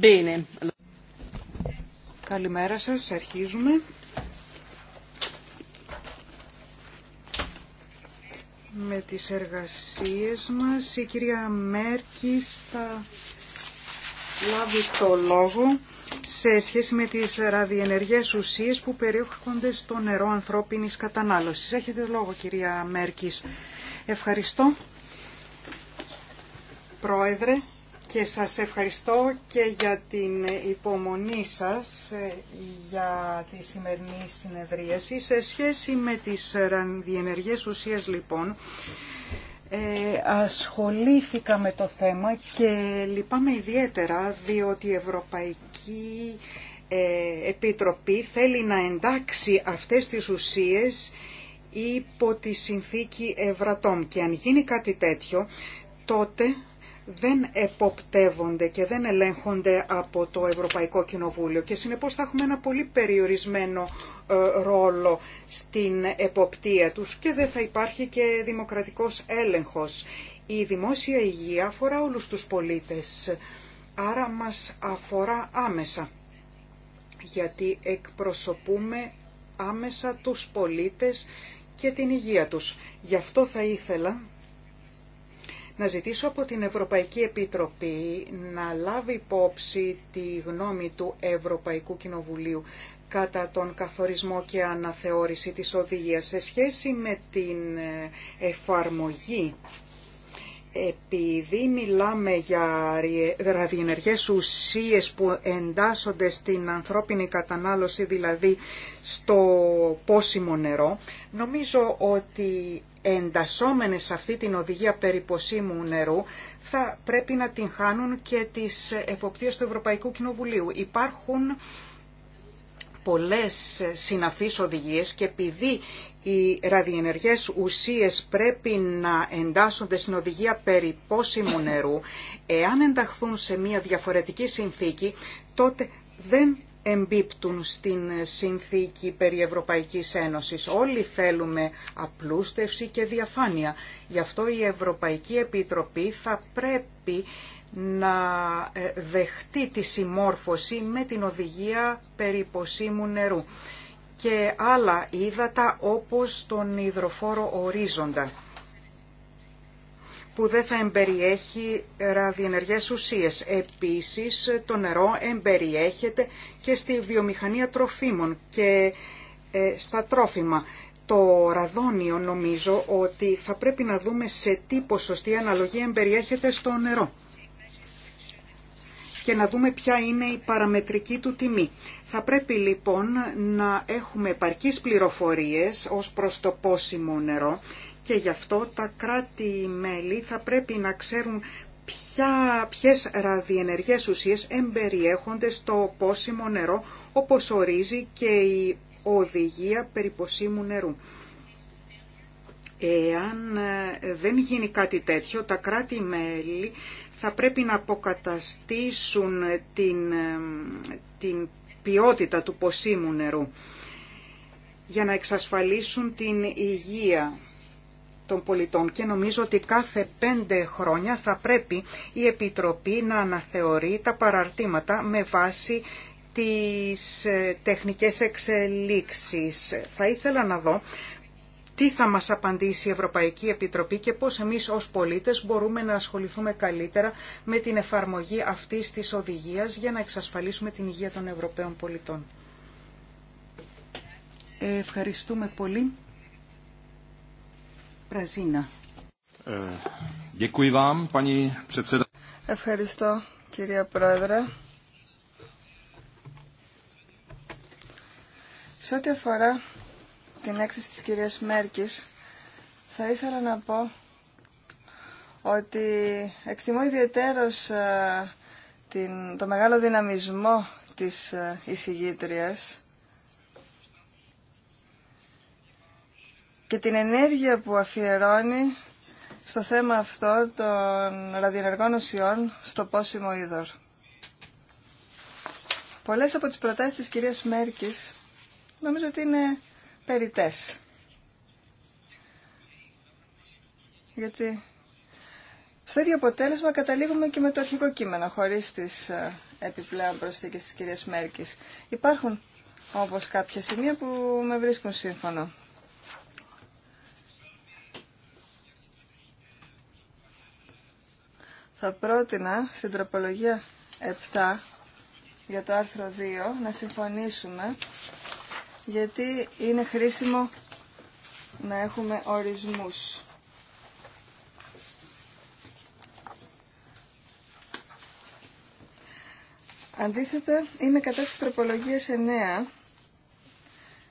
Bene. Καλημέρα σας, αρχίζουμε. Με τις εργασίες μας η κυρία Μέρκης θα λάβει το λόγο σε σχέση με τις ραδιενεργές ουσίες που περιέχονται στο νερό ανθρώπινης κατανάλωσης. Έχετε λόγο κυρία Μέρκης. Ευχαριστώ. Πρόεδρε, και σας ευχαριστώ και για την υπομονή σας ε, για τη σημερινή συνεδρίαση. Σε σχέση με τις ραντιενεργές ουσίες λοιπόν, ε, ασχολήθηκα με το θέμα και λυπάμαι ιδιαίτερα διότι η Ευρωπαϊκή ε, Επιτροπή θέλει να εντάξει αυτές τις ουσίες υπό τη συνθήκη Ευρατόμ και αν γίνει κάτι τέτοιο τότε δεν εποπτεύονται και δεν ελέγχονται από το Ευρωπαϊκό Κοινοβούλιο και συνεπώς θα έχουμε ένα πολύ περιορισμένο ε, ρόλο στην εποπτεία τους και δεν θα υπάρχει και δημοκρατικός έλεγχος. Η δημόσια υγεία αφορά όλους τους πολίτες, άρα μας αφορά άμεσα, γιατί εκπροσωπούμε άμεσα τους πολίτες και την υγεία τους. Γι' αυτό θα ήθελα να ζητήσω από την Ευρωπαϊκή Επιτροπή να λάβει υπόψη τη γνώμη του Ευρωπαϊκού Κοινοβουλίου κατά τον καθορισμό και αναθεώρηση της οδηγίας σε σχέση με την ε, εφαρμογή. Επειδή μιλάμε για ραδιενεργές ουσίες που εντάσσονται στην ανθρώπινη κατανάλωση, δηλαδή στο πόσιμο νερό, νομίζω ότι εντασσόμενες σε αυτή την οδηγία περιποσίμου νερού θα πρέπει να την χάνουν και τις εποπτείες του Ευρωπαϊκού Κοινοβουλίου. Υπάρχουν πολλές συναφείς οδηγίες και επειδή οι ραδιενεργές ουσίες πρέπει να εντάσσονται στην οδηγία περί νερού, εάν ενταχθούν σε μια διαφορετική συνθήκη, τότε δεν εμπίπτουν στην συνθήκη περί Ευρωπαϊκής Ένωσης. Όλοι θέλουμε απλούστευση και διαφάνεια. Γι' αυτό η Ευρωπαϊκή Επιτροπή θα πρέπει να ε, δεχτεί τη συμμόρφωση με την οδηγία περί ποσίμου νερού και άλλα ύδατα όπως τον υδροφόρο ορίζοντα που δεν θα εμπεριέχει ραδιενεργές ουσίες. Επίσης, το νερό εμπεριέχεται και στη βιομηχανία τροφίμων και ε, στα τρόφιμα. Το ραδόνιο νομίζω ότι θα πρέπει να δούμε σε τι ποσοστή αναλογία εμπεριέχεται στο νερό και να δούμε ποια είναι η παραμετρική του τιμή. Θα πρέπει λοιπόν να έχουμε επαρκείς πληροφορίες ως προς το πόσιμο νερό και γι' αυτό τα κράτη-μέλη θα πρέπει να ξέρουν ποια, ποιες ραδιενεργές ουσίες εμπεριέχονται στο πόσιμο νερό, όπως ορίζει και η οδηγία Περιποσίμου νερού. Εάν ε, δεν γίνει κάτι τέτοιο, τα κράτη-μέλη θα πρέπει να αποκαταστήσουν την, ε, την ποιότητα του ποσίμου νερού για να εξασφαλίσουν την υγεία των πολιτών και νομίζω ότι κάθε πέντε χρόνια θα πρέπει η Επιτροπή να αναθεωρεί τα παραρτήματα με βάση τις ε, τεχνικές εξελίξεις. Θα ήθελα να δω τι θα μας απαντήσει η Ευρωπαϊκή Επιτροπή και πώς εμείς ως πολίτες μπορούμε να ασχοληθούμε καλύτερα με την εφαρμογή αυτής της οδηγίας για να εξασφαλίσουμε την υγεία των Ευρωπαίων πολιτών. Ε, ευχαριστούμε πολύ. Ε, Ευχαριστώ, κυρία Πρόεδρε. Σε ό,τι αφορά την έκθεση της κυρίας Μέρκης, θα ήθελα να πω ότι εκτιμώ ιδιαίτερος ε, το μεγάλο δυναμισμό της ε, εισηγήτριας και την ενέργεια που αφιερώνει στο θέμα αυτό των ραδιενεργών ουσιών στο πόσιμο είδωρ. Πολλές από τις προτάσεις της κυρίας Μέρκης νομίζω ότι είναι περιτές. Γιατί στο ίδιο αποτέλεσμα καταλήγουμε και με το αρχικό κείμενο, χωρίς τις ε, επιπλέον προσθήκες της κυρίας Μέρκης. Υπάρχουν όπως κάποια σημεία που με βρίσκουν σύμφωνο. θα πρότεινα στην τροπολογία 7 για το άρθρο 2 να συμφωνήσουμε γιατί είναι χρήσιμο να έχουμε ορισμούς. Αντίθετα, είμαι κατά της τροπολογίας 9.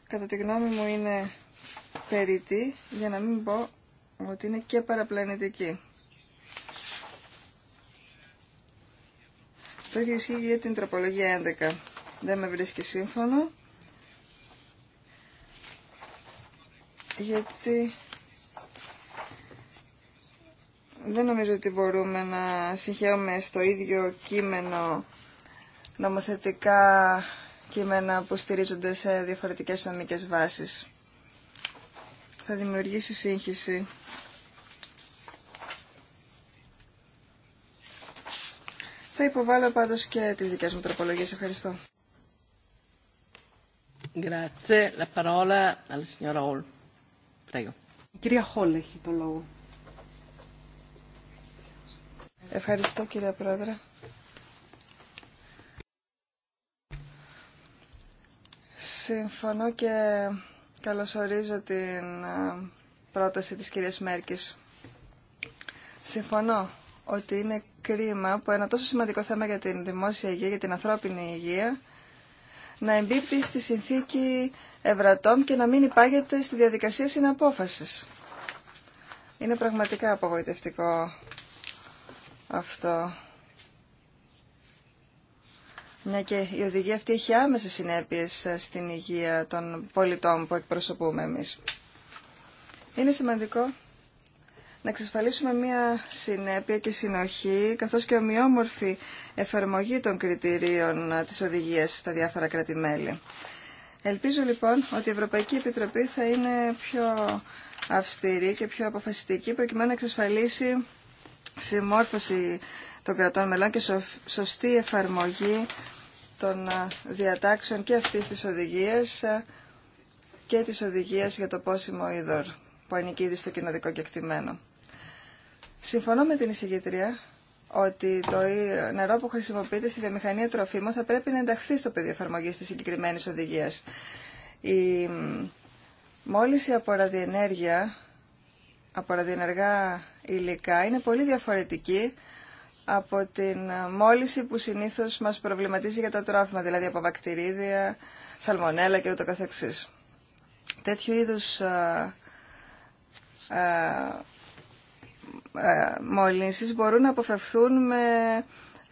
Κατά τη γνώμη μου είναι περίτη, για να μην πω ότι είναι και παραπλανητική. Το ίδιο ισχύει για την τροπολογία 11. Δεν με βρίσκει σύμφωνο. Γιατί δεν νομίζω ότι μπορούμε να συγχαίουμε στο ίδιο κείμενο νομοθετικά κείμενα που στηρίζονται σε διαφορετικές νομικές βάσεις. Θα δημιουργήσει σύγχυση Θα υποβάλω πάντως και τις δικές μου τροπολογίες. Ευχαριστώ. Η κυρία Χόλ έχει το λόγο. Ευχαριστώ κυρία Πρόεδρε. Συμφωνώ και καλωσορίζω την πρόταση της κυρίας Μέρκης. Συμφωνώ ότι είναι κρίμα που ένα τόσο σημαντικό θέμα για την δημόσια υγεία, για την ανθρώπινη υγεία, να εμπίπτει στη συνθήκη Ευρατών και να μην υπάγεται στη διαδικασία συναπόφασης. Είναι πραγματικά απογοητευτικό αυτό. Μια και η οδηγία αυτή έχει άμεσες συνέπειες ε, στην υγεία των πολιτών που εκπροσωπούμε εμείς. Είναι σημαντικό να εξασφαλίσουμε μια συνέπεια και συνοχή, καθώς και ομοιόμορφη εφαρμογή των κριτηρίων ε, της οδηγίας στα διάφορα κράτη-μέλη. Ελπίζω λοιπόν ότι η Ευρωπαϊκή Επιτροπή θα είναι πιο αυστηρή και πιο αποφασιστική, προκειμένου να εξασφαλίσει συμμόρφωση των κρατών μελών και σωστή εφαρμογή των ε, διατάξεων και αυτής της οδηγίας ε, και της οδηγίας για το πόσιμο είδωρ που ανήκει στο κεκτημένο. Συμφωνώ με την εισηγήτρια ότι το νερό που χρησιμοποιείται στη βιομηχανία τροφίμων θα πρέπει να ενταχθεί στο πεδίο εφαρμογή τη συγκεκριμένη οδηγία. Η μόλυση από ραδιενέργεια, από ραδιενεργά υλικά, είναι πολύ διαφορετική από την μόλιση που συνήθως μας προβληματίζει για τα τρόφιμα, δηλαδή από βακτηρίδια, σαλμονέλα και ούτω καθεξής. Τέτοιου είδους α, ε, μολύνσεις μπορούν να αποφευθούν με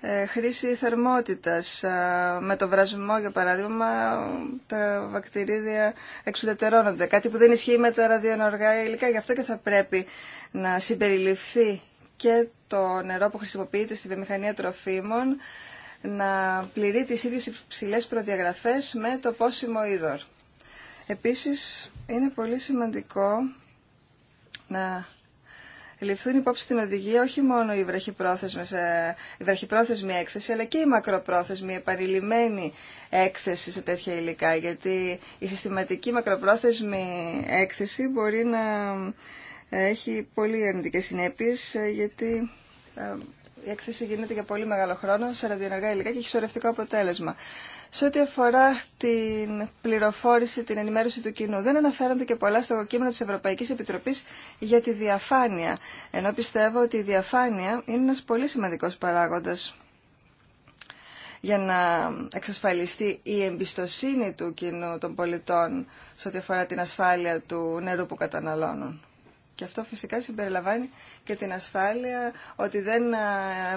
ε, χρήση θερμότητας. Ε, με το βρασμό, για παράδειγμα, τα βακτηρίδια εξουδετερώνονται. Κάτι που δεν ισχύει με τα ραδιονοργά υλικά. Γι' αυτό και θα πρέπει να συμπεριληφθεί και το νερό που χρησιμοποιείται στη βιομηχανία τροφίμων να πληρεί τις ίδιες υψηλές προδιαγραφές με το πόσιμο είδωρ. Επίσης, είναι πολύ σημαντικό να ληφθούν υπόψη στην οδηγία όχι μόνο ε, η βραχυπρόθεσμη έκθεση, αλλά και η μακροπρόθεσμη, η επανειλημμένη έκθεση σε τέτοια υλικά, γιατί η συστηματική μακροπρόθεσμη έκθεση μπορεί να ε, έχει πολύ αρνητικές συνέπειες, ε, γιατί η έκθεση γίνεται για πολύ μεγάλο χρόνο, σε ραδιενεργά υλικά και έχει σωρευτικό αποτέλεσμα. Σε ό,τι αφορά την πληροφόρηση, την ενημέρωση του κοινού, δεν αναφέρονται και πολλά στο κείμενο της Ευρωπαϊκής Επιτροπής για τη διαφάνεια, ενώ πιστεύω ότι η διαφάνεια είναι ένας πολύ σημαντικός παράγοντας για να εξασφαλιστεί η εμπιστοσύνη του κοινού των πολιτών σε ό,τι αφορά την ασφάλεια του νερού που καταναλώνουν. Και αυτό φυσικά συμπεριλαμβάνει και την ασφάλεια ότι δεν ε,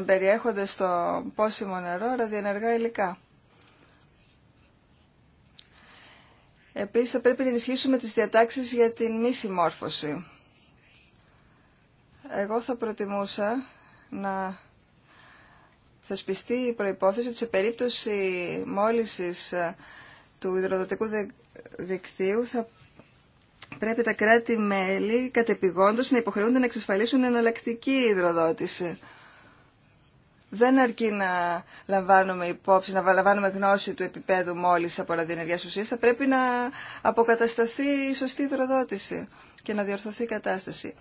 περιέχονται στο πόσιμο νερό ραδιενεργά υλικά. Επίσης θα πρέπει να ενισχύσουμε τις διατάξεις για την μη συμμόρφωση. Εγώ θα προτιμούσα να θεσπιστεί η προϋπόθεση ότι σε περίπτωση μόλυσης ε, του υδροδοτικού δικτύου θα πρέπει τα κράτη-μέλη κατεπηγόντως να υποχρεούνται να εξασφαλίσουν εναλλακτική υδροδότηση δεν αρκεί να λαμβάνουμε υπόψη, να λαμβάνουμε γνώση του επίπεδου μόλι από ραδιενεργία ουσία. θα πρέπει να αποκατασταθεί η σωστή υδροδότηση και να διορθωθεί η κατάσταση.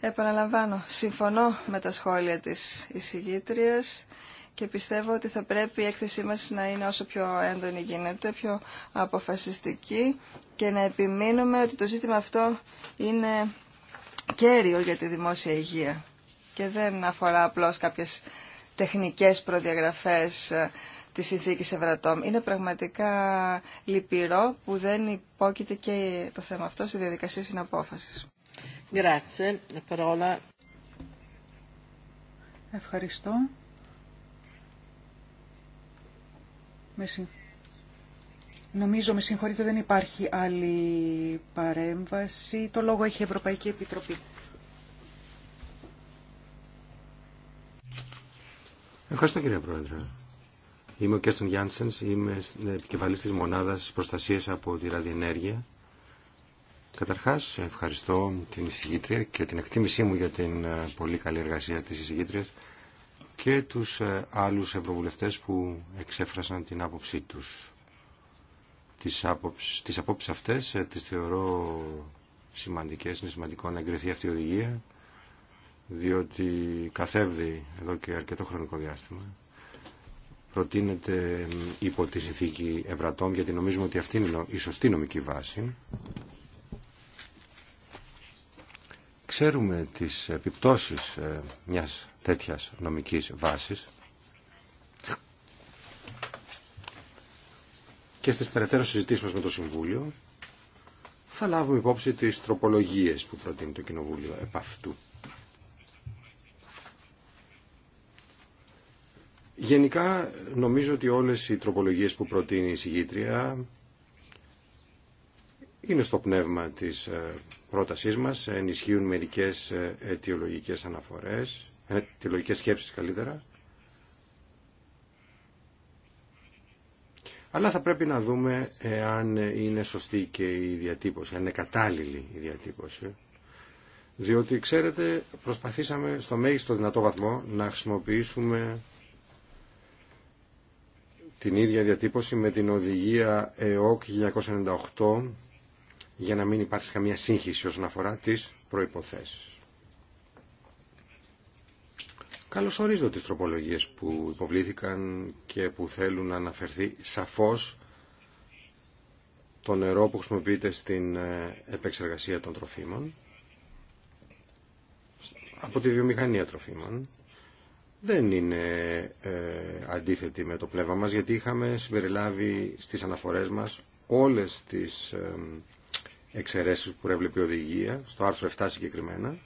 Επαναλαμβάνω, συμφωνώ με τα σχόλια της εισηγήτριας και πιστεύω ότι θα πρέπει η έκθεσή μας να είναι όσο πιο έντονη γίνεται, πιο αποφασιστική και να επιμείνουμε ότι το ζήτημα αυτό είναι κέριο για τη δημόσια υγεία και δεν αφορά απλώς κάποιες τεχνικές προδιαγραφές ε, της συνθήκης Ευρατόμ. Είναι πραγματικά λυπηρό που δεν υπόκειται και το θέμα αυτό στη διαδικασία συναπόφασης. Ευχαριστώ. Νομίζω, με συγχωρείτε, δεν υπάρχει άλλη παρέμβαση. Το λόγο έχει η Ευρωπαϊκή Επιτροπή. Ευχαριστώ κύριε Πρόεδρε. Είμαι ο Κέστον Γιάνσεν, είμαι επικεφαλής της Μονάδας Προστασίας από τη Ραδιενέργεια. Καταρχάς, ευχαριστώ την εισηγήτρια και την εκτίμησή μου για την ε, πολύ καλή εργασία της εισηγήτριας και τους ε, άλλους ευρωβουλευτές που εξέφρασαν την άποψή τους. Τι απόψει αυτέ, τι αυτές ε, θεωρώ σημαντικέ είναι σημαντικό να εγκριθεί αυτή η οδηγία διότι καθεύδει εδώ και αρκετό χρονικό διάστημα προτείνεται υπό τη συνθήκη Ευρατών γιατί νομίζουμε ότι αυτή είναι η σωστή νομική βάση ξέρουμε τις επιπτώσεις ε, μιας τέτοιας νομικής βάσης και στις περαιτέρω συζητήσεις μας με το Συμβούλιο θα λάβουμε υπόψη τις τροπολογίες που προτείνει το Κοινοβούλιο επ' αυτού. Γενικά νομίζω ότι όλες οι τροπολογίες που προτείνει η συγγήτρια είναι στο πνεύμα της ε, πρότασής μας, ενισχύουν μερικές ε, αιτιολογικές αναφορές, ε, αιτιολογικές σκέψεις καλύτερα. Αλλά θα πρέπει να δούμε αν είναι σωστή και η διατύπωση, αν είναι κατάλληλη η διατύπωση. Διότι, ξέρετε, προσπαθήσαμε στο μέγιστο δυνατό βαθμό να χρησιμοποιήσουμε την ίδια διατύπωση με την οδηγία ΕΟΚ 1998 για να μην υπάρξει καμία σύγχυση όσον αφορά τις προϋποθέσεις. Καλώς ορίζω τις τροπολογίες που υποβλήθηκαν και που θέλουν να αναφερθεί σαφώς το νερό που χρησιμοποιείται στην ε, επεξεργασία των τροφίμων από τη βιομηχανία τροφίμων δεν είναι ε, αντίθετη με το πνεύμα μας γιατί είχαμε συμπεριλάβει στις αναφορές μας όλες τις ε, εξαιρέσεις που έβλεπε η οδηγία, στο άρθρο 7 συγκεκριμένα.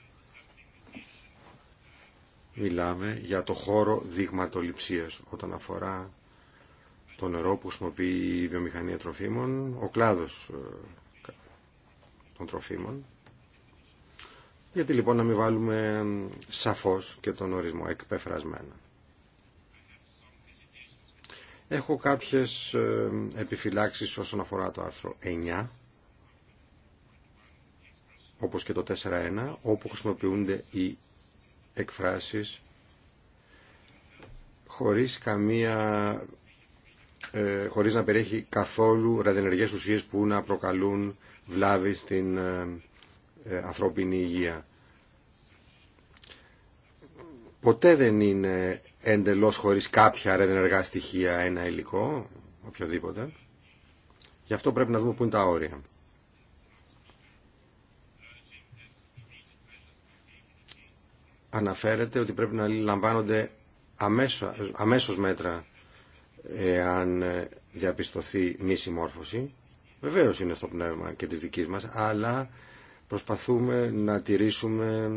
Μιλάμε για το χώρο δειγματοληψίας όταν αφορά το νερό που χρησιμοποιεί η βιομηχανία τροφίμων, ο κλάδος ε, των τροφίμων γιατί λοιπόν να μην βάλουμε σαφώς και τον ορισμό εκπεφρασμένα. Έχω κάποιες ε, επιφυλάξεις όσον αφορά το άρθρο 9, όπως και το 4.1, όπου χρησιμοποιούνται οι εκφράσεις χωρίς καμία ε, χωρίς να περιέχει καθόλου ραδιενεργές ουσίες που να προκαλούν βλάβη στην ε, ε, ανθρώπινη υγεία. Ποτέ δεν είναι εντελώς χωρίς κάποια ρεδενεργά στοιχεία ένα υλικό, οποιοδήποτε. Γι' αυτό πρέπει να δούμε πού είναι τα όρια. Αναφέρεται ότι πρέπει να λαμβάνονται αμέσως, μέτρα εάν ε, διαπιστωθεί μη συμμόρφωση. Βεβαίως είναι στο πνεύμα και της δικής μας, αλλά Προσπαθούμε να τηρήσουμε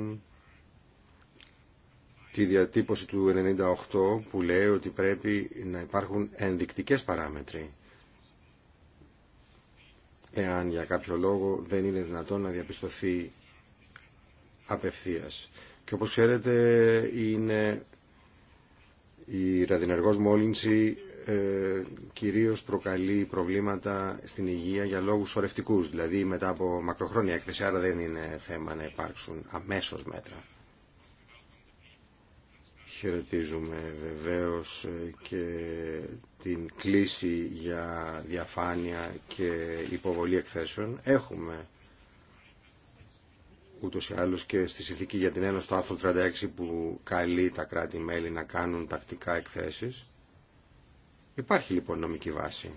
τη διατύπωση του 98 που λέει ότι πρέπει να υπάρχουν ενδεικτικές παράμετροι εάν για κάποιο λόγο δεν είναι δυνατόν να διαπιστωθεί απευθείας. Και όπως ξέρετε είναι η ραδινεργός μόλυνση ε, κυρίως προκαλεί προβλήματα στην υγεία για λόγους σωρευτικούς, δηλαδή μετά από μακροχρόνια έκθεση, άρα δεν είναι θέμα να υπάρξουν αμέσως μέτρα. Χαιρετίζουμε βεβαίως ε, και την κλίση για διαφάνεια και υποβολή εκθέσεων. Έχουμε ούτως ή άλλως και στη συνθήκη για την Ένωση το άρθρο 36 που καλεί τα κράτη-μέλη να κάνουν τακτικά εκθέσεις Υπάρχει λοιπόν νομική βάση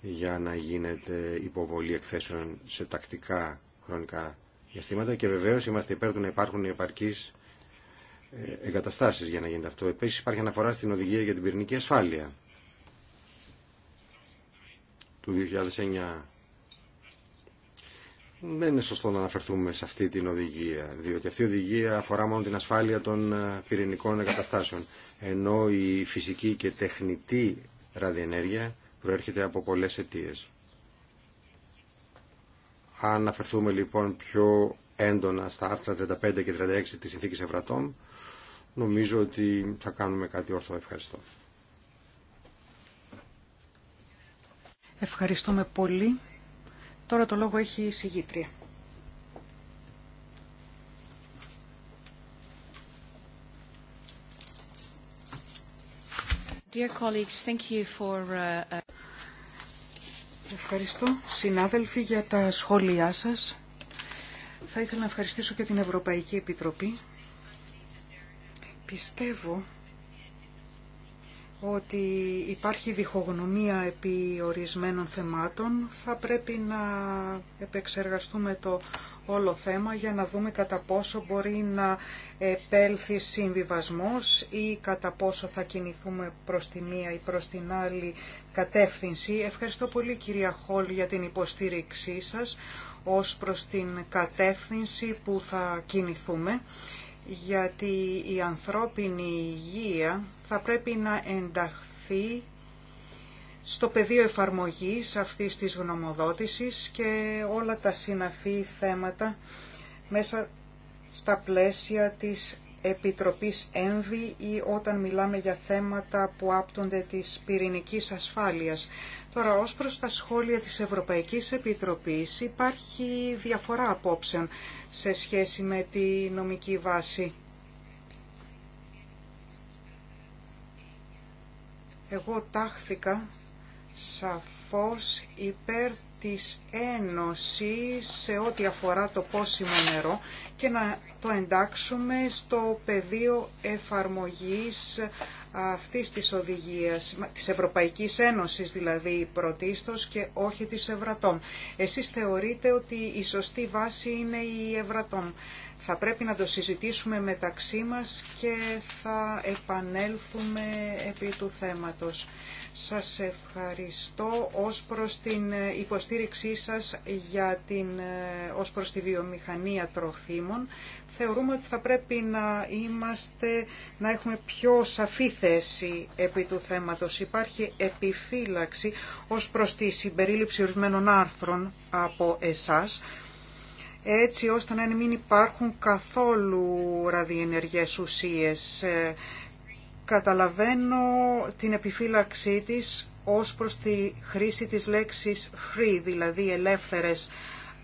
για να γίνεται υποβολή εκθέσεων σε τακτικά χρονικά διαστήματα και βεβαίως είμαστε υπέρ του να υπάρχουν επαρκείς ε, εγκαταστάσεις για να γίνεται αυτό. Επίσης υπάρχει αναφορά στην οδηγία για την πυρηνική ασφάλεια του 2009. Δεν είναι σωστό να αναφερθούμε σε αυτή την οδηγία, διότι αυτή η οδηγία αφορά μόνο την ασφάλεια των ε, πυρηνικών εγκαταστάσεων, ενώ η φυσική και τεχνητή ραδιενέργεια προέρχεται από πολλές αιτίε. Αν αναφερθούμε λοιπόν πιο έντονα στα άρθρα 35 και 36 της Συνθήκης Ευρατών, νομίζω ότι θα κάνουμε κάτι ορθό. Ευχαριστώ. Ευχαριστούμε πολύ. Τώρα το λόγο έχει η συγγήτρια. Uh, uh, Ευχαριστώ, συνάδελφοι, για τα σχόλιά σας. Θα ήθελα να ευχαριστήσω και την Ευρωπαϊκή Επιτροπή. Πιστεύω ότι υπάρχει διχογνωμία επί ορισμένων θεμάτων. Θα πρέπει να επεξεργαστούμε το όλο θέμα για να δούμε κατά πόσο μπορεί να επέλθει συμβιβασμός ή κατά πόσο θα κινηθούμε προς τη μία ή προς την άλλη κατεύθυνση. Ευχαριστώ πολύ κυρία Χόλ για την υποστήριξή σας ως προς την κατεύθυνση που θα κινηθούμε γιατί η ανθρώπινη υγεία θα πρέπει να ενταχθεί στο πεδίο εφαρμογής αυτής της γνωμοδότησης και όλα τα συναφή θέματα μέσα στα πλαίσια της Επιτροπής ΕΜΒΗ ή όταν μιλάμε για θέματα που άπτονται της πυρηνικής ασφάλειας. Τώρα, ως προς τα σχόλια της Ευρωπαϊκής Επιτροπής υπάρχει διαφορά απόψεων σε σχέση με τη νομική βάση. Εγώ τάχθηκα σαφώς υπέρ της Ένωσης σε ό,τι αφορά το πόσιμο νερό και να το εντάξουμε στο πεδίο εφαρμογής αυτής της οδηγίας, της Ευρωπαϊκής Ένωσης δηλαδή πρωτίστως και όχι της Ευρατών. Εσείς θεωρείτε ότι η σωστή βάση είναι η Ευρατών. Θα πρέπει να το συζητήσουμε μεταξύ μας και θα επανέλθουμε επί του θέματος. Σας ευχαριστώ ως προς την ε, υποστήριξή σας για την, ε, ως προς τη βιομηχανία τροφίμων. Θεωρούμε ότι θα πρέπει να είμαστε, να έχουμε πιο σαφή θέση επί του θέματος. Υπάρχει επιφύλαξη ως προς τη συμπερίληψη ορισμένων άρθρων από εσάς έτσι ώστε να μην υπάρχουν καθόλου ραδιενεργές ουσίες ε, Καταλαβαίνω την επιφύλαξή της ως προς τη χρήση της λέξης free, δηλαδή ελεύθερες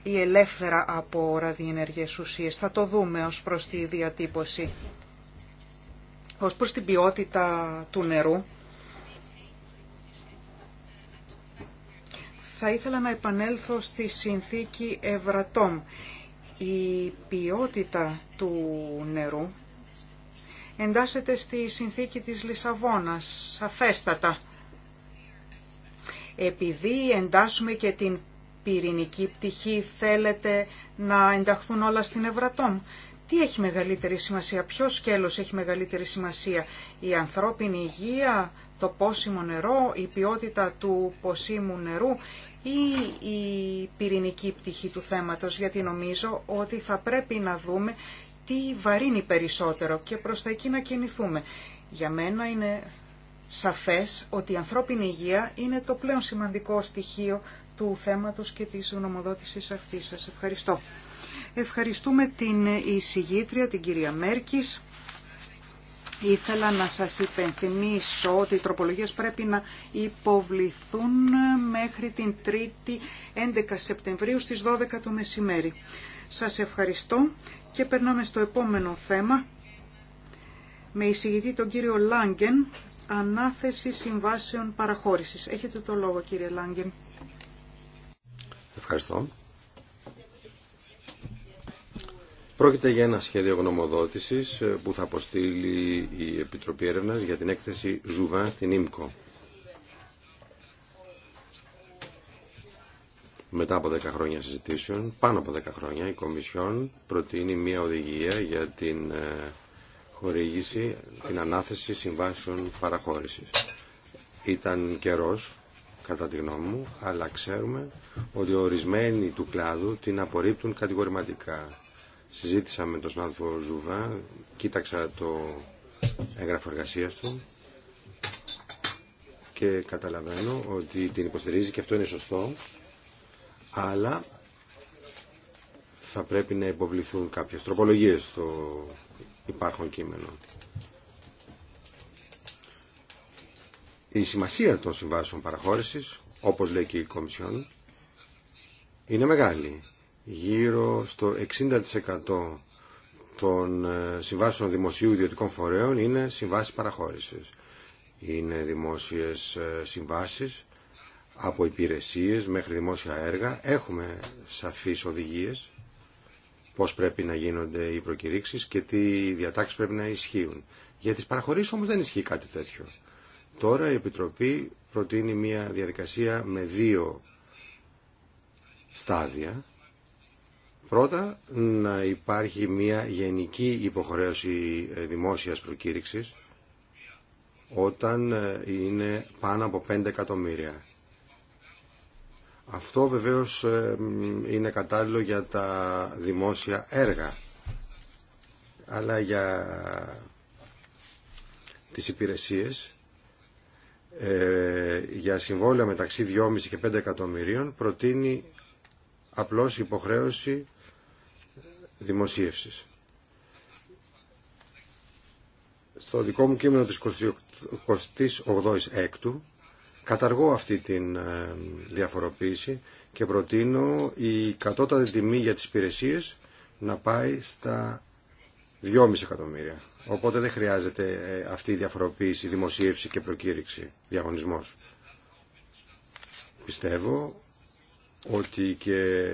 ή ελεύθερα από ραδιενεργές ουσίες. Θα το δούμε ως προς τη διατύπωση. Ως προς την ποιότητα του νερού, θα ήθελα να επανέλθω στη συνθήκη Ευρατόμ. Η ποιότητα του νερού εντάσσεται στη συνθήκη της Λισαβόνας, σαφέστατα. Επειδή εντάσσουμε και την πυρηνική πτυχή, θέλετε να ενταχθούν όλα στην Ευρατόμ. Τι έχει μεγαλύτερη σημασία, ποιο σκέλος έχει μεγαλύτερη σημασία, η ανθρώπινη υγεία, το πόσιμο νερό, η ποιότητα του πόσιμου νερού ή η πυρηνική πτυχή του θέματος, γιατί νομίζω ότι θα πρέπει να δούμε τι βαρύνει περισσότερο και προς τα εκεί να κινηθούμε. Για μένα είναι σαφές ότι η ανθρώπινη υγεία είναι το πλέον σημαντικό στοιχείο του θέματος και της γνωμοδότησης αυτής. Σας ευχαριστώ. Ευχαριστούμε την εισηγήτρια, την κυρία Μέρκης. Ήθελα να σας υπενθυμίσω ότι οι τροπολογίες πρέπει να υποβληθούν μέχρι την 3η 11 Σεπτεμβρίου στις 12 το μεσημέρι. Σας ευχαριστώ. Και περνάμε στο επόμενο θέμα με εισηγητή τον κύριο Λάγκεν, ανάθεση συμβάσεων παραχώρησης. Έχετε το λόγο κύριε Λάγκεν. Ευχαριστώ. Πρόκειται για ένα σχέδιο γνωμοδότησης ε, που θα αποστείλει η Επιτροπή Έρευνας για την έκθεση Ζουβάν στην ΙΜΚΟ. Μετά από 10 χρόνια συζητήσεων, πάνω από 10 χρόνια, η Κομισιόν προτείνει μια οδηγία για την ε, χορήγηση, την ανάθεση συμβάσεων παραχώρησης. Ήταν καιρός, κατά τη γνώμη μου, αλλά ξέρουμε ότι ορισμένοι του κλάδου την απορρίπτουν κατηγορηματικά. Συζήτησα με τον συνάδελφο Ζουβά, κοίταξα το έγγραφο εργασία του και καταλαβαίνω ότι την υποστηρίζει και αυτό είναι σωστό αλλά θα πρέπει να υποβληθούν κάποιες τροπολογίες στο υπάρχον κείμενο. Η σημασία των συμβάσεων παραχώρησης, όπως λέει και η Κομισιόν, είναι μεγάλη. Γύρω στο 60% των ε, συμβάσεων δημοσίου ιδιωτικών φορέων είναι συμβάσεις παραχώρησης. Είναι δημόσιες ε, συμβάσεις από υπηρεσίες μέχρι δημόσια έργα. Έχουμε σαφείς οδηγίες πώς πρέπει να γίνονται οι προκηρύξεις και τι διατάξεις πρέπει να ισχύουν. Για τις παραχωρήσεις όμως δεν ισχύει κάτι τέτοιο. Τώρα η Επιτροπή προτείνει μια διαδικασία με δύο στάδια. Πρώτα, να υπάρχει μια γενική υποχρέωση δημόσιας προκήρυξης όταν είναι πάνω από 5 εκατομμύρια. Αυτό βεβαίως ε, είναι κατάλληλο για τα δημόσια έργα. Αλλά για τις υπηρεσίες, ε, για συμβόλαια μεταξύ 2,5 και 5 εκατομμυρίων, προτείνει απλώς υποχρέωση δημοσίευσης. Στο δικό μου κείμενο της 28ης έκτου Καταργώ αυτή την ε, διαφοροποίηση και προτείνω η κατώτατη τιμή για τις υπηρεσίες να πάει στα 2,5 εκατομμύρια. Οπότε δεν χρειάζεται ε, αυτή η διαφοροποίηση, δημοσίευση και προκήρυξη, διαγωνισμός. Πιστεύω ότι και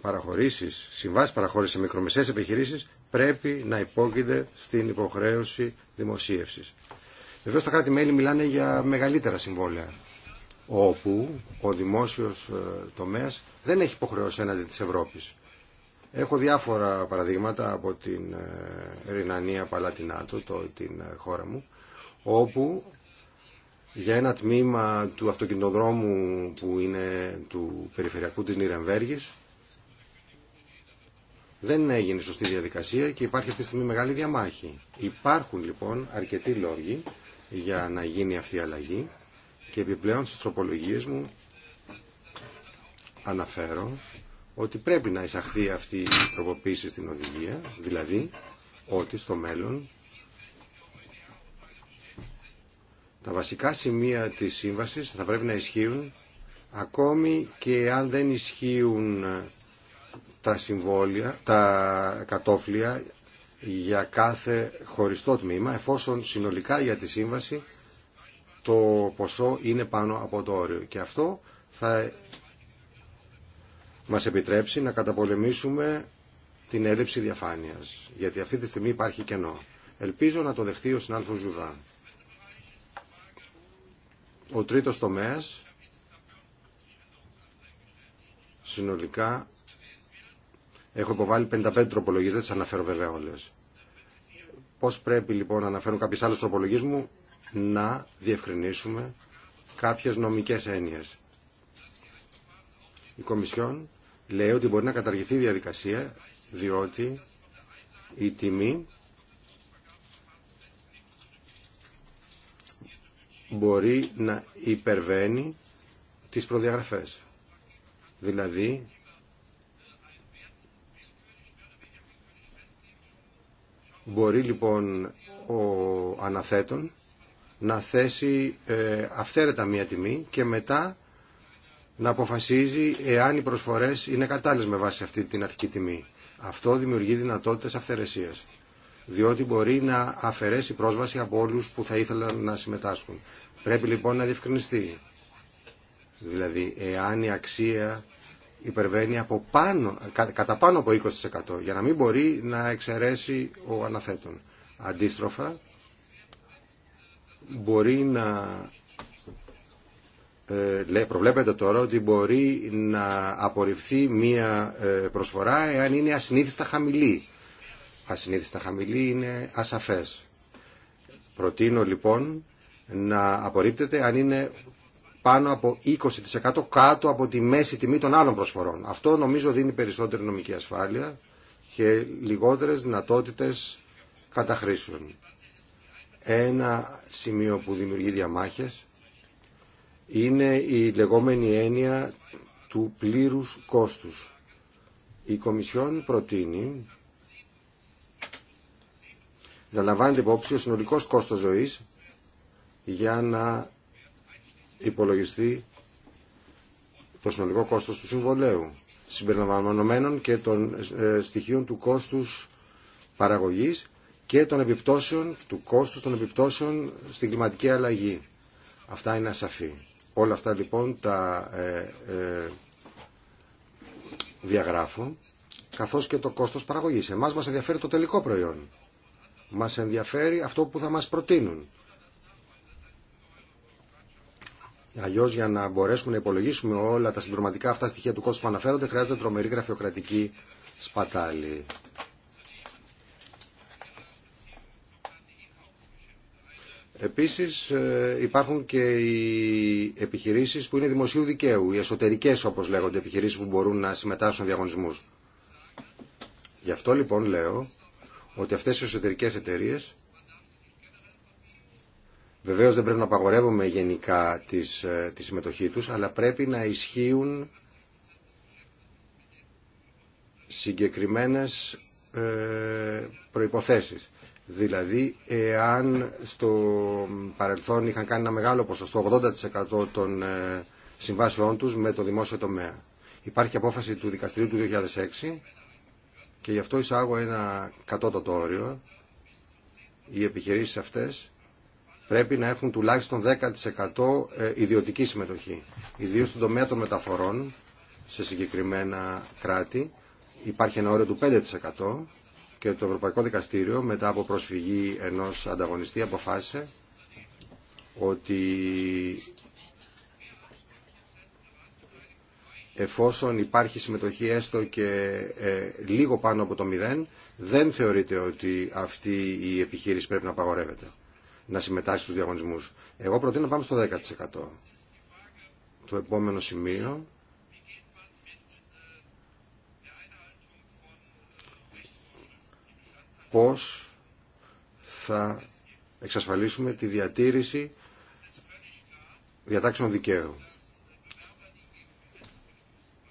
παραχωρήσεις, συμβάσεις παραχώρησης σε μικρομεσαίες επιχειρήσεις πρέπει να υπόκειται στην υποχρέωση δημοσίευσης. Βεβαίω τα κράτη-μέλη μιλάνε για μεγαλύτερα συμβόλαια, όπου ο δημόσιος ε, τομέα δεν έχει υποχρεώσει έναντι της Ευρώπης. Έχω διάφορα παραδείγματα από την ε, Ρινανία Παλατινάτο, το, την ε, χώρα μου, όπου για ένα τμήμα του αυτοκινητοδρόμου που είναι του περιφερειακού της Νιρεμβέργης δεν έγινε σωστή διαδικασία και υπάρχει αυτή τη στιγμή μεγάλη διαμάχη. Υπάρχουν λοιπόν αρκετοί λόγοι για να γίνει αυτή η αλλαγή και επιπλέον στις τροπολογίες μου αναφέρω ότι πρέπει να εισαχθεί αυτή η τροποποίηση στην οδηγία, δηλαδή ότι στο μέλλον τα βασικά σημεία της σύμβασης θα πρέπει να ισχύουν ακόμη και αν δεν ισχύουν τα συμβόλια, τα κατόφλια για κάθε χωριστό τμήμα, εφόσον συνολικά για τη σύμβαση το ποσό είναι πάνω από το όριο. Και αυτό θα μας επιτρέψει να καταπολεμήσουμε την έλλειψη διαφάνειας, γιατί αυτή τη στιγμή υπάρχει κενό. Ελπίζω να το δεχτεί ο συνάδελφος Ζουβά. Ο τρίτος τομέας, συνολικά, έχω υποβάλει 55 τροπολογίες, δεν τις αναφέρω βέβαια όλες. Πώς πρέπει λοιπόν να αναφέρουν κάποιες άλλες τροπολογίες μου να διευκρινίσουμε κάποιες νομικές έννοιες. Η Κομισιόν λέει ότι μπορεί να καταργηθεί η διαδικασία διότι η τιμή μπορεί να υπερβαίνει τις προδιαγραφές. Δηλαδή, Μπορεί λοιπόν ο αναθέτων να θέσει ε, αυθαίρετα μία τιμή και μετά να αποφασίζει εάν οι προσφορές είναι κατάλληλες με βάση αυτή την αρχική τιμή. Αυτό δημιουργεί δυνατότητες αυθαιρεσίας, διότι μπορεί να αφαιρέσει πρόσβαση από όλους που θα ήθελαν να συμμετάσχουν. Πρέπει λοιπόν να διευκρινιστεί. Δηλαδή, εάν η αξία υπερβαίνει από πάνω, κατά πάνω από 20% για να μην μπορεί να εξαιρέσει ο αναθέτων. Αντίστροφα, μπορεί να ε, προβλέπεται τώρα ότι μπορεί να απορριφθεί μία ε, προσφορά εάν είναι ασυνήθιστα χαμηλή. Ασυνήθιστα χαμηλή είναι ασαφές. Προτείνω λοιπόν να απορρίπτεται αν είναι πάνω από 20% κάτω από τη μέση τιμή των άλλων προσφορών. Αυτό νομίζω δίνει περισσότερη νομική ασφάλεια και λιγότερες δυνατότητε καταχρήσεων. Ένα σημείο που δημιουργεί διαμάχες είναι η λεγόμενη έννοια του πλήρους κόστους. Η Κομισιόν προτείνει να λαμβάνεται υπόψη ο συνολικός κόστος ζωής για να υπολογιστεί το συνολικό κόστος του συμβολέου συμπεριλαμβανομένων και των ε, στοιχείων του κόστους παραγωγής και των επιπτώσεων, του κόστους των επιπτώσεων στην κλιματική αλλαγή. Αυτά είναι ασαφή. Όλα αυτά λοιπόν τα ε, ε διαγράφω, καθώς και το κόστος παραγωγής. Εμάς μας ενδιαφέρει το τελικό προϊόν. Μας ενδιαφέρει αυτό που θα μας προτείνουν. Αλλιώ για να μπορέσουμε να υπολογίσουμε όλα τα συμπληρωματικά αυτά στοιχεία του κόστου που αναφέρονται χρειάζεται τρομερή γραφειοκρατική σπατάλη. Επίσης ε, υπάρχουν και οι επιχειρήσεις που είναι δημοσίου δικαίου, οι εσωτερικές όπως λέγονται επιχειρήσεις που μπορούν να συμμετάσχουν διαγωνισμούς. Γι' αυτό λοιπόν λέω ότι αυτές οι εσωτερικές εταιρείες Βεβαίω δεν πρέπει να απαγορεύουμε γενικά τις, ε, τη συμμετοχή τους, αλλά πρέπει να ισχύουν συγκεκριμένες ε, προϋποθέσεις. Δηλαδή, εάν στο παρελθόν είχαν κάνει ένα μεγάλο ποσοστό, 80% των ε, συμβάσεών τους με το δημόσιο τομέα. Υπάρχει απόφαση του δικαστηρίου του 2006 και γι' αυτό εισάγω ένα κατώτατο όριο. Οι επιχειρήσεις αυτές πρέπει να έχουν τουλάχιστον 10% ε, ιδιωτική συμμετοχή. Ιδίως στον τομέα των μεταφορών, σε συγκεκριμένα κράτη, υπάρχει ένα όριο του 5% και το Ευρωπαϊκό Δικαστήριο μετά από προσφυγή ενός ανταγωνιστή αποφάσισε ότι εφόσον υπάρχει συμμετοχή έστω και ε, λίγο πάνω από το 0, δεν θεωρείται ότι αυτή η επιχείρηση πρέπει να απαγορεύεται να συμμετάσχει στους διαγωνισμούς. Εγώ προτείνω να πάμε στο 10%. Το επόμενο σημείο πώς θα εξασφαλίσουμε τη διατήρηση διατάξεων δικαίου.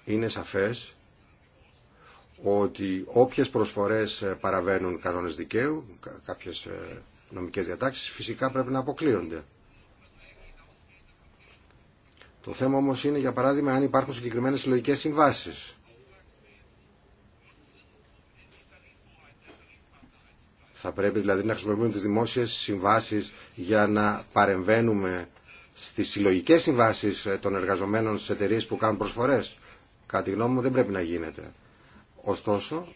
Είναι σαφές ότι όποιες προσφορές παραβαίνουν κανόνες δικαίου, κάποιες ε, νομικές διατάξεις φυσικά πρέπει να αποκλείονται. Το θέμα όμως είναι για παράδειγμα αν υπάρχουν συγκεκριμένες συλλογικές συμβάσεις. Θα πρέπει δηλαδή να χρησιμοποιούμε τις δημόσιες συμβάσεις για να παρεμβαίνουμε στις συλλογικές συμβάσεις ε, των εργαζομένων στις εταιρείε που κάνουν προσφορές. Κατά τη γνώμη μου δεν πρέπει να γίνεται. Ωστόσο,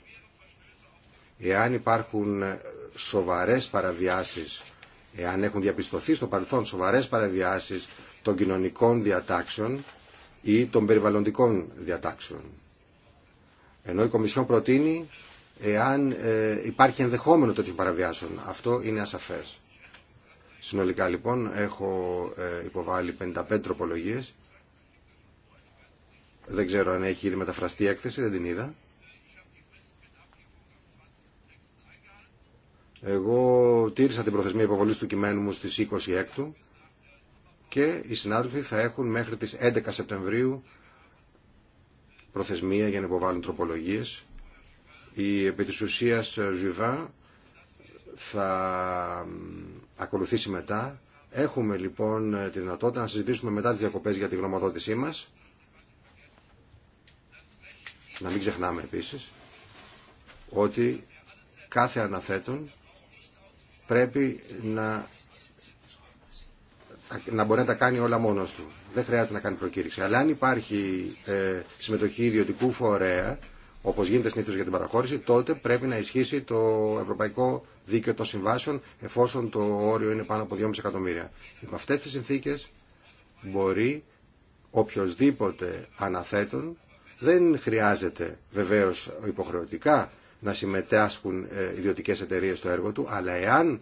εάν υπάρχουν ε, σοβαρές παραβιάσεις, εάν έχουν διαπιστωθεί στο παρελθόν σοβαρές παραβιάσεις των κοινωνικών διατάξεων ή των περιβαλλοντικών διατάξεων. Ενώ η Κομισιόν προτείνει εάν ε, υπάρχει ενδεχόμενο τέτοιων παραβιάσεων. Αυτό είναι ασαφές. Συνολικά λοιπόν έχω ε, υποβάλει 55 τροπολογίες. Δεν ξέρω αν έχει ήδη μεταφραστεί η έκθεση, δεν την είδα. Εγώ τήρησα την προθεσμία υποβολή του κειμένου μου στις 26 και οι συνάδελφοι θα έχουν μέχρι τις 11 Σεπτεμβρίου προθεσμία για να υποβάλουν τροπολογίε, Η επί τη Ζουβά ε, θα ακολουθήσει μετά. Έχουμε λοιπόν ε, τη δυνατότητα να συζητήσουμε μετά τι διακοπέ για τη γνωμοδότησή μας. Να μην ξεχνάμε επίσης ότι κάθε αναθέτων πρέπει να, να μπορεί να τα κάνει όλα μόνος του. Δεν χρειάζεται να κάνει προκήρυξη. Αλλά αν υπάρχει ε, συμμετοχή ιδιωτικού φορέα, όπως γίνεται συνήθω για την παραχώρηση, τότε πρέπει να ισχύσει το Ευρωπαϊκό Δίκαιο των Συμβάσεων, εφόσον το όριο είναι πάνω από 2,5 εκατομμύρια. Με λοιπόν, αυτές τις συνθήκες μπορεί οποιοδήποτε αναθέτων, δεν χρειάζεται βεβαίως υποχρεωτικά να συμμετάσχουν ε, ιδιωτικές εταιρείες στο έργο του, αλλά εάν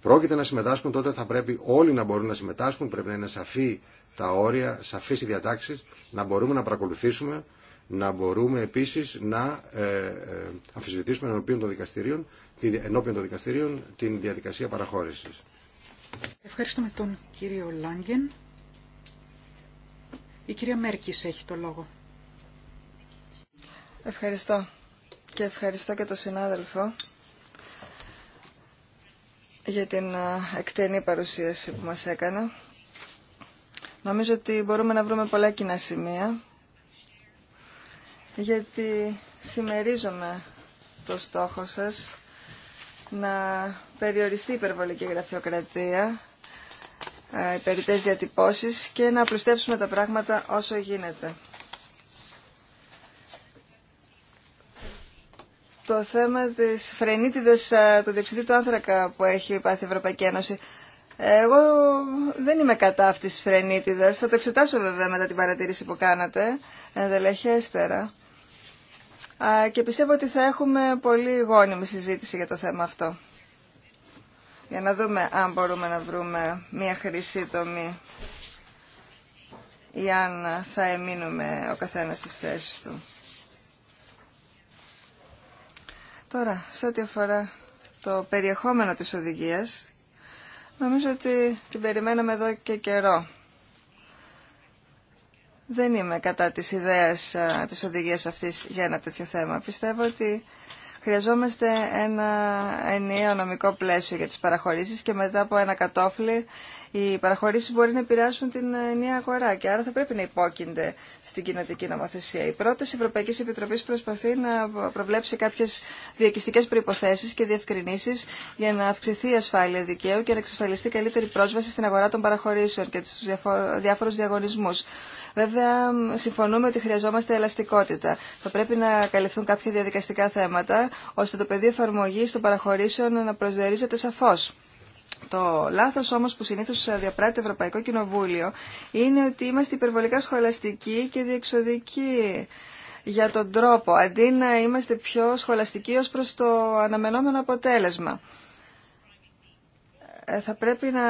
πρόκειται να συμμετάσχουν τότε θα πρέπει όλοι να μπορούν να συμμετάσχουν, πρέπει να είναι σαφή τα όρια, σαφή οι διατάξεις, να μπορούμε να παρακολουθήσουμε, να μπορούμε επίσης να ε, ε, αμφισβητήσουμε ενώπιον των δικαστηρίων, των δικαστηρίων την διαδικασία παραχώρησης. Ευχαριστούμε τον κύριο Λάγκεν. Η κυρία Μέρκης έχει το λόγο. Ευχαριστώ και ευχαριστώ και τον συνάδελφο για την εκτενή παρουσίαση που μας έκανε. Νομίζω ότι μπορούμε να βρούμε πολλά κοινά σημεία, γιατί συμμερίζομαι το στόχο σας να περιοριστεί η υπερβολική γραφειοκρατία, οι περιττές διατυπώσεις και να απλουστεύσουμε τα πράγματα όσο γίνεται. το θέμα της φρενίτιδας του διοξιδίου του άνθρακα που έχει πάθει η Ευρωπαϊκή Ένωση. Εγώ δεν είμαι κατά αυτής της φρενίτιδας. Θα το εξετάσω βέβαια μετά την παρατήρηση που κάνατε, ενδελεχέστερα. Και πιστεύω ότι θα έχουμε πολύ γόνιμη συζήτηση για το θέμα αυτό. Για να δούμε αν μπορούμε να βρούμε μια χρυσή τομή ή αν θα εμείνουμε ο καθένας στις θέσεις του. Τώρα, σε ό,τι αφορά το περιεχόμενο της οδηγίας, νομίζω ότι την περιμέναμε εδώ και καιρό. Δεν είμαι κατά της ιδέας της οδηγίας αυτής για ένα τέτοιο θέμα. Πιστεύω ότι χρειαζόμαστε ένα ενιαίο νομικό πλαίσιο για τις παραχωρήσεις και μετά από ένα κατόφλι οι παραχωρήσει μπορεί να επηρεάσουν την ε, νέα αγορά και άρα θα πρέπει να υπόκεινται στην κοινοτική νομοθεσία. Η πρόταση Ευρωπαϊκή Επιτροπή προσπαθεί να προβλέψει κάποιε διακιστικέ προποθέσει και διευκρινήσει για να αυξηθεί η ασφάλεια δικαίου και να εξασφαλιστεί καλύτερη πρόσβαση στην αγορά των παραχωρήσεων και στους διάφορου διαγωνισμού. Βέβαια, συμφωνούμε ότι χρειαζόμαστε ελαστικότητα. Θα πρέπει να καλυφθούν κάποια διαδικαστικά θέματα, ώστε το πεδίο εφαρμογή των παραχωρήσεων να προσδιορίζεται σαφώ. Το λάθος όμως που συνήθως διαπράττει το Ευρωπαϊκό Κοινοβούλιο είναι ότι είμαστε υπερβολικά σχολαστικοί και διεξοδικοί για τον τρόπο, αντί να είμαστε πιο σχολαστικοί ως προς το αναμενόμενο αποτέλεσμα. Ε, θα πρέπει να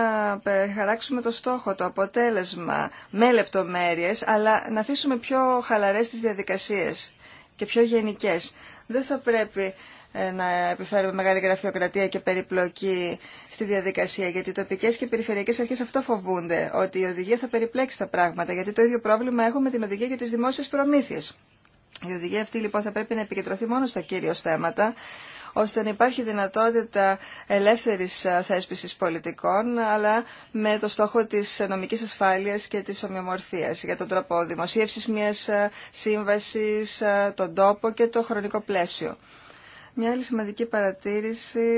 χαράξουμε το στόχο, το αποτέλεσμα με λεπτομέρειες, αλλά να αφήσουμε πιο χαλαρές τις διαδικασίες και πιο γενικές. Δεν θα πρέπει ε, να επιφέρουμε μεγάλη γραφειοκρατία και περιπλοκή στη διαδικασία, γιατί οι τοπικέ και οι περιφερειακές αρχές αυτό φοβούνται, ότι η οδηγία θα περιπλέξει τα πράγματα, γιατί το ίδιο πρόβλημα έχουμε με την οδηγία για τι δημόσιες προμήθειες. Η οδηγία αυτή λοιπόν θα πρέπει να επικεντρωθεί μόνο στα κύριο θέματα, ώστε να υπάρχει δυνατότητα ελεύθερης ε, θέσπισης πολιτικών, αλλά με το στόχο της νομικής ασφάλειας και της ομοιομορφίας για τον τρόπο δημοσίευση μιας ε, σύμβασης, τον τόπο και το χρονικό πλαίσιο. Μια άλλη σημαντική παρατήρηση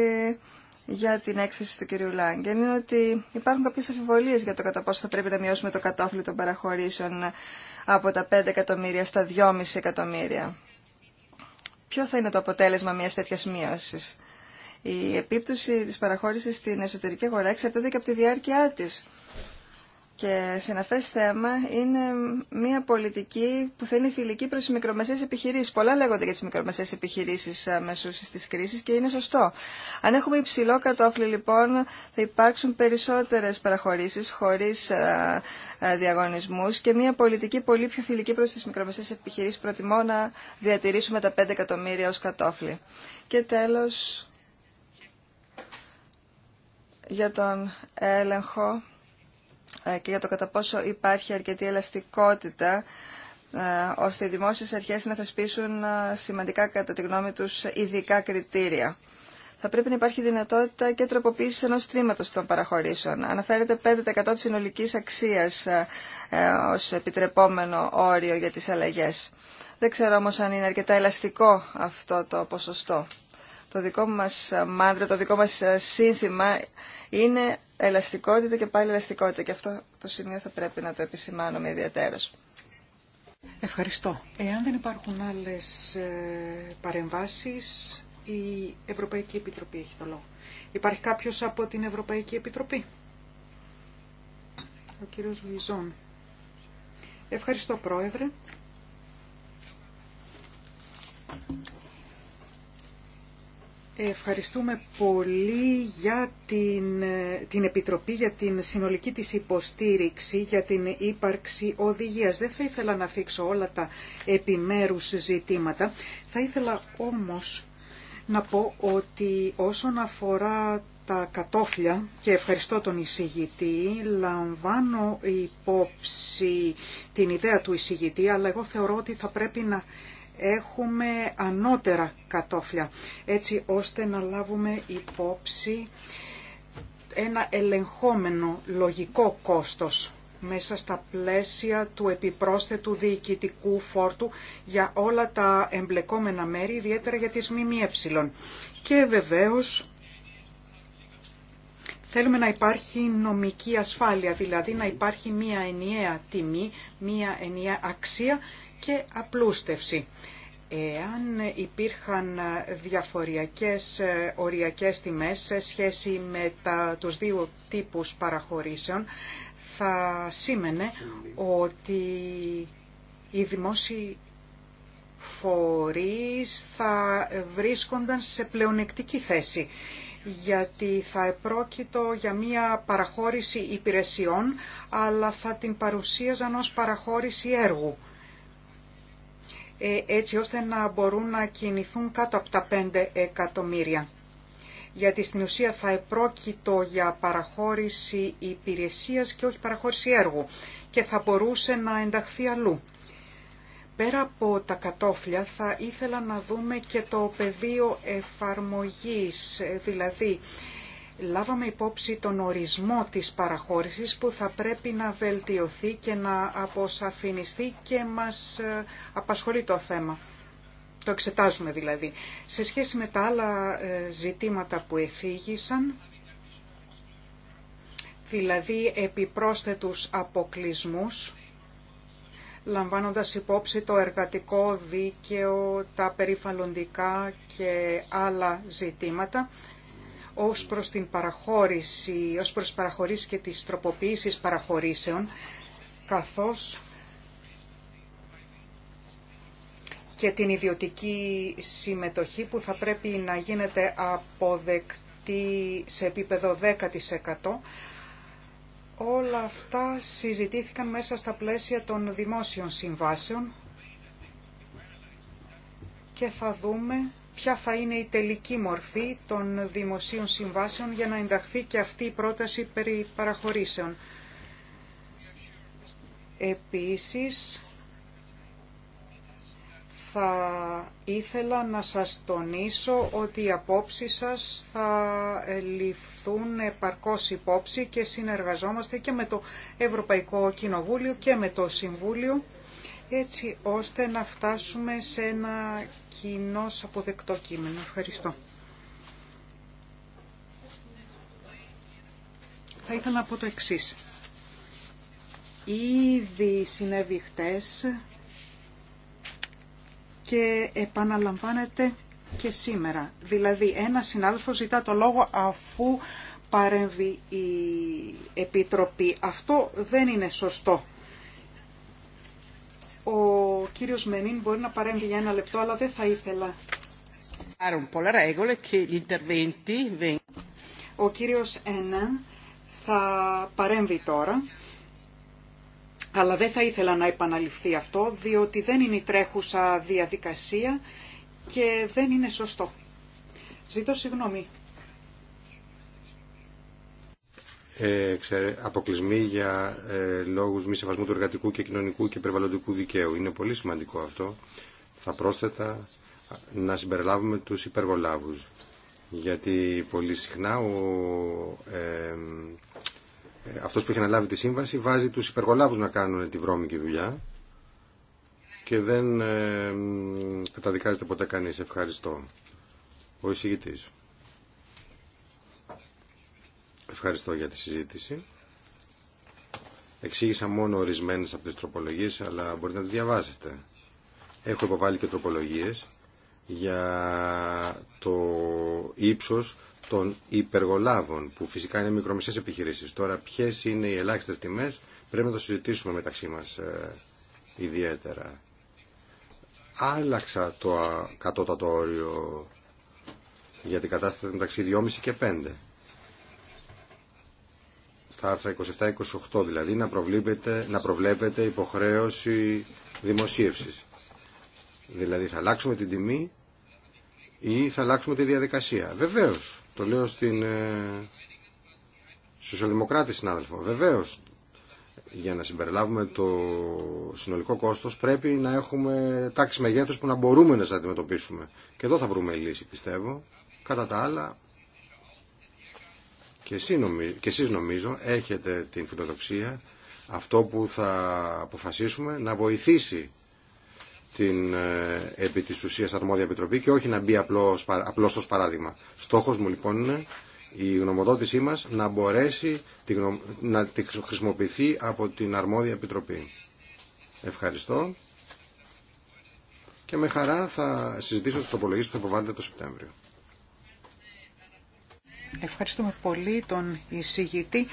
για την έκθεση του κυρίου Λάγκεν είναι ότι υπάρχουν κάποιες αφιβολίες για το κατά πόσο θα πρέπει να μειώσουμε το κατόφλι των παραχωρήσεων από τα 5 εκατομμύρια στα 2,5 εκατομμύρια. Ποιο θα είναι το αποτέλεσμα μιας τέτοιας μείωσης. Η επίπτωση της παραχώρησης στην εσωτερική αγορά εξαρτάται και από τη διάρκεια της. Και συναφέ θέμα είναι μια πολιτική που θα είναι φιλική προ τι μικρομεσαίες επιχειρήσει, Πολλά λέγονται για τις μικρομεσαίες επιχειρήσεις μέσω τη κρίση, και είναι σωστό. Αν έχουμε υψηλό κατόφλι λοιπόν θα υπάρξουν περισσότερε παραχωρήσει χωρί ε, ε, διαγωνισμού και μια πολιτική πολύ πιο φιλική προ τι μικρομεσαίες επιχειρήσει, προτιμώ να διατηρήσουμε τα 5 εκατομμύρια ω κατόφλι. Και τέλο. για τον έλεγχο ε, και για το κατά πόσο υπάρχει αρκετή ελαστικότητα ε, ώστε οι δημόσιες αρχές να θεσπίσουν ε, σημαντικά κατά τη γνώμη τους ειδικά κριτήρια. Θα πρέπει να υπάρχει δυνατότητα και τροποποίηση ενό τμήματο των παραχωρήσεων. Αναφέρεται 5% τη συνολική αξία ω επιτρεπόμενο όριο για τι αλλαγέ. Δεν ξέρω όμω αν είναι αρκετά ελαστικό αυτό το ποσοστό το δικό μας ε, μάντρα, το δικό μας ε, σύνθημα είναι ελαστικότητα και πάλι ελαστικότητα. Και αυτό το σημείο θα πρέπει να το επισημάνομαι ιδιαίτερα. Ευχαριστώ. Εάν δεν υπάρχουν άλλες ε, παρεμβάσεις, η Ευρωπαϊκή Επιτροπή έχει το λόγο. Υπάρχει κάποιος από την Ευρωπαϊκή Επιτροπή. Ο κύριος Λιζόν. Ευχαριστώ, Πρόεδρε. Ευχαριστούμε πολύ για την, την Επιτροπή, για την συνολική της υποστήριξη, για την ύπαρξη οδηγίας. Δεν θα ήθελα να θίξω όλα τα επιμέρους ζητήματα. Θα ήθελα όμως να πω ότι όσον αφορά τα κατόφλια, και ευχαριστώ τον εισηγητή, λαμβάνω υπόψη την ιδέα του εισηγητή, αλλά εγώ θεωρώ ότι θα πρέπει να έχουμε ανώτερα κατόφλια, έτσι ώστε να λάβουμε υπόψη ένα ελεγχόμενο λογικό κόστος μέσα στα πλαίσια του επιπρόσθετου διοικητικού φόρτου για όλα τα εμπλεκόμενα μέρη, ιδιαίτερα για τις ΜΜΕ. Και βεβαίως θέλουμε να υπάρχει νομική ασφάλεια, δηλαδή να υπάρχει μία ενιαία τιμή, μία ενιαία αξία και απλούστευση. Εάν υπήρχαν διαφοριακές ε, οριακές τιμές σε σχέση με τα, τους δύο τύπους παραχωρήσεων, θα σήμαινε ότι οι δημόσιοι φορείς θα βρίσκονταν σε πλεονεκτική θέση γιατί θα επρόκειτο για μία παραχώρηση υπηρεσιών, αλλά θα την παρουσίαζαν ως παραχώρηση έργου. Ε, έτσι ώστε να μπορούν να κινηθούν κάτω από τα 5 εκατομμύρια. Γιατί στην ουσία θα επρόκειτο για παραχώρηση υπηρεσίας και όχι παραχώρηση έργου και θα μπορούσε να ενταχθεί αλλού. Πέρα από τα κατόφλια θα ήθελα να δούμε και το πεδίο εφαρμογής, ε, δηλαδή λάβαμε υπόψη τον ορισμό της παραχώρησης που θα πρέπει να βελτιωθεί και να αποσαφινιστεί και μας ε, απασχολεί το θέμα. Το εξετάζουμε δηλαδή. Σε σχέση με τα άλλα ε, ζητήματα που εφήγησαν, δηλαδή επιπρόσθετους αποκλισμούς, λαμβάνοντας υπόψη το εργατικό δίκαιο, τα περιφαλλοντικά και άλλα ζητήματα, ως προς την παραχώρηση, ως προς παραχωρήσεις και τις τροποποιήσεις παραχωρήσεων, καθώς και την ιδιωτική συμμετοχή που θα πρέπει να γίνεται αποδεκτή σε επίπεδο 10%. Όλα αυτά συζητήθηκαν μέσα στα πλαίσια των δημόσιων συμβάσεων και θα δούμε ποια θα είναι η τελική μορφή των δημοσίων συμβάσεων για να ενταχθεί και αυτή η πρόταση περί παραχωρήσεων. Επίσης, θα ήθελα να σας τονίσω ότι οι απόψει σας θα ληφθούν επαρκώς υπόψη και συνεργαζόμαστε και με το Ευρωπαϊκό Κοινοβούλιο και με το Συμβούλιο έτσι ώστε να φτάσουμε σε ένα κοινό αποδεκτό κείμενο. Ευχαριστώ. Θα ήθελα να πω το εξής. Ήδη συνέβη χτες και επαναλαμβάνεται και σήμερα. Δηλαδή ένα συνάδελφος ζητά το λόγο αφού παρέμβει η Επιτροπή. Αυτό δεν είναι σωστό. Ο κύριος Μενίν μπορεί να παρέμβει για ένα λεπτό, αλλά δεν θα ήθελα. Ο κύριος Ένα θα παρέμβει τώρα, αλλά δεν θα ήθελα να επαναληφθεί αυτό, διότι δεν είναι η τρέχουσα διαδικασία και δεν είναι σωστό. Ζήτω συγγνώμη. Ε, αποκλεισμοί για ε, λόγους μη σεβασμού του εργατικού και κοινωνικού και περιβαλλοντικού δικαίου. Είναι πολύ σημαντικό αυτό. Θα πρόσθετα να συμπεριλάβουμε τους υπεργολάβους. Γιατί πολύ συχνά ο, ε, αυτός που έχει αναλάβει τη σύμβαση βάζει τους υπεργολάβους να κάνουν τη βρώμικη δουλειά και δεν ε, καταδικάζεται ποτέ κανείς. Ευχαριστώ. Ο εισηγητής. Ευχαριστώ για τη συζήτηση. Εξήγησα μόνο ορισμένε από τι τροπολογίε, αλλά μπορείτε να τι διαβάσετε. Έχω υποβάλει και τροπολογίε για το ύψο των υπεργολάβων, που φυσικά είναι μικρομεσαίες επιχειρήσει. Τώρα, ποιε είναι οι ελάχιστε τιμέ, πρέπει να το συζητήσουμε μεταξύ μα ε, ιδιαίτερα. Άλλαξα το κατώτατο όριο για την κατάσταση μεταξύ 2,5 και 5 στα άρθρα 27-28 δηλαδή να προβλέπεται, να προβλέπεται υποχρέωση δημοσίευσης. Δηλαδή θα αλλάξουμε την τιμή ή θα αλλάξουμε τη διαδικασία. Βεβαίως, το λέω στην ε, σοσιαλδημοκράτη συνάδελφο, βεβαίως για να συμπεριλάβουμε το συνολικό κόστος πρέπει να έχουμε τάξη μεγέθους που να μπορούμε να αντιμετωπίσουμε. Και εδώ θα βρούμε λύση πιστεύω. Κατά τα άλλα και, εσύ, και εσείς νομίζω έχετε την φιλοδοξία αυτό που θα αποφασίσουμε να βοηθήσει την ε, επί της ουσίας αρμόδια επιτροπή και όχι να μπει απλώς, απλώς ως παράδειγμα. Στόχος μου λοιπόν είναι η γνωμοδότησή μας να μπορέσει να τη χρησιμοποιηθεί από την αρμόδια επιτροπή. Ευχαριστώ και με χαρά θα συζητήσω τις τοπολογίες που θα το Σεπτέμβριο. Ευχαριστούμε πολύ τον εισηγητή.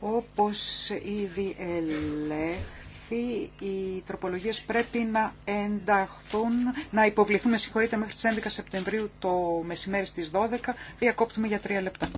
Όπως ήδη ελέγχθη, οι τροπολογίες πρέπει να ενταχθούν, να υποβληθούν, με μέχρι τις 11 Σεπτεμβρίου το μεσημέρι στις 12. Διακόπτουμε για τρία λεπτά.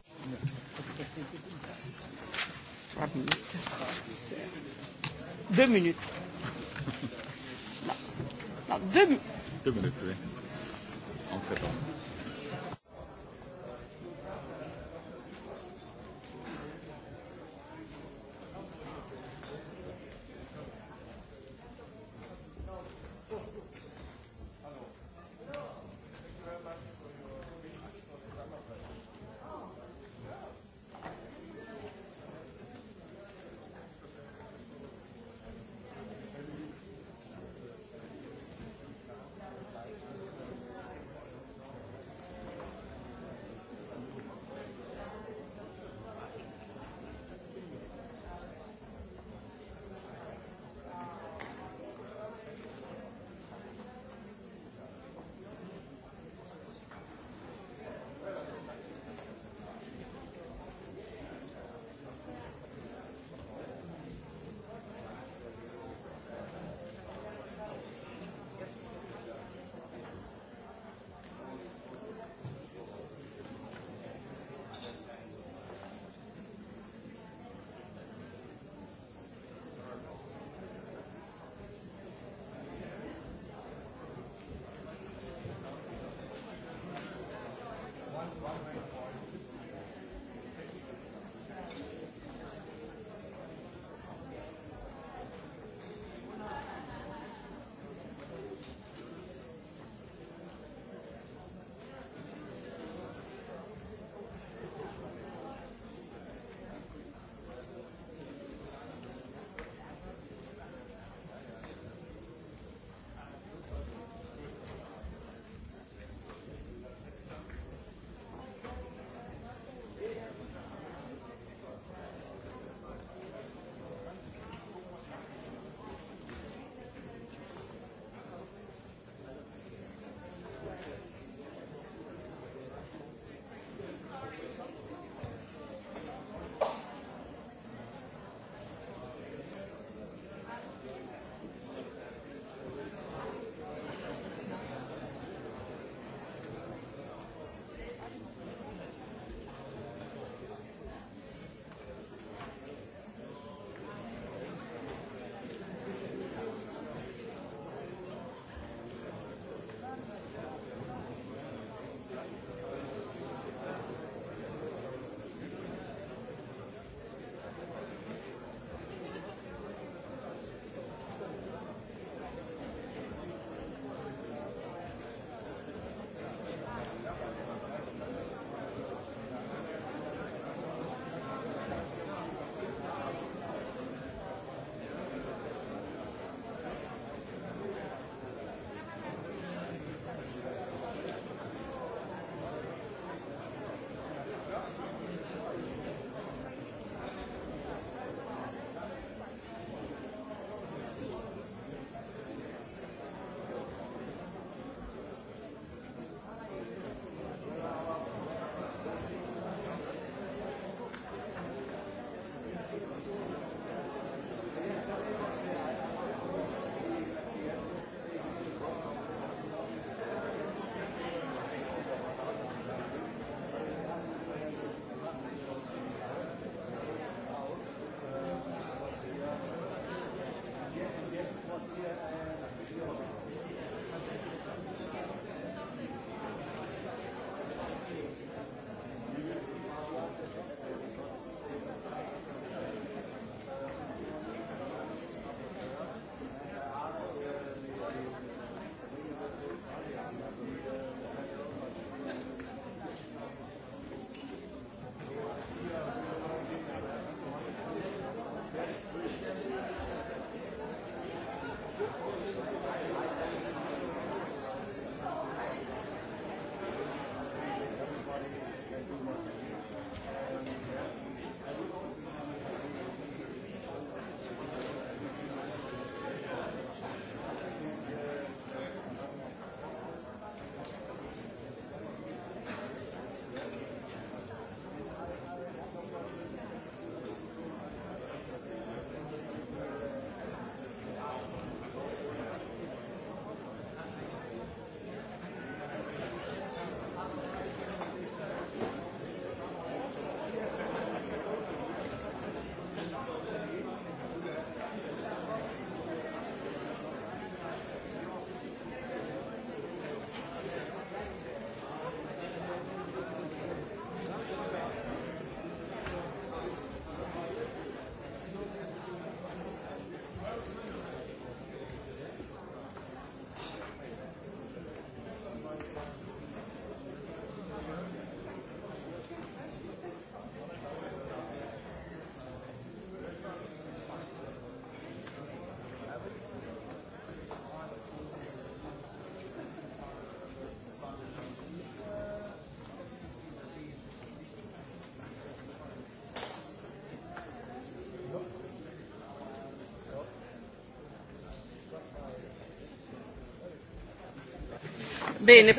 Bene,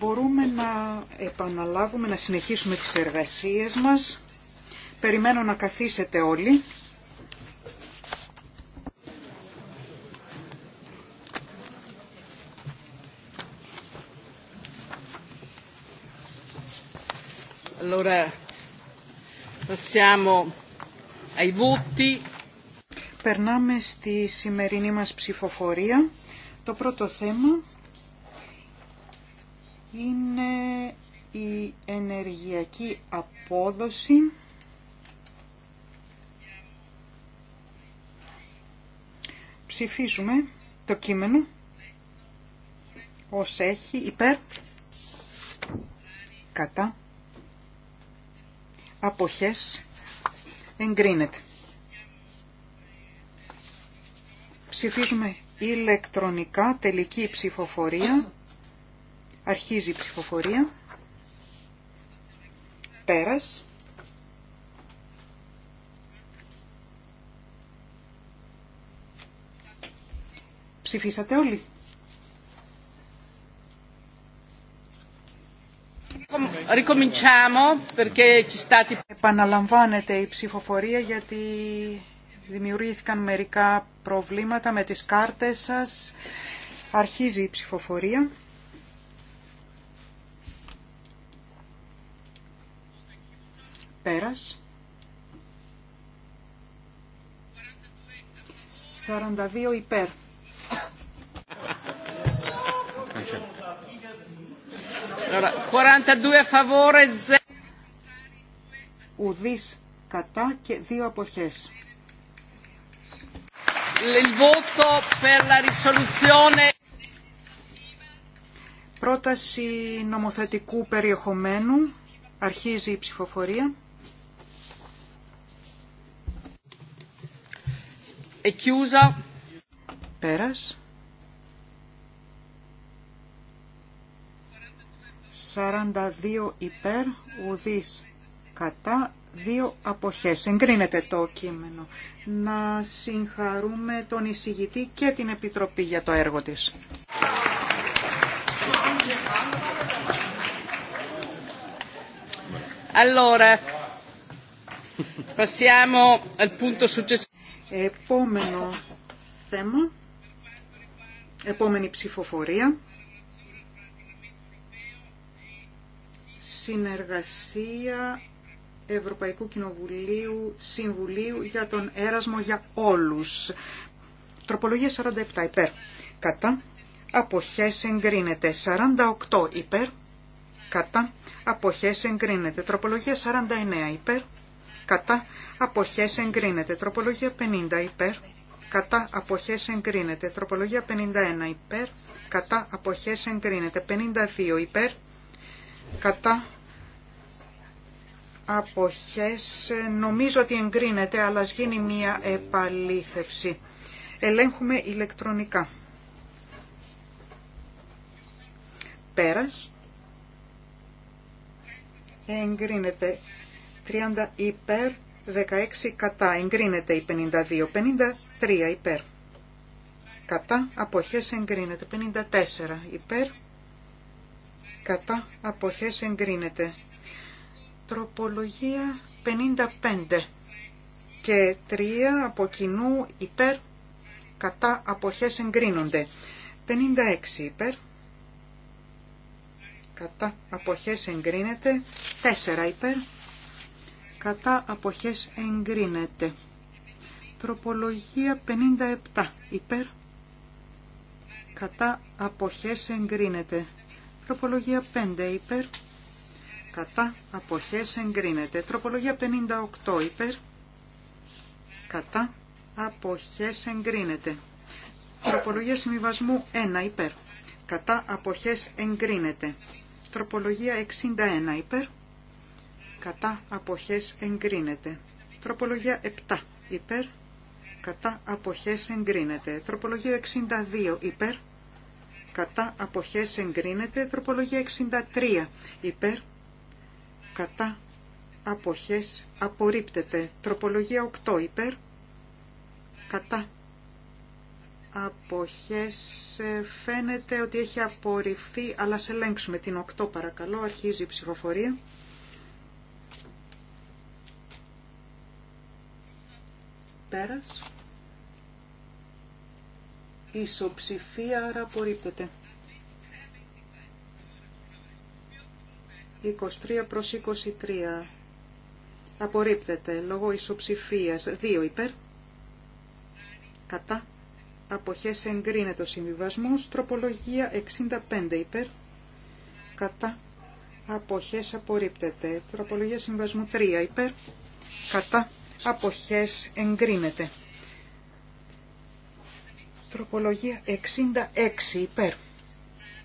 Μπορούμε να επαναλάβουμε, να συνεχίσουμε τις εργασίες μας. Περιμένω να καθίσετε όλοι. Allora, passiamo ai voti. Περνάμε στη σημερινή μας ψηφοφορία. Το πρώτο θέμα είναι η ενεργειακή απόδοση ψηφίζουμε το κείμενο ως έχει υπέρ κατά αποχές εγκρίνεται Ψηφίζουμε ηλεκτρονικά, τελική ψηφοφορία. Αρχίζει η ψηφοφορία. Πέρας. Ψηφίσατε όλοι. Επαναλαμβάνεται η ψηφοφορία γιατί Δημιουργήθηκαν μερικά προβλήματα με τις κάρτες σας. Αρχίζει η ψηφοφορία. Πέρας. 42 υπέρ. 42 ουδής κατά και δύο αποχές. Πρόταση νομοθετικού περιεχομένου. Αρχίζει η ψηφοφορία. Εκιούζα. Πέρας. 42 υπέρ, ουδής κατά, Δύο αποχές. Εγκρίνεται το κείμενο. Να συγχαρούμε τον εισηγητή και την Επιτροπή για το έργο της. Allora, passiamo al Επόμενο θέμα, επόμενη ψηφοφορία. Συνεργασία Ευρωπαϊκού Κοινοβουλίου Συμβουλίου για τον έρασμο για όλους. Τροπολογία 47 υπέρ. Κατά. Αποχές εγκρίνεται. 48 υπέρ. Κατά. Αποχές εγκρίνεται. Τροπολογία 49 υπέρ. Κατά. Αποχές εγκρίνεται. Τροπολογία 50 υπέρ. Κατά. Αποχές εγκρίνεται. Τροπολογία 51 υπέρ. Κατά. Αποχές εγκρίνεται. 52 υπέρ. Κατά αποχές νομίζω ότι εγκρίνεται, αλλά ας γίνει μία επαλήθευση. Ελέγχουμε ηλεκτρονικά. Πέρας. Εγκρίνεται. 30 υπέρ, 16 κατά. Εγκρίνεται η 52. 53 υπέρ. Κατά αποχές εγκρίνεται. 54 υπέρ. Κατά αποχές εγκρίνεται. Τροπολογία 55 και 3 από κοινού υπέρ κατά αποχές εγκρίνονται. 56 υπέρ κατά αποχές εγκρίνεται. 4 υπέρ κατά αποχές εγκρίνεται. Τροπολογία 57 υπέρ κατά αποχές εγκρίνεται. Τροπολογία 5 υπέρ κατά αποχές εγκρίνεται. Τροπολογία 58 υπέρ κατά αποχές εγκρίνεται. Τροπολογία συμβιβασμού 1 υπέρ κατά αποχές εγκρίνεται. Τροπολογία 61 υπέρ κατά αποχές εγκρίνεται. Τροπολογία 7 υπέρ κατά αποχές εγκρίνεται. Τροπολογία 62 υπέρ κατά αποχές εγκρίνεται. Τροπολογία 63 υπέρ κατά αποχές απορρίπτεται. Τροπολογία 8 υπέρ κατά αποχές ε, φαίνεται ότι έχει απορριφθεί αλλά σε ελέγξουμε την 8 παρακαλώ αρχίζει η ψηφοφορία πέρας ισοψηφία άρα απορρίπτεται 23 προς 23. Απορρίπτεται λόγω ισοψηφίας. 2 υπέρ. Κατά. Αποχές εγκρίνεται ο συμβιβασμός. Τροπολογία 65 υπέρ. Κατά. Αποχές απορρίπτεται. Τροπολογία συμβιβασμού 3 υπέρ. Κατά. Αποχές εγκρίνεται. Τροπολογία 66 υπέρ.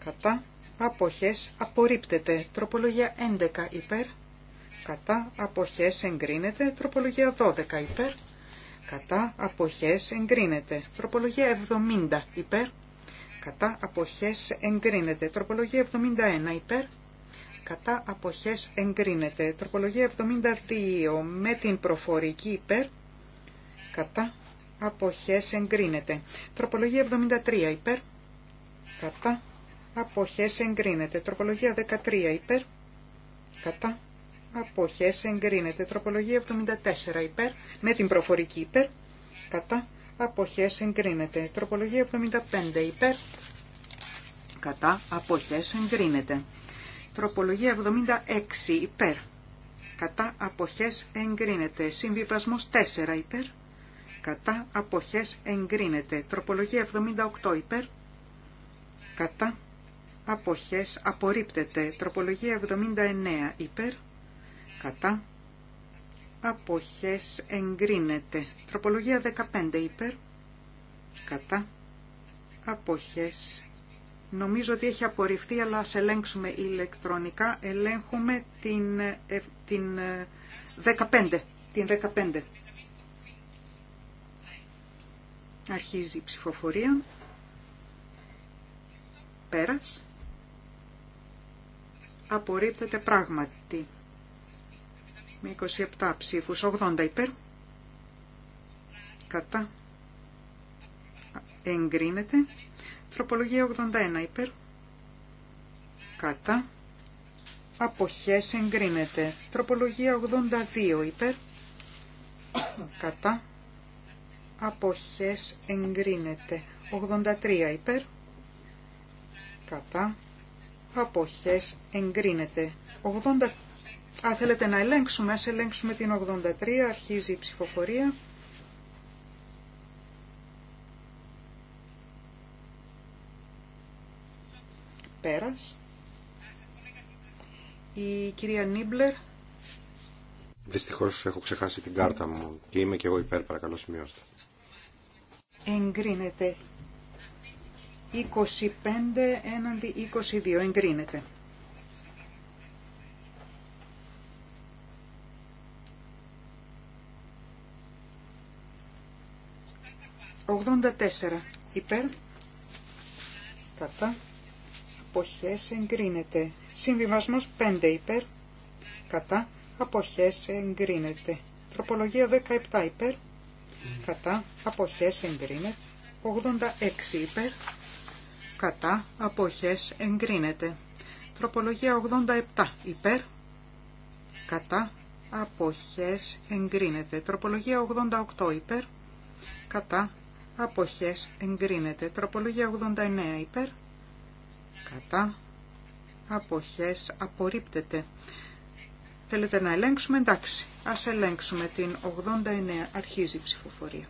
Κατά αποχές απορρίπτεται. Τροπολογία 11 υπέρ, κατά αποχές εγκρίνεται. Τροπολογία 12 υπέρ, κατά αποχές εγκρίνεται. Τροπολογία 70 υπέρ, κατά αποχές εγκρίνεται. Τροπολογία 71 υπέρ, κατά αποχές εγκρίνεται. Τροπολογία 72 με την προφορική υπέρ, κατά αποχές εγκρίνεται. Τροπολογία 73 υπέρ, κατά αποχές εγκρίνεται. Τροπολογία 13 υπέρ, κατά, αποχές εγκρίνεται. Τροπολογία 74 υπέρ, με την προφορική υπέρ, κατά, αποχές εγκρίνεται. Τροπολογία 75 υπέρ, κατά, αποχές εγκρίνεται. Τροπολογία 76 υπέρ, κατά, αποχές εγκρίνεται. Συμβιβασμός 4 υπέρ, κατά, αποχές εγκρίνεται. Τροπολογία 78 υπέρ, κατά, αποχές απορρίπτεται. Τροπολογία 79 υπέρ, κατά, αποχές εγκρίνεται. Τροπολογία 15 υπέρ, κατά, αποχές Νομίζω ότι έχει απορριφθεί, αλλά ας ελέγξουμε ηλεκτρονικά. Ελέγχουμε την, ε, την 15. Ε, την 15. Αρχίζει η ψηφοφορία. Πέρας απορρίπτεται πράγματι. Με 27 ψήφους, 80 υπέρ, κατά, εγκρίνεται. Τροπολογία 81 υπέρ, κατά, αποχές εγκρίνεται. Τροπολογία 82 υπέρ, κατά, αποχές εγκρίνεται. 83 υπέρ, κατά, αποχές εγκρίνεται. 80... θέλετε να ελέγξουμε, ας ελέγξουμε την 83, αρχίζει η ψηφοφορία. Πέρας. Η κυρία Νίμπλερ. Δυστυχώς έχω ξεχάσει την κάρτα μου και είμαι και εγώ υπέρ, παρακαλώ σημειώστε. Εγκρίνεται 25 έναντι 22 εγκρίνεται. Ογδόντα τέσσερα υπέρ κατά αποχές εγκρίνεται. Συμβιβασμός 5 υπέρ κατά αποχές εγκρίνεται. Τροπολογία 17 υπέρ κατά αποχές εγκρίνεται. 86 υπέρ κατά αποχές εγκρίνεται. Τροπολογία 87 υπέρ κατά αποχές εγκρίνεται. Τροπολογία 88 υπέρ κατά αποχές εγκρίνεται. Τροπολογία 89 υπέρ κατά αποχές απορρίπτεται. Θέλετε να ελέγξουμε, εντάξει. Ας ελέγξουμε την 89, αρχίζει η ψηφοφορία.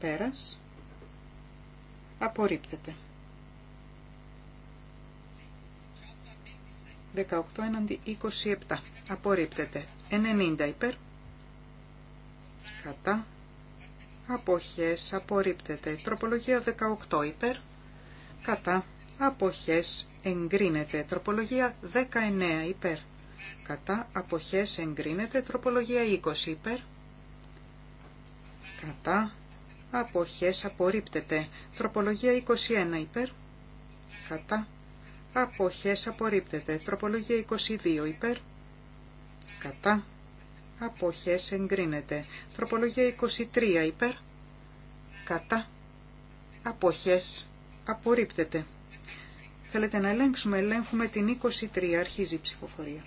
Πέρας απορρίπτεται. 18 έναντι 27 απορρίπτεται. 90 υπέρ κατά αποχές απορρίπτεται. Τροπολογία 18 υπέρ κατά αποχές εγκρίνεται. Τροπολογία 19 υπέρ κατά αποχές εγκρίνεται. Τροπολογία 20 υπέρ κατά αποχές απορρίπτεται. Τροπολογία 21 υπέρ, κατά, αποχές απορρίπτεται. Τροπολογία 22 υπέρ, κατά, αποχές εγκρίνεται. Τροπολογία 23 υπέρ, κατά, αποχές απορρίπτεται. Θέλετε να ελέγξουμε, ελέγχουμε την 23, αρχίζει η ψηφοφορία.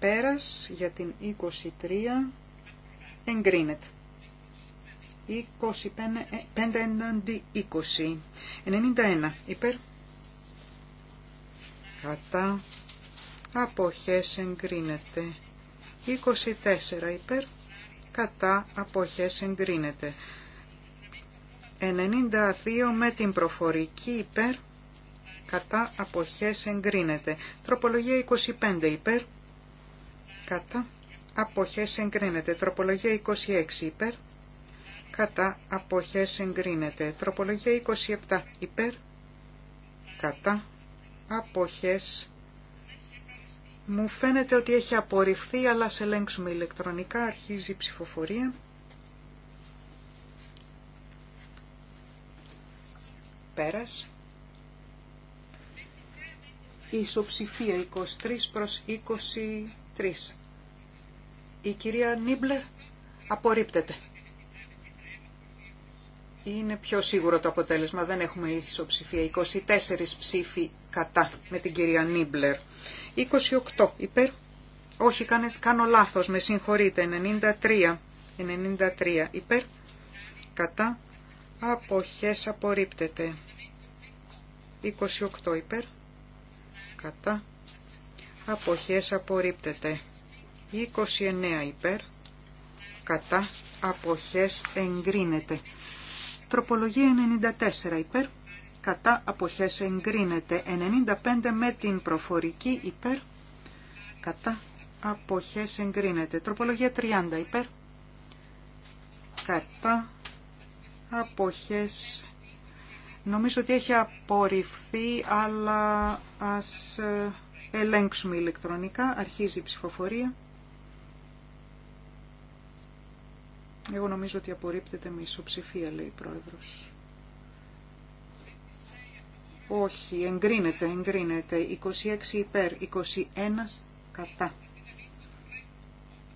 Πέρας για την 23 εγκρίνεται. 25 έναντι 20. 91 υπέρ. Κατά. Αποχές εγκρίνεται. 24 υπέρ. Κατά. Αποχές εγκρίνεται. 92 με την προφορική υπέρ. Κατά. Αποχές εγκρίνεται. Τροπολογία 25 υπέρ κατά αποχές εγκρίνεται. Τροπολογία 26 υπέρ, κατά αποχές εγκρίνεται. Τροπολογία 27 υπέρ, κατά αποχές μου φαίνεται ότι έχει απορριφθεί, αλλά σε ελέγξουμε ηλεκτρονικά. Αρχίζει η ψηφοφορία. Πέρας. Η ισοψηφία 23 προς 23 η κυρία Νίμπλε απορρίπτεται. Είναι πιο σίγουρο το αποτέλεσμα, δεν έχουμε ισοψηφία. 24 ψήφοι κατά με την κυρία Νίμπλερ. 28 υπέρ. Όχι, κάνε, κάνω λάθος, με συγχωρείτε. 93, 93 υπέρ. Κατά. Αποχές απορρίπτεται. 28 υπέρ. Κατά. Αποχές απορρίπτεται. 29 υπέρ, κατά, αποχές εγκρίνεται. Τροπολογία 94 υπέρ, κατά, αποχές εγκρίνεται. 95 με την προφορική υπέρ, κατά, αποχές εγκρίνεται. Τροπολογία 30 υπέρ, κατά, αποχές Νομίζω ότι έχει απορριφθεί, αλλά ας ε, ελέγξουμε ηλεκτρονικά. Αρχίζει η ψηφοφορία. Εγώ νομίζω ότι απορρίπτεται με ισοψηφία, λέει η Πρόεδρος. Όχι, εγκρίνεται, εγκρίνεται. 26 υπέρ, 21 κατά.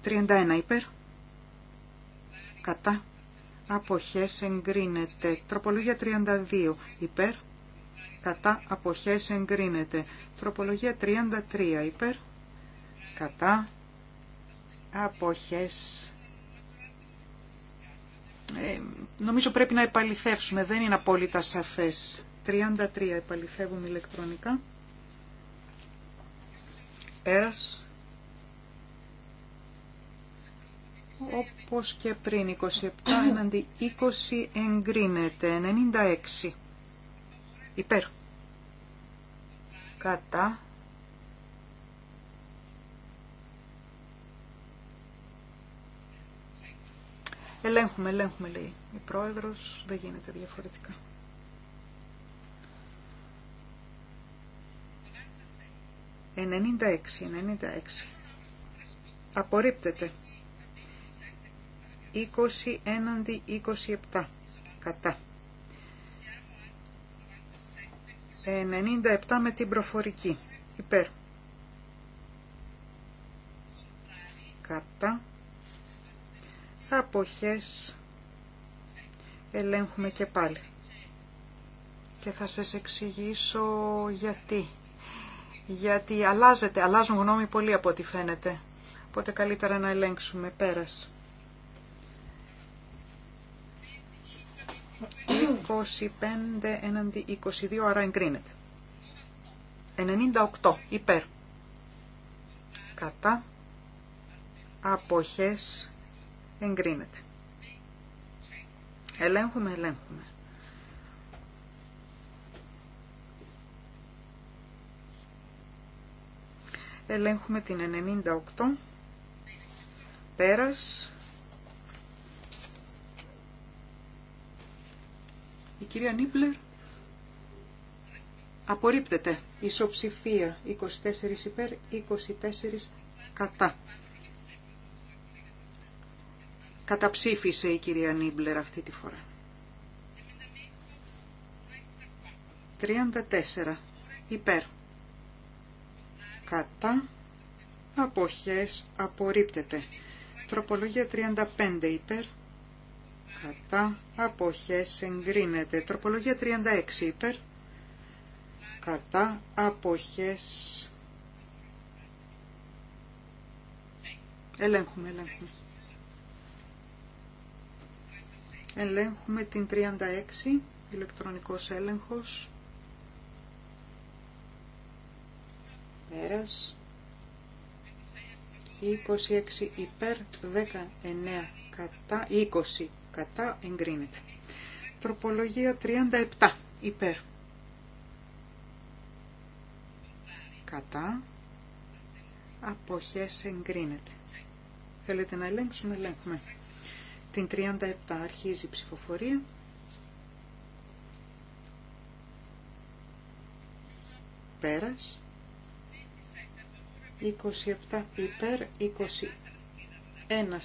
31 υπέρ, κατά. Αποχές εγκρίνεται. Τροπολογία 32 υπέρ, κατά. Αποχές εγκρίνεται. Τροπολογία 33 υπέρ, κατά. Αποχές ε, νομίζω πρέπει να επαληθεύσουμε, δεν είναι απόλυτα σαφές. 33 επαληθεύουμε ηλεκτρονικά. Πέρας. Όπως και πριν, 27 εναντί 20 εγκρίνεται, 96. Υπέρ. Κατά. Ελέγχουμε, ελέγχουμε λέει η πρόεδρος, δεν γίνεται διαφορετικά. 96, 96. 96. Απορρίπτεται. 20 έναντι 27. Κατά. 97 με την προφορική. Υπέρ. Κατά αποχές ελέγχουμε και πάλι. Και θα σας εξηγήσω γιατί. Γιατί αλλάζεται, αλλάζουν γνώμη πολύ από ό,τι φαίνεται. Οπότε καλύτερα να ελέγξουμε. Πέρας. 25 έναντι 22, άρα εγκρίνεται. 98 υπέρ. Κατά. Αποχές εγκρίνεται. Ελέγχουμε, ελέγχουμε. Ελέγχουμε την 98. Πέρας. Η κυρία Νίμπλερ απορρίπτεται. Ισοψηφία 24 υπέρ, 24 κατά. Καταψήφισε η κυρία Νίμπλερ αυτή τη φορά. 34. Υπέρ. Κατά. Αποχές. Απορρίπτεται. Τροπολογία 35. Υπέρ. Κατά. Αποχές. Εγκρίνεται. Τροπολογία 36. Υπέρ. Κατά. Αποχές. Ελέγχουμε, ελέγχουμε. Ελέγχουμε την 36, ηλεκτρονικός έλεγχος. Πέρας. 26 υπέρ, 19 κατά, 20 κατά, εγκρίνεται. Τροπολογία 37 υπέρ. Κατά, αποχές εγκρίνεται. Θέλετε να ελέγξουμε, ελέγχουμε. Την 37 αρχίζει η ψηφοφορία. Πέρας. 27 υπέρ, 21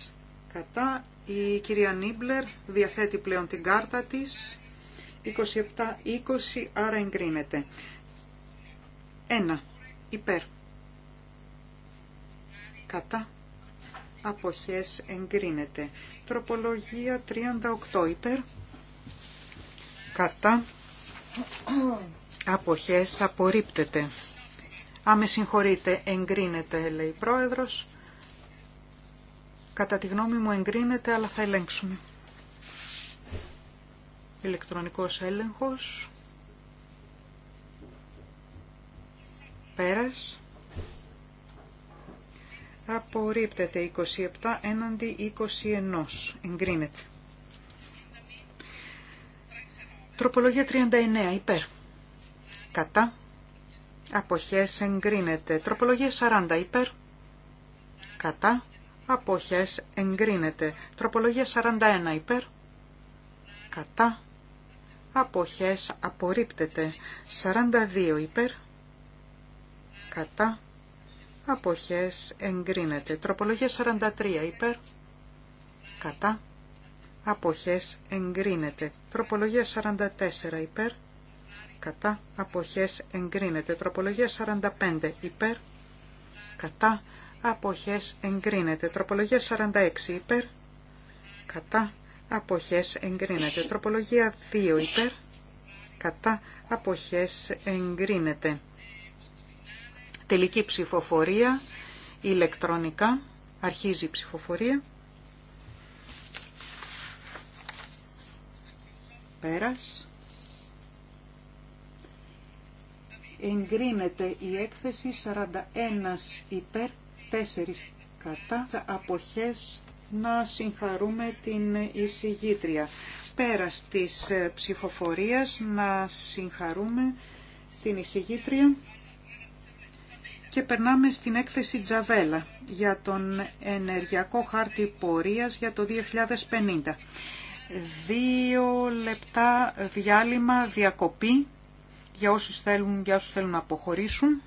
κατά. Η κυρία Νίμπλερ διαθέτει πλέον την κάρτα της. 27-20, άρα εγκρίνεται. 1 υπέρ. Κατά αποχές εγκρίνεται. Τροπολογία 38 υπέρ, κατά, αποχές απορρίπτεται. Α, με συγχωρείτε, εγκρίνεται, λέει η πρόεδρος. Κατά τη γνώμη μου εγκρίνεται, αλλά θα ελέγξουμε. Ηλεκτρονικός έλεγχος. Πέρας. Απορρίπτεται 27 έναντι 21. Εγκρίνεται. Τροπολογία 39. Υπέρ. Κατά. Αποχές εγκρίνεται. Τροπολογία 40. Υπέρ. Κατά. Αποχές εγκρίνεται. Τροπολογία 41. Υπέρ. Κατά. Αποχές απορρίπτεται. 42. Υπέρ. Κατά αποχές εγκρίνεται. Τροπολογία 43 υπέρ, κατά, αποχές εγκρίνεται. Τροπολογία 44 υπέρ, κατά, αποχές εγκρίνεται. Τροπολογία 45 υπέρ, κατά, αποχές εγκρίνεται. Τροπολογία 46 υπέρ, κατά, αποχές εγκρίνεται. Τροπολογία 2 υπέρ, κατά, αποχές εγκρίνεται. Τελική ψηφοφορία ηλεκτρονικά. Αρχίζει η ψηφοφορία. Πέρας. Εγκρίνεται η έκθεση 41 υπέρ 4 κατά αποχές να συγχαρούμε την εισηγήτρια. Πέρας της ψηφοφορίας να συγχαρούμε την εισηγήτρια. Και περνάμε στην έκθεση Τζαβέλα για τον ενεργειακό χάρτη πορείας για το 2050. Δύο λεπτά διάλειμμα διακοπή για όσους θέλουν, για όσους θέλουν να αποχωρήσουν.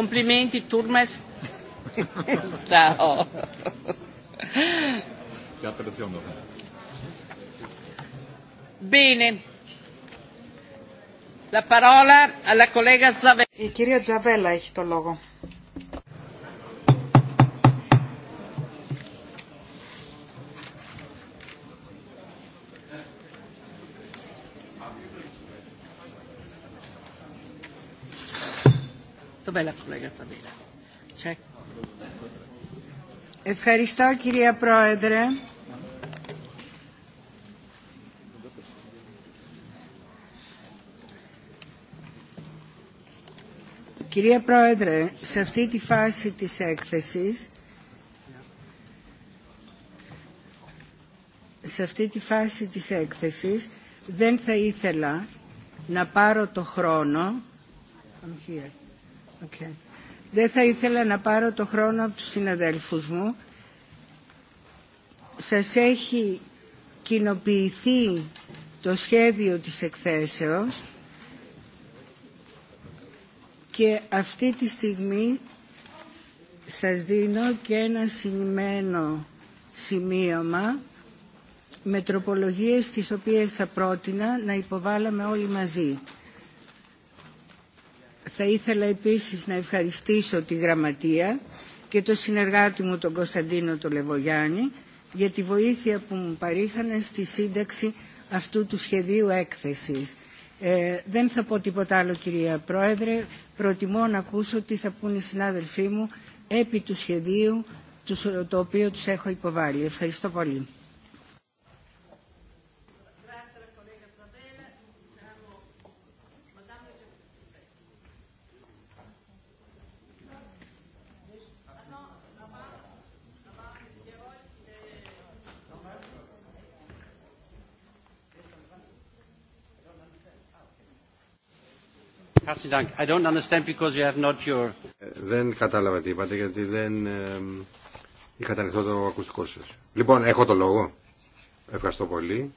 Complimenti Turmes. Ciao. Bene. La parola alla collega Zavella. Η κυρία Τζαβέλα έχει το λόγο. Ευχαριστώ κυρία Πρόεδρε. Κυρία Πρόεδρε, σε αυτή τη φάση της έκθεσης σε αυτή τη φάση της έκθεσης δεν θα ήθελα να πάρω το χρόνο Okay. Δεν θα ήθελα να πάρω το χρόνο από τους συναδέλφους μου. Σας έχει κοινοποιηθεί το σχέδιο της εκθέσεως και αυτή τη στιγμή σας δίνω και ένα συνημένο σημείωμα με τροπολογίες τις οποίες θα πρότεινα να υποβάλαμε όλοι μαζί. Θα ήθελα επίσης να ευχαριστήσω τη Γραμματεία και το συνεργάτη μου τον Κωνσταντίνο τον Λεβογιάννη για τη βοήθεια που μου παρήχανε στη σύνταξη αυτού του σχεδίου έκθεσης. Ε, δεν θα πω τίποτα άλλο κυρία Πρόεδρε, προτιμώ να ακούσω τι θα πούν οι συνάδελφοί μου επί του σχεδίου το οποίο τους έχω υποβάλει. Ευχαριστώ πολύ. Δεν κατάλαβα τι είπατε γιατί δεν είχα ανοιχτό το ακουστικό σα. Λοιπόν, έχω το λόγο. Ευχαριστώ πολύ.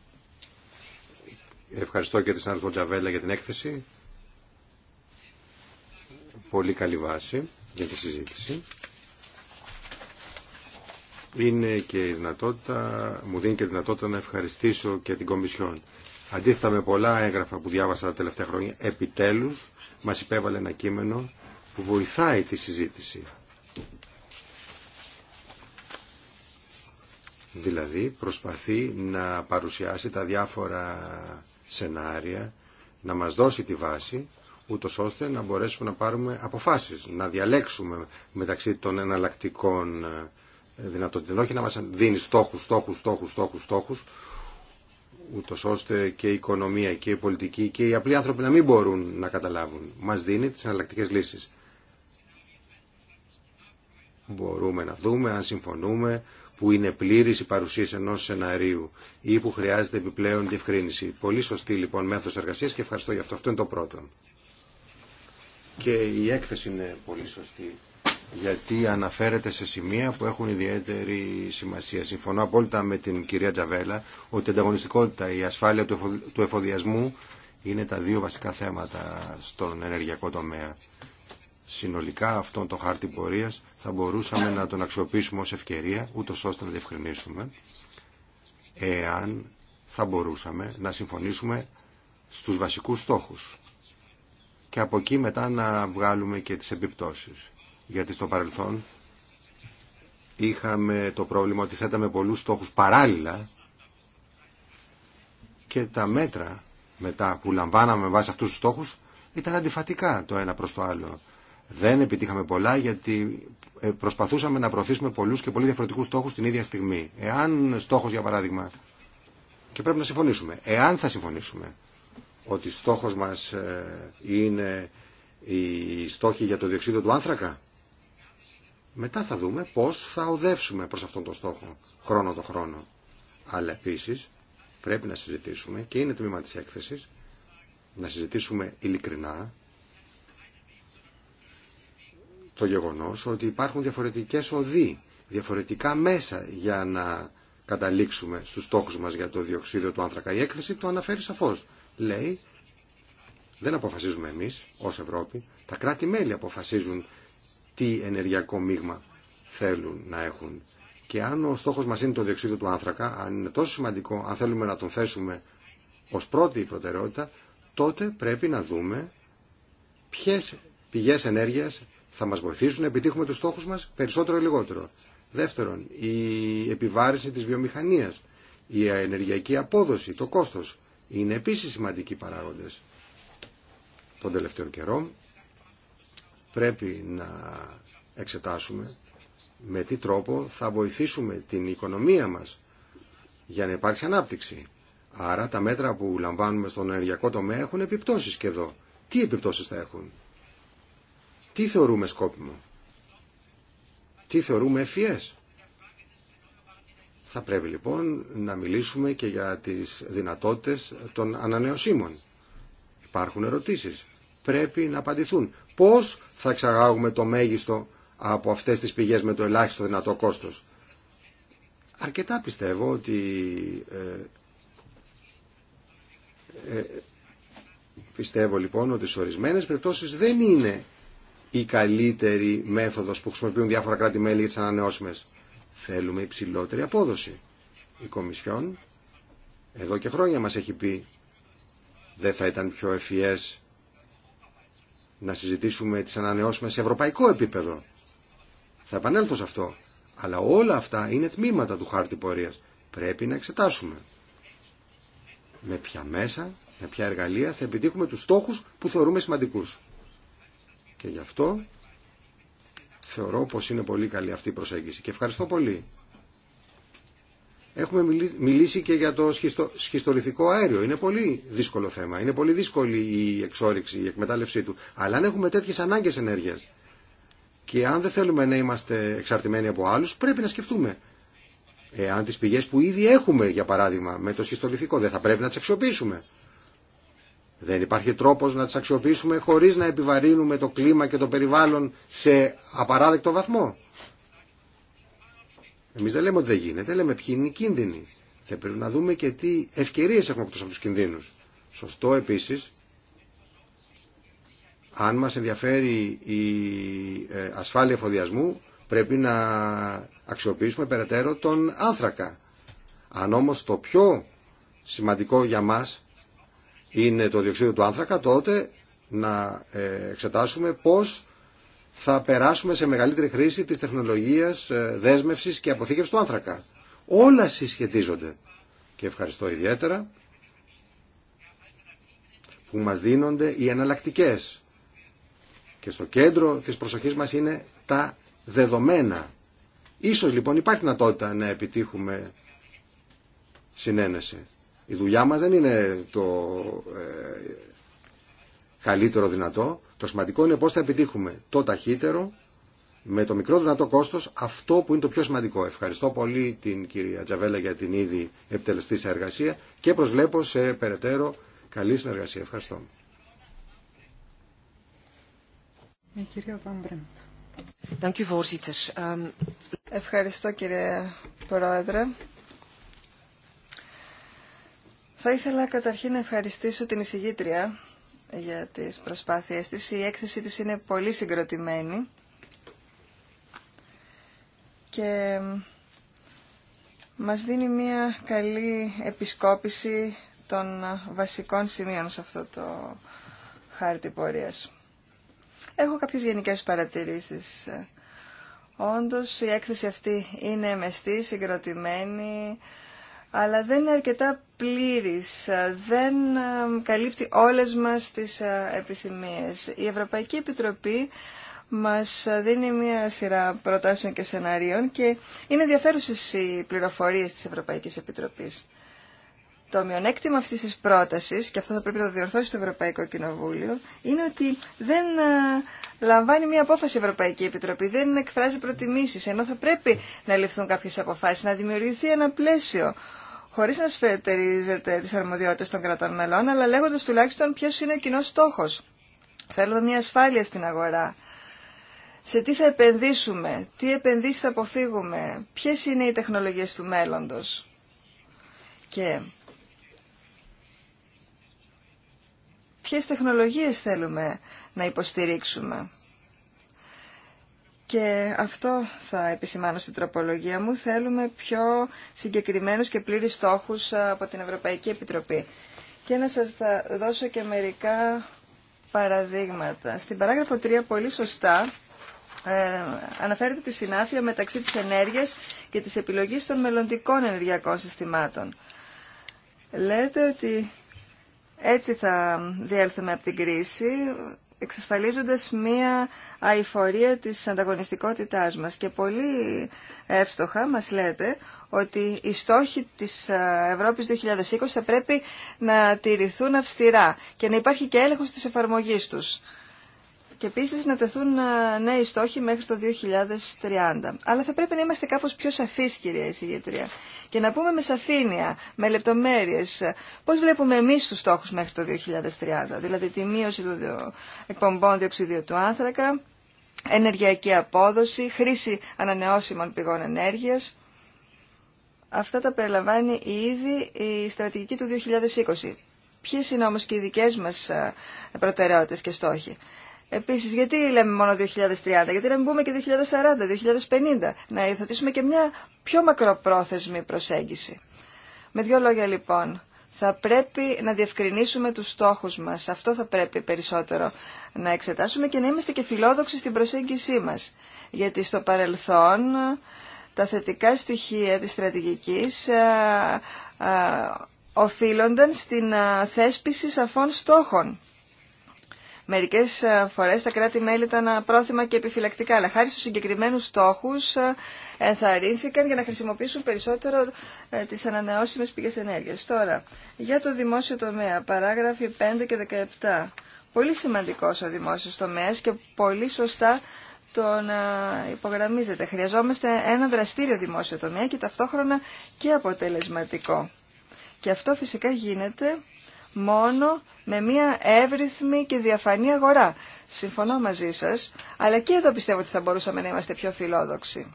Ευχαριστώ και τη συνάδελφο Τζαβέλα για την έκθεση. Πολύ καλή βάση για τη συζήτηση. Είναι και η δυνατότητα, μου δίνει και η δυνατότητα να ευχαριστήσω και την Κομισιόν. Αντίθετα με πολλά έγγραφα που διάβασα τα τελευταία χρόνια, επιτέλους μας υπέβαλε ένα κείμενο που βοηθάει τη συζήτηση. Δηλαδή προσπαθεί να παρουσιάσει τα διάφορα σενάρια, να μας δώσει τη βάση, ούτω ώστε να μπορέσουμε να πάρουμε αποφάσεις, να διαλέξουμε μεταξύ των εναλλακτικών ε, δυνατοτήτων. Όχι να μας δίνει στόχους, στόχους, στόχους, στόχους, στόχους, ούτως ώστε και η οικονομία και η πολιτική και οι απλοί άνθρωποι να μην μπορούν να καταλάβουν. Μας δίνει τις εναλλακτικές λύσεις. Μπορούμε να δούμε αν συμφωνούμε που είναι πλήρης η παρουσία ενός σεναρίου ή που χρειάζεται επιπλέον διευκρίνηση. Πολύ σωστή λοιπόν μέθοδος εργασίας και ευχαριστώ για αυτό. Αυτό είναι το πρώτο. Και η έκθεση είναι πολύ σωστή γιατί αναφέρεται σε σημεία που έχουν ιδιαίτερη σημασία. Συμφωνώ απόλυτα με την κυρία Τζαβέλα ότι η ανταγωνιστικότητα, η ασφάλεια του εφοδιασμού είναι τα δύο βασικά θέματα στον ενεργειακό τομέα. Συνολικά αυτόν τον χάρτη πορείας θα μπορούσαμε να τον αξιοποιήσουμε ως ευκαιρία, ούτως ώστε να διευκρινίσουμε, εάν θα μπορούσαμε να συμφωνήσουμε στους βασικούς στόχους και από εκεί μετά να βγάλουμε και τις επιπτώσεις γιατί στο παρελθόν είχαμε το πρόβλημα ότι θέταμε πολλούς στόχους παράλληλα και τα μέτρα μετά που λαμβάναμε βάση αυτούς τους στόχους ήταν αντιφατικά το ένα προς το άλλο. Δεν επιτύχαμε πολλά γιατί ε, προσπαθούσαμε να προωθήσουμε πολλούς και πολύ διαφορετικούς στόχους την ίδια στιγμή. Εάν στόχος για παράδειγμα, και πρέπει να συμφωνήσουμε, εάν θα συμφωνήσουμε ότι στόχος μας ε, είναι οι στόχοι για το διοξείδιο του άνθρακα, μετά θα δούμε πώς θα οδεύσουμε προς αυτόν τον στόχο χρόνο το χρόνο. Αλλά επίσης πρέπει να συζητήσουμε και είναι τμήμα της έκθεσης να συζητήσουμε ειλικρινά το γεγονός ότι υπάρχουν διαφορετικές οδοί, διαφορετικά μέσα για να καταλήξουμε στους στόχους μας για το διοξείδιο του άνθρακα. Η έκθεση το αναφέρει σαφώς. Λέει, δεν αποφασίζουμε εμείς ως Ευρώπη, τα κράτη-μέλη αποφασίζουν τι ενεργειακό μείγμα θέλουν να έχουν. Και αν ο στόχος μας είναι το διοξείδιο του άνθρακα, αν είναι τόσο σημαντικό, αν θέλουμε να τον θέσουμε ως πρώτη προτεραιότητα, τότε πρέπει να δούμε ποιε πηγέ ενέργεια θα μας βοηθήσουν να επιτύχουμε τους στόχου μας περισσότερο ή λιγότερο. Δεύτερον, η επιβάρηση της βιομηχανίας, η ενεργειακή απόδοση, το κόστος είναι επίση σημαντικοί παράγοντε Τον τελευταίο καιρό πρέπει να εξετάσουμε με τι τρόπο θα βοηθήσουμε την οικονομία μας για να υπάρξει ανάπτυξη. Άρα τα μέτρα που λαμβάνουμε στον ενεργειακό τομέα έχουν επιπτώσεις και εδώ. Τι επιπτώσεις θα έχουν. Τι θεωρούμε σκόπιμο. Τι θεωρούμε ευφυές. Θα πρέπει λοιπόν να μιλήσουμε και για τις δυνατότητες των ανανεωσίμων. Υπάρχουν ερωτήσεις πρέπει να απαντηθούν. Πώς θα εξαγάγουμε το μέγιστο από αυτές τις πηγές με το ελάχιστο δυνατό κόστος. Αρκετά πιστεύω ότι ε, ε, πιστεύω λοιπόν ότι σε ορισμένες περιπτώσεις δεν είναι η καλύτερη μέθοδος που χρησιμοποιούν διάφορα κράτη-μέλη για τις ανανεώσιμες. Θέλουμε υψηλότερη απόδοση. Η Κομισιόν εδώ και χρόνια μας έχει πει δεν θα ήταν πιο ευφυές να συζητήσουμε τις ανανεώσιμες σε ευρωπαϊκό επίπεδο. Θα επανέλθω σε αυτό. Αλλά όλα αυτά είναι τμήματα του χάρτη πορείας. Πρέπει να εξετάσουμε. Με ποια μέσα, με ποια εργαλεία θα επιτύχουμε τους στόχους που θεωρούμε σημαντικούς. Και γι' αυτό θεωρώ πως είναι πολύ καλή αυτή η προσέγγιση. Και ευχαριστώ πολύ Έχουμε μιλήσει και για το σχιστο, σχιστολιθικό αέριο. Είναι πολύ δύσκολο θέμα. Είναι πολύ δύσκολη η εξόριξη, η εκμετάλλευσή του. Αλλά αν έχουμε τέτοιε ανάγκε ενέργεια. και αν δεν θέλουμε να είμαστε εξαρτημένοι από άλλου, πρέπει να σκεφτούμε. Εάν τι πηγέ που ήδη έχουμε, για παράδειγμα, με το σχιστολιθικό, δεν θα πρέπει να τι αξιοποιήσουμε. Δεν υπάρχει τρόπο να τι αξιοποιήσουμε χωρί να επιβαρύνουμε το κλίμα και το περιβάλλον σε απαράδεκτο βαθμό. Εμεί δεν λέμε ότι δεν γίνεται, λέμε ποιοι είναι οι κίνδυνοι. Θα πρέπει να δούμε και τι ευκαιρίε έχουμε από του κινδύνου. Σωστό επίση, αν μα ενδιαφέρει η ε, ασφάλεια εφοδιασμού, πρέπει να αξιοποιήσουμε περαιτέρω τον άνθρακα. Αν όμω το πιο σημαντικό για μα είναι το διοξείδιο του άνθρακα, τότε να ε, εξετάσουμε πώς θα περάσουμε σε μεγαλύτερη χρήση της τεχνολογίας ε, δέσμευσης και αποθήκευσης του άνθρακα. Όλα συσχετίζονται. Και ευχαριστώ ιδιαίτερα που μας δίνονται οι εναλλακτικέ. Και στο κέντρο της προσοχής μας είναι τα δεδομένα. Ίσως λοιπόν υπάρχει δυνατότητα να επιτύχουμε συνένεση. Η δουλειά μας δεν είναι το ε, καλύτερο δυνατό, το σημαντικό είναι πώς θα επιτύχουμε το ταχύτερο, με το μικρό δυνατό κόστος, αυτό που είναι το πιο σημαντικό. Ευχαριστώ πολύ την κυρία Τζαβέλα για την ήδη επιτελεστή εργασία και προσβλέπω σε περαιτέρω καλή συνεργασία. Ευχαριστώ. Ehm, Ευχαριστώ κύριε Πρόεδρε. Θα ήθελα καταρχήν να ευχαριστήσω την εισηγήτρια για τις προσπάθειές της. Η έκθεση της είναι πολύ συγκροτημένη και μας δίνει μια καλή επισκόπηση των βασικών σημείων σε αυτό το χάρτη πορείας. Έχω κάποιες γενικές παρατηρήσεις. Όντως η έκθεση αυτή είναι μεστή, συγκροτημένη, αλλά δεν είναι αρκετά πλήρης, ε, δεν ε, καλύπτει όλες μας τις ε, επιθυμίες. Η Ευρωπαϊκή Επιτροπή μας δίνει μία σειρά προτάσεων και σενάριων και είναι ενδιαφέρουσε οι πληροφορίες της Ευρωπαϊκής Επιτροπής. Το μειονέκτημα αυτής της πρότασης, και αυτό θα πρέπει να το διορθώσει το Ευρωπαϊκό Κοινοβούλιο, είναι ότι δεν λαμβάνει μία απόφαση η Ευρωπαϊκή Επιτροπή, δεν εκφράζει προτιμήσεις, ενώ θα πρέπει να ληφθούν κάποιες αποφάσεις, να δημιουργηθεί ένα πλαίσιο χωρίς να σφετερίζεται τις αρμοδιότητες των κρατών μελών, αλλά λέγοντας τουλάχιστον ποιος είναι ο κοινό στόχος. Θέλουμε μια ασφάλεια στην αγορά. Σε τι θα επενδύσουμε, τι επενδύσεις θα αποφύγουμε, ποιες είναι οι τεχνολογίες του μέλλοντος. Και ποιες τεχνολογίες θέλουμε να υποστηρίξουμε. Και αυτό θα επισημάνω στην τροπολογία μου. Θέλουμε πιο συγκεκριμένους και πλήρεις στόχους ε, από την Ευρωπαϊκή Επιτροπή. Και να σας θα δώσω και μερικά παραδείγματα. Στην παράγραφο 3 πολύ σωστά ε, αναφέρεται τη συνάφεια μεταξύ της ενέργειας και της επιλογής των μελλοντικών ενεργειακών συστημάτων. Λέτε ότι έτσι θα διέλθουμε από την κρίση εξασφαλίζοντας μία αηφορία της ανταγωνιστικότητάς μας. Και πολύ εύστοχα μας λέτε ότι οι στόχοι της ε, Ευρώπης 2020 θα πρέπει να τηρηθούν αυστηρά και να υπάρχει και έλεγχος της εφαρμογής τους και επίση να τεθούν ε, νέοι στόχοι μέχρι το 2030. Αλλά θα πρέπει να είμαστε κάπως πιο σαφείς, κυρία εισηγήτρια, και να πούμε με σαφήνεια, με λεπτομέρειες, πώς βλέπουμε εμείς τους στόχου μέχρι το 2030, δηλαδή τη μείωση των εκπομπών διοξιδίου του άνθρακα, ενεργειακή απόδοση, χρήση ανανεώσιμων πηγών ενέργειας. Αυτά τα περιλαμβάνει ήδη η στρατηγική του 2020. Ποιες είναι όμως και οι δικές μας ε, προτεραιότητες και στόχοι. Επίσης, γιατί λέμε μόνο 2030, γιατί να μην πούμε και 2040, 2050, να υιοθετήσουμε και μια πιο μακροπρόθεσμη προσέγγιση. Με δύο λόγια λοιπόν, θα πρέπει να διευκρινίσουμε τους στόχους μας. Αυτό θα πρέπει περισσότερο να εξετάσουμε και να είμαστε και φιλόδοξοι στην προσέγγισή μας. Γιατί στο παρελθόν τα θετικά στοιχεία της στρατηγικής α, ε, ε, οφείλονταν στην ε, θέσπιση σαφών στόχων Μερικέ ε, φορέ, τα κράτη-μέλη ήταν ε, πρόθυμα και επιφυλακτικά, αλλά χάρη στους συγκεκριμένους στόχους ε, ενθαρρύνθηκαν για να χρησιμοποιήσουν περισσότερο τι ανανεώσιμε πηγέ ενέργειας. Τώρα, για το δημόσιο τομέα, παράγραφοι 5 και 17. Πολύ σημαντικό ο δημόσιο τομέα και πολύ σωστά τον υπογραμμίζεται. Χρειαζόμαστε ένα δραστήριο δημόσιο τομέα και ταυτόχρονα και αποτελεσματικό. Και αυτό φυσικά γίνεται μόνο με μια εύρυθμη και διαφανή αγορά. Συμφωνώ μαζί σας, αλλά και εδώ πιστεύω ότι θα μπορούσαμε να είμαστε πιο φιλόδοξοι.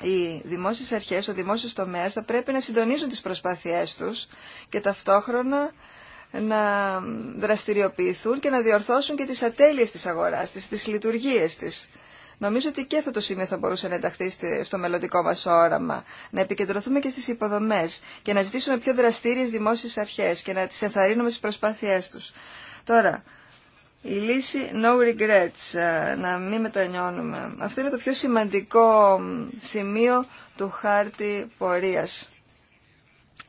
Οι δημόσιες αρχές, ο δημόσιος τομέας θα πρέπει να συντονίζουν τις προσπάθειές τους και ταυτόχρονα να δραστηριοποιηθούν και να διορθώσουν και τις ατέλειες της αγοράς, τις, τις λειτουργίες της. Νομίζω ότι και αυτό το σημείο θα μπορούσε να ενταχθεί στο μελλοντικό μα όραμα. Να επικεντρωθούμε και στις υποδομές και να ζητήσουμε πιο δραστήριε δημόσιες αρχές και να τις ενθαρρύνουμε στις προσπάθειές τους. Τώρα, η λύση no regrets, ε, να μην μετανιώνουμε. Αυτό είναι το πιο σημαντικό σημείο του χάρτη πορείας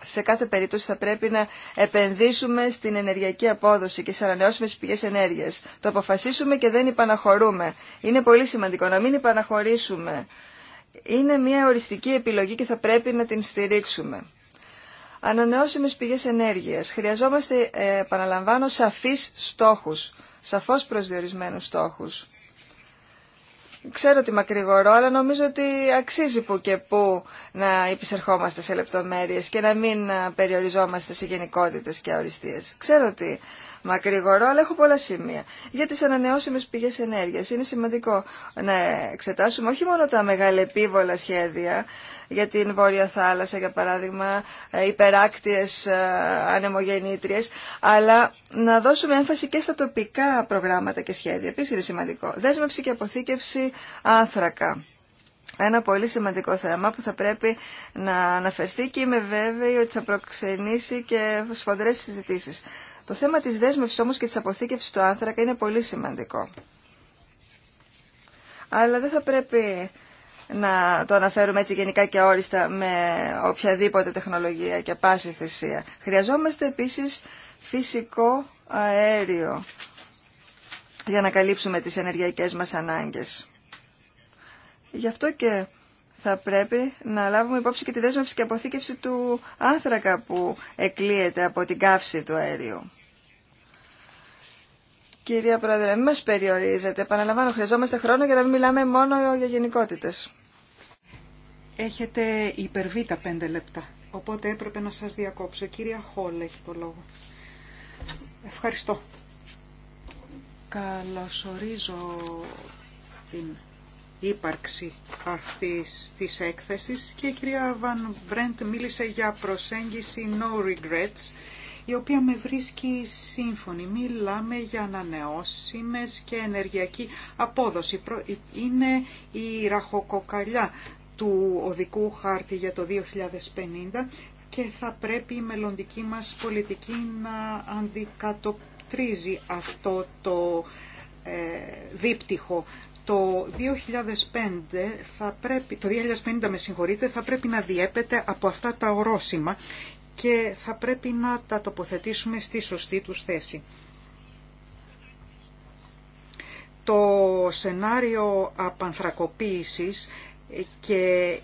σε κάθε περίπτωση θα πρέπει να επενδύσουμε στην ενεργειακή απόδοση και σε ανανεώσιμε πηγέ ενέργειας. Το αποφασίσουμε και δεν υπαναχωρούμε. Είναι πολύ σημαντικό να μην υπαναχωρήσουμε. Είναι μια οριστική επιλογή και θα πρέπει να την στηρίξουμε. Ανανεώσιμες πηγέ ενέργειας. Χρειαζόμαστε, ε, επαναλαμβάνω, σαφεί στόχους, σαφώ προσδιορισμένου στόχους. Ξέρω ότι μακρηγορώ, αλλά νομίζω ότι αξίζει που και που να υπησερχόμαστε σε λεπτομέρειες και να μην ε, περιοριζόμαστε σε γενικότητες και αοριστείες. Ξέρω ότι μακρηγορώ, αλλά έχω πολλά σημεία. Για τις ανανεώσιμες πηγές ενέργειας είναι σημαντικό να εξετάσουμε όχι μόνο τα μεγαλεπίβολα σχέδια, για την Βόρεια Θάλασσα, για παράδειγμα, ε, υπεράκτιες ε, ανεμογεννήτριες, αλλά να δώσουμε έμφαση και στα τοπικά προγράμματα και σχέδια. Επίσης είναι σημαντικό. Δέσμευση και αποθήκευση άνθρακα. Ένα πολύ σημαντικό θέμα που θα πρέπει να αναφερθεί και είμαι βέβαιη ότι θα προξενήσει και σφοδρές συζητήσεις. Το θέμα της δέσμευσης όμως και της αποθήκευσης του άνθρακα είναι πολύ σημαντικό. Αλλά δεν θα πρέπει να το αναφέρουμε έτσι γενικά και όριστα με οποιαδήποτε τεχνολογία και πάση θυσία. Χρειαζόμαστε επίσης φυσικό αέριο για να καλύψουμε τις ενεργειακές μας ανάγκες. Γι' αυτό και θα πρέπει να λάβουμε υπόψη και τη δέσμευση και αποθήκευση του άνθρακα που εκλείεται από την καύση του αερίου. Κυρία Πρόεδρε, μην μας περιορίζετε. Παναλαμβάνω. χρειαζόμαστε χρόνο για να μην μιλάμε μόνο για γενικότητες. Έχετε υπερβεί τα πέντε λεπτά, οπότε έπρεπε να σας διακόψω. Κυρία Χόλ έχει το λόγο. Ευχαριστώ. Καλωσορίζω την ύπαρξη αυτής της έκθεσης και η κυρία Βαν Μπρέντ μίλησε για προσέγγιση no regrets η οποία με βρίσκει σύμφωνη. Μιλάμε για ανανεώσιμες και ενεργειακή απόδοση. Είναι η ραχοκοκαλιά του οδικού χάρτη για το 2050 και θα πρέπει η μελλοντική μας πολιτική να αντικατοπτρίζει αυτό το ε, δίπτυχο. Το θα πρέπει, το 2050 με συγχωρείτε, θα πρέπει να διέπεται από αυτά τα ορόσημα και θα πρέπει να τα τοποθετήσουμε στη σωστή τους θέση. Το σενάριο απανθρακοποίησης και,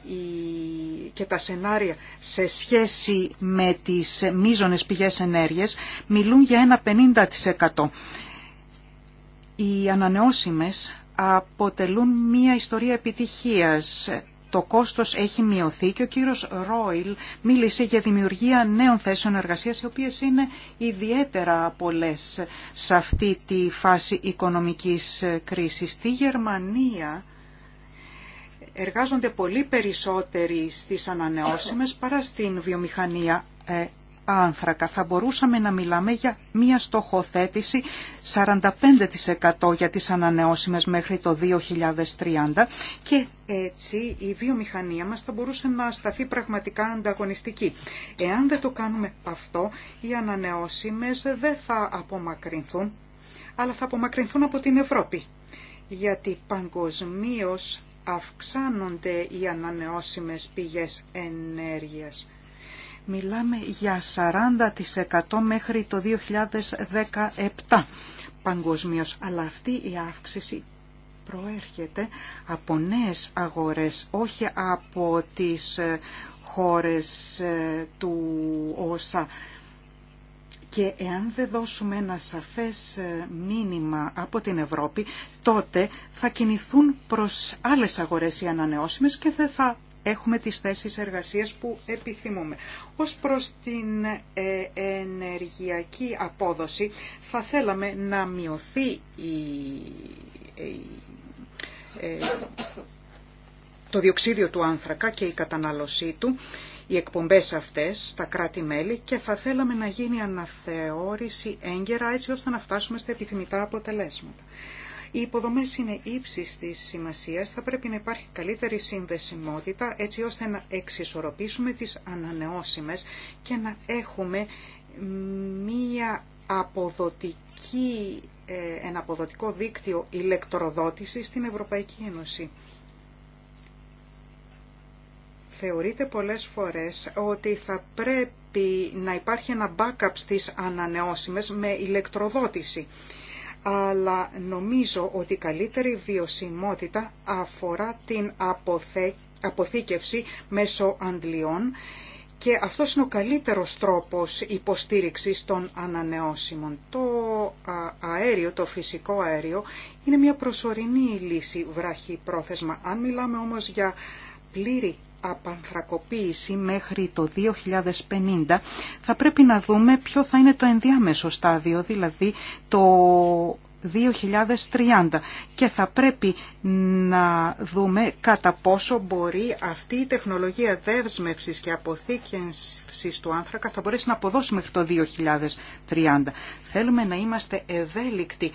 και τα σενάρια σε σχέση με τις μείζονες πηγές ενέργειας μιλούν για ένα 50%. Οι ανανεώσιμες αποτελούν μια ιστορία επιτυχίας το κόστος έχει μειωθεί και ο κύριος Ρόιλ μίλησε για δημιουργία νέων θέσεων εργασίας οι οποίες είναι ιδιαίτερα πολλές σε αυτή τη φάση οικονομικής κρίσης. Στη Γερμανία εργάζονται πολύ περισσότεροι στις ανανεώσιμες παρά στην βιομηχανία ε, άνθρακα. Θα μπορούσαμε να μιλάμε για μία στοχοθέτηση 45% για τις ανανεώσιμες μέχρι το 2030 και έτσι η βιομηχανία μας θα μπορούσε να σταθεί πραγματικά ανταγωνιστική. Εάν δεν το κάνουμε αυτό, οι ανανεώσιμες δεν θα απομακρυνθούν, αλλά θα απομακρυνθούν από την Ευρώπη. Γιατί παγκοσμίω αυξάνονται οι ανανεώσιμες πηγές ενέργειας Μιλάμε για 40% μέχρι το 2017 παγκοσμίως, αλλά αυτή η αύξηση προέρχεται από νέες αγορές, όχι από τις ε, χώρες ε, του ΩΣΑ. Και εάν δεν δώσουμε ένα σαφές ε, μήνυμα από την Ευρώπη, τότε θα κινηθούν προς άλλες αγορές οι ανανεώσιμες και δεν θα έχουμε τις θέσεις εργασίας που επιθυμούμε. Ως προς την ε, ενεργειακή απόδοση θα θέλαμε να μειωθεί ε, το διοξίδιο του άνθρακα και η κατανάλωσή του οι εκπομπές αυτές στα κράτη-μέλη και θα θέλαμε να γίνει αναθεώρηση έγκαιρα έτσι ώστε να φτάσουμε στα επιθυμητά αποτελέσματα. Οι υποδομέ είναι ύψη τη σημασία θα πρέπει να υπάρχει καλύτερη συνδεσιμότητα έτσι ώστε να εξισορροπήσουμε τις ανανεώσιμες και να έχουμε μία αποδοτική, ε, ένα αποδοτικό δίκτυο ηλεκτροδότησης στην Ευρωπαϊκή Ένωση θεωρείται πολλές φορές ότι θα πρέπει να υπάρχει ένα backup στις ανανεώσιμες με ηλεκτροδότηση αλλά νομίζω ότι η καλύτερη βιωσιμότητα αφορά την αποθήκευση μέσω αντλιών και αυτό είναι ο καλύτερος τρόπος υποστήριξης των ανανεώσιμων. Το αέριο, το φυσικό αέριο, είναι μια προσωρινή λύση βραχή πρόθεσμα. Αν μιλάμε όμως για πλήρη απανθρακοποίηση μέχρι το 2050 θα πρέπει να δούμε ποιο θα είναι το ενδιάμεσο στάδιο, δηλαδή το 2030 και θα πρέπει να δούμε κατά πόσο μπορεί αυτή η τεχνολογία δεύσμευσης και αποθήκευσης του άνθρακα θα μπορέσει να αποδώσει μέχρι το 2030. Θέλουμε να είμαστε ευέλικτοι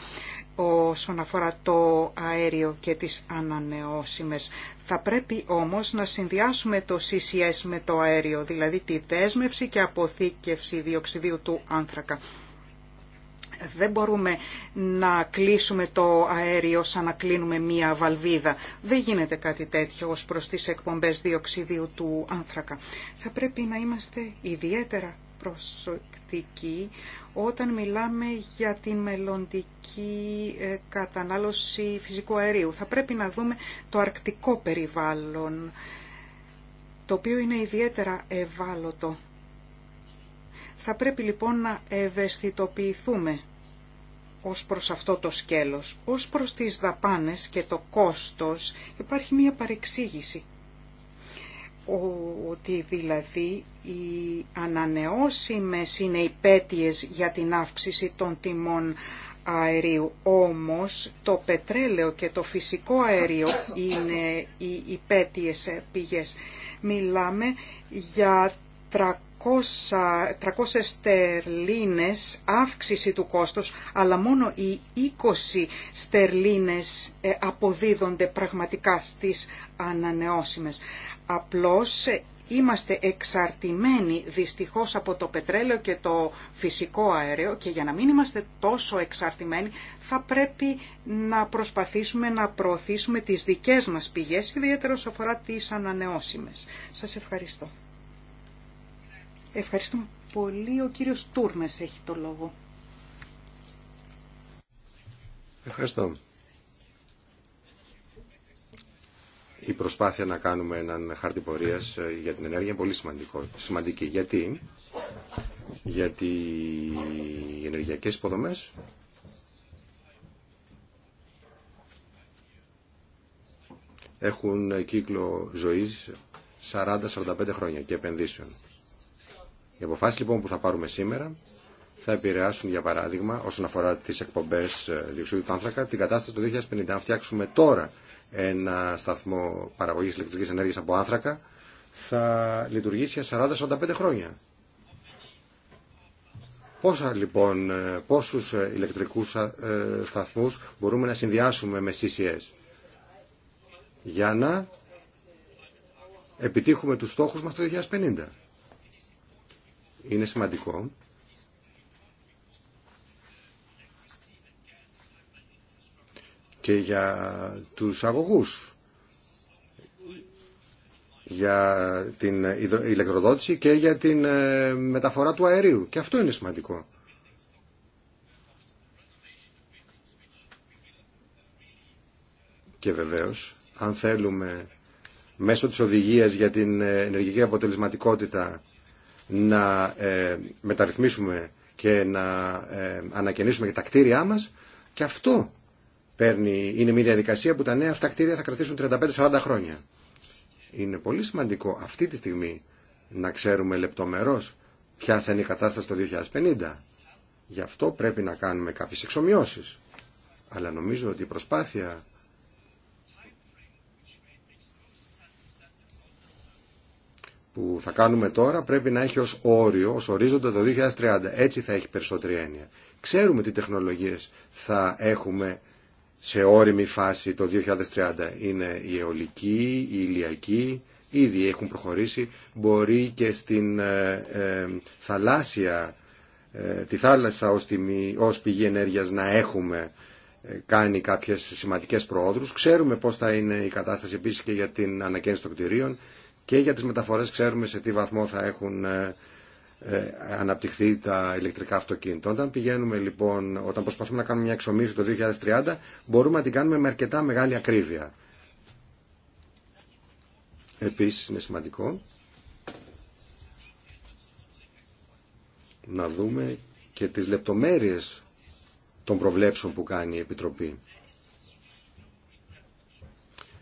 όσον αφορά το αέριο και τις ανανεώσιμες. Θα πρέπει όμως να συνδυάσουμε το CCS με το αέριο, δηλαδή τη δέσμευση και αποθήκευση διοξιδίου του άνθρακα. Δεν μπορούμε να κλείσουμε το αέριο σαν να κλείνουμε μία βαλβίδα. Δεν γίνεται κάτι τέτοιο ως προς τις εκπομπές διοξιδίου του άνθρακα. Θα πρέπει να είμαστε ιδιαίτερα προσεκτικοί όταν μιλάμε για την μελλοντική ε, κατανάλωση φυσικού αερίου. Θα πρέπει να δούμε το αρκτικό περιβάλλον, το οποίο είναι ιδιαίτερα ευάλωτο. Θα πρέπει λοιπόν να ευαισθητοποιηθούμε ως προς αυτό το σκέλος. Ως προς τις δαπάνες και το κόστος υπάρχει μία παρεξήγηση ότι δηλαδή οι ανανεώσιμες είναι υπέτειες για την αύξηση των τιμών αερίου. Όμως το πετρέλαιο και το φυσικό αέριο είναι οι υπέτειες ε, πηγές. Μιλάμε για 300, στερλίνες αύξηση του κόστους, αλλά μόνο οι 20 στερλίνες ε, αποδίδονται πραγματικά στις ανανεώσιμες. Απλώς ε, είμαστε εξαρτημένοι δυστυχώς από το πετρέλαιο και το φυσικό αέριο και για να μην είμαστε τόσο εξαρτημένοι θα πρέπει να προσπαθήσουμε να προωθήσουμε τις δικές μας πηγές, ιδιαίτερα όσο αφορά τις ανανεώσιμες. Σας ευχαριστώ. Ευχαριστούμε πολύ. Ο κύριος Τούρμες έχει το λόγο. Ευχαριστώ. Η προσπάθεια να κάνουμε έναν χάρτη πορείας ε, για την ενέργεια είναι πολύ σημαντικό, σημαντική. Γιατί? Γιατί οι ενεργειακές υποδομές έχουν κύκλο ζωής 40-45 χρόνια και επενδύσεων. Οι αποφάσει λοιπόν που θα πάρουμε σήμερα θα επηρεάσουν για παράδειγμα όσον αφορά τις εκπομπές ε, διοξιδίου του άνθρακα την κατάσταση του 2050. Αν φτιάξουμε τώρα ένα σταθμό παραγωγής ηλεκτρικής ενέργειας από άνθρακα θα λειτουργήσει για 40-45 χρόνια. Πόσα λοιπόν, ε, πόσους ε, ηλεκτρικούς σταθμούς μπορούμε να συνδυάσουμε με CCS για να επιτύχουμε τους στόχους μας το 2050 είναι σημαντικό και για τους αγωγούς για την ηλεκτροδότηση και για την ε, μεταφορά του αερίου. Και αυτό είναι σημαντικό. Και βεβαίως, αν θέλουμε μέσω της οδηγίας για την ε, ενεργειακή αποτελεσματικότητα να ε, μεταρρυθμίσουμε και να ε, ανακαινήσουμε και τα κτίρια μας και αυτό παίρνει, είναι μια διαδικασία που τα νέα αυτά κτίρια θα κρατήσουν 35-40 χρόνια. Είναι πολύ σημαντικό αυτή τη στιγμή να ξέρουμε λεπτομερώς ποια θα είναι η κατάσταση το 2050. Γι' αυτό πρέπει να κάνουμε κάποιες εξομοιώσεις. Αλλά νομίζω ότι η προσπάθεια που θα κάνουμε τώρα πρέπει να έχει ως όριο, ως ορίζοντα το 2030. Έτσι θα έχει περισσότερη έννοια. Ξέρουμε τι τεχνολογίες θα έχουμε σε όριμη φάση το 2030. Είναι η αιωλική, η ηλιακή, ήδη έχουν προχωρήσει. Μπορεί και στην ε, ε, θαλάσσια, ε, τη θάλασσα ως, τιμή, ως πηγή ενέργειας να έχουμε κάνει κάποιες σημαντικές προόδρους. Ξέρουμε πώς θα είναι η κατάσταση επίσης και για την ανακαίνιση των κτηρίων και για τις μεταφορές ξέρουμε σε τι βαθμό θα έχουν ε, ε, αναπτυχθεί τα ηλεκτρικά αυτοκίνητα. Όταν πηγαίνουμε λοιπόν, όταν προσπαθούμε να κάνουμε μια εξομίση το 2030, μπορούμε να την κάνουμε με αρκετά μεγάλη ακρίβεια. Επίσης είναι σημαντικό να δούμε και τις λεπτομέρειες των προβλέψεων που κάνει η Επιτροπή.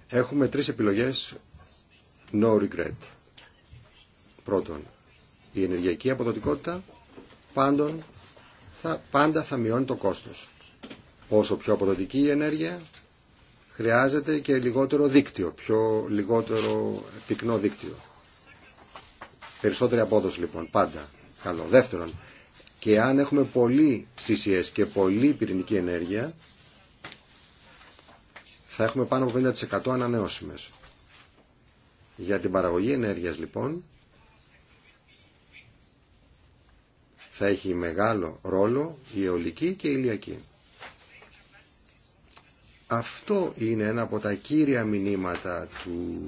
Έχουμε τρεις επιλογές No regret. Πρώτον, η ενεργειακή αποδοτικότητα πάντων θα, πάντα θα μειώνει το κόστος. Όσο πιο αποδοτική η ενέργεια, χρειάζεται και λιγότερο δίκτυο, πιο λιγότερο πυκνό δίκτυο. Περισσότερη απόδοση λοιπόν, πάντα. Καλό. Δεύτερον, και αν έχουμε πολύ CCS και πολύ πυρηνική ενέργεια, θα έχουμε πάνω από 50% ανανεώσιμες. Για την παραγωγή ενέργειας λοιπόν θα έχει μεγάλο ρόλο η αιωλική και η ηλιακή. Αυτό είναι ένα από τα κύρια μηνύματα του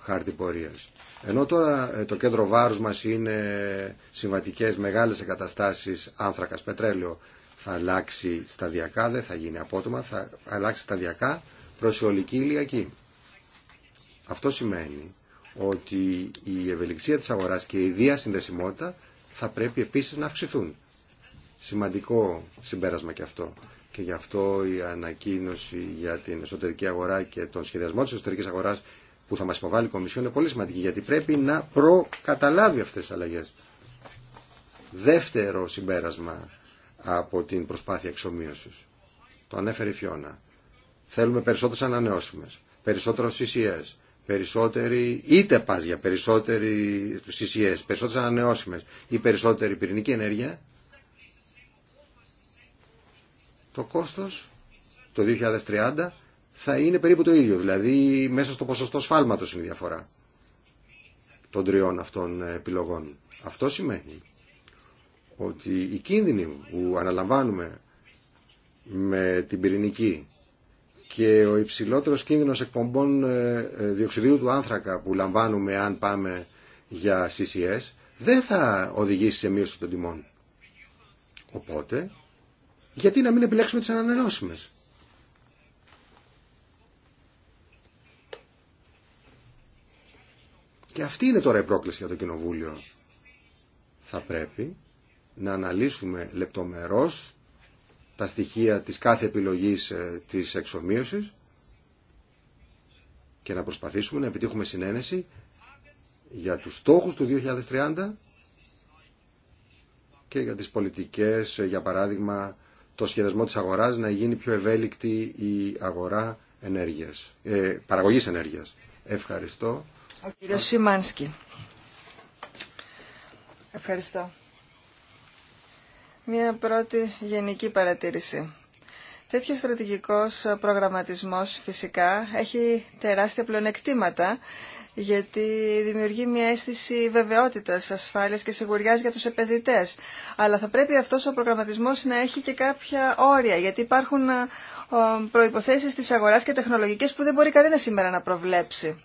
χάρτη πορείας. Ενώ τώρα ε, το κέντρο βάρους μας είναι συμβατικές μεγάλες εγκαταστάσεις άνθρακας πετρέλαιο, θα αλλάξει σταδιακά, δεν θα γίνει απότομα, θα αλλάξει σταδιακά προς η ηλιακή. Αυτό σημαίνει ότι η ευελιξία της αγοράς και η διασυνδεσιμότητα θα πρέπει επίσης να αυξηθούν. Σημαντικό συμπέρασμα και αυτό. Και γι' αυτό η ανακοίνωση για την εσωτερική αγορά και τον σχεδιασμό της εσωτερικής αγοράς που θα μας υποβάλει η Κομισιόν είναι πολύ σημαντική γιατί πρέπει να προκαταλάβει αυτές τις αλλαγές. Δεύτερο συμπέρασμα από την προσπάθεια εξομοίωσης. Το ανέφερε η Φιώνα. Θέλουμε περισσότερες ανανεώσιμες, περισσότερο CCS, περισσότερη, είτε πα για περισσότερη CCS, περισσότερε ανανεώσιμε ή περισσότερη πυρηνική ενέργεια, το κόστο το 2030 θα είναι περίπου το ίδιο. Δηλαδή μέσα στο ποσοστό σφάλματος είναι η διαφορά των τριών αυτών επιλογών. Αυτό σημαίνει ότι οι κίνδυνοι που αναλαμβάνουμε με την πυρηνική και ο υψηλότερος κίνδυνος εκπομπών ε, ε, διοξιδίου του άνθρακα που λαμβάνουμε αν πάμε για CCS δεν θα οδηγήσει σε μείωση των τιμών. Οπότε, γιατί να μην επιλέξουμε τις ανανεώσιμες. Και αυτή είναι τώρα η πρόκληση για το Κοινοβούλιο. Θα πρέπει να αναλύσουμε λεπτομερώς τα στοιχεία της κάθε επιλογής ε, της εξομοίωσης και να προσπαθήσουμε να επιτύχουμε συνένεση για τους στόχους του 2030 και για τις πολιτικές, ε, για παράδειγμα, το σχεδιασμό της αγοράς να γίνει πιο ευέλικτη η αγορά ενέργειας, ε, παραγωγής ενέργειας. Ευχαριστώ. Ο Σιμάνσκι. Ευχαριστώ. Μία πρώτη γενική παρατήρηση. Τέτοιος στρατηγικός προγραμματισμός φυσικά έχει τεράστια πλεονεκτήματα γιατί δημιουργεί μια αίσθηση βεβαιότητας, ασφάλειας και σιγουριάς για τους επενδυτές. Αλλά θα πρέπει αυτός ο προγραμματισμός να έχει και κάποια όρια, γιατί υπάρχουν ε, προϋποθέσεις της αγοράς και τεχνολογικές που δεν μπορεί κανένα σήμερα να προβλέψει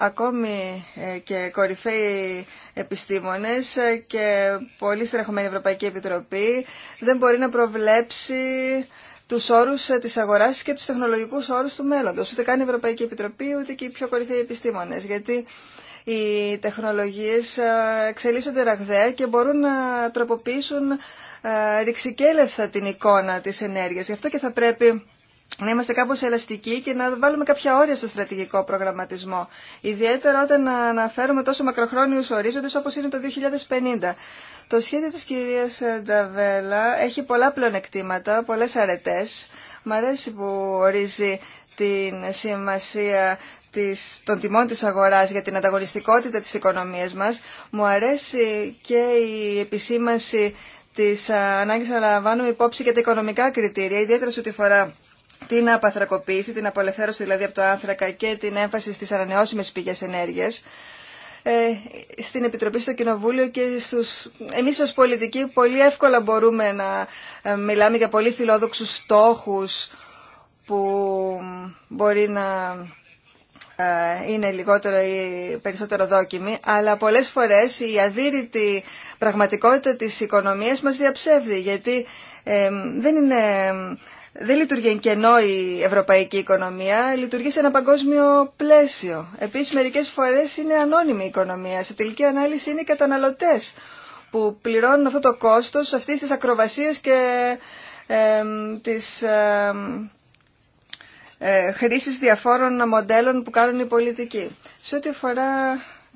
ακόμη ε, και κορυφαίοι επιστήμονες ε, και πολύ στρεχωμένη Ευρωπαϊκή Επιτροπή δεν μπορεί να προβλέψει τους όρους ε, της αγοράς και τους τεχνολογικούς όρους του μέλλοντος. Ούτε κάνει η Ευρωπαϊκή Επιτροπή, ούτε και οι πιο κορυφαίοι επιστήμονες. Γιατί οι τεχνολογίες εξελίσσονται ραγδαία και μπορούν να τροποποιήσουν ρηξικέλευθα την εικόνα της ενέργειας. Γι' αυτό και θα πρέπει να είμαστε κάπως ελαστικοί και να βάλουμε κάποια όρια στο στρατηγικό προγραμματισμό. Ιδιαίτερα όταν αναφέρουμε τόσο μακροχρόνιους ορίζοντες όπως είναι το 2050. Το σχέδιο της κυρίας Τζαβέλα έχει πολλά πλεονεκτήματα, πολλές αρετές. Μ' αρέσει που ορίζει την σημασία της, των τιμών της αγοράς για την ανταγωνιστικότητα της οικονομίας μας. Μου αρέσει και η επισήμανση της ε, ανάγκης να λαμβάνουμε υπόψη και τα οικονομικά κριτήρια, ιδιαίτερα σε ό,τι φορά την απαθρακοποίηση, την απολευθέρωση δηλαδή από το άνθρακα και την έμφαση στις ανανεώσιμες πηγές ενέργειας ε, στην Επιτροπή, στο Κοινοβούλιο και στους... εμείς ως πολιτικοί πολύ εύκολα μπορούμε να ε, μιλάμε για πολύ φιλόδοξους στόχους που μπορεί να ε, είναι λιγότερο ή περισσότερο δόκιμοι, αλλά πολλές φορές η αδύρυτη πραγματικότητα της οικονομίας μας διαψεύδει, γιατί δεν είναι δεν λειτουργεί εν κενό η ευρωπαϊκή οικονομία, λειτουργεί σε ένα παγκόσμιο πλαίσιο. Επίσης μερικές φορές είναι ανώνυμη η οικονομία, σε τελική ανάλυση είναι οι καταναλωτές που πληρώνουν αυτό το κόστος αυτή τις ακροβασίας και ε, της διαφόρων μοντέλων που κάνουν οι πολιτικοί. Σε ό,τι αφορά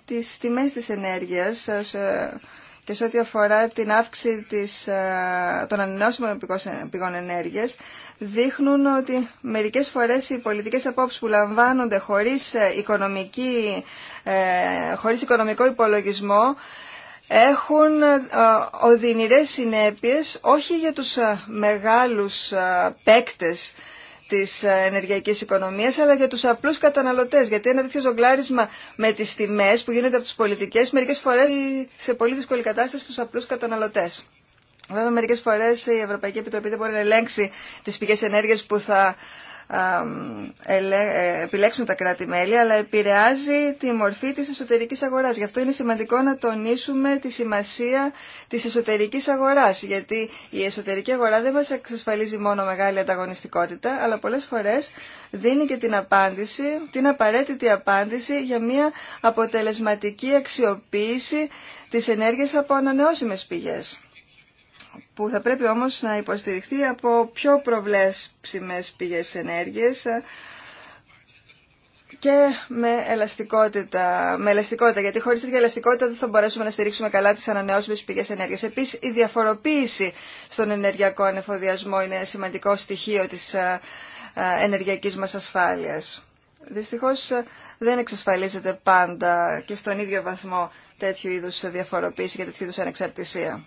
τις τιμές της ενέργειας, σε, και σε ό,τι αφορά την αύξηση της, ε, των ανανεώσιμων πηγών ενέργειας δείχνουν ότι μερικές φορές οι πολιτικές απόψεις που λαμβάνονται χωρίς, ε, οικονομική, ε, χωρίς οικονομικό υπολογισμό έχουν οδυνηρές συνέπειες όχι για τους μεγάλους παίκτες Τη ενεργειακή οικονομία, αλλά για του απλού καταναλωτέ, Γιατί ένα τέτοιο ζογκλάρισμα με τι τιμέ που γίνεται από τι πολιτικέ, μερικέ φορέ σε πολύ δύσκολη κατάσταση του απλού καταναλωτέ. Βέβαια, μερικέ φορέ η Ευρωπαϊκή Επιτροπή δεν μπορεί να ελέγξει τι πηγέ ενέργεια που θα ε, επιλέξουν τα κράτη-μέλη, αλλά επηρεάζει τη μορφή της εσωτερικής αγοράς. Γι' αυτό είναι σημαντικό να τονίσουμε τη σημασία της εσωτερικής αγοράς, γιατί η εσωτερική αγορά δεν μας εξασφαλίζει μόνο μεγάλη ανταγωνιστικότητα, αλλά πολλές φορές δίνει και την απάντηση, την απαραίτητη απάντηση για μια αποτελεσματική αξιοποίηση της ενέργειας από ανανεώσιμες πηγές που θα πρέπει όμως να υποστηριχθεί από πιο προβλέψιμες πηγές ενέργειας και με ελαστικότητα, με ελαστικότητα, γιατί χωρίς τέτοια ελαστικότητα δεν θα μπορέσουμε να στηρίξουμε καλά τις ανανεώσιμες πηγές ενέργειας. Επίσης, η διαφοροποίηση στον ενεργειακό ανεφοδιασμό είναι σημαντικό στοιχείο της ε, ε, ενεργειακής μας ασφάλειας. Δυστυχώς ε, δεν εξασφαλίζεται πάντα και στον ίδιο βαθμό τέτοιου είδους διαφοροποίηση και τέτοιου είδους ανεξαρτησία.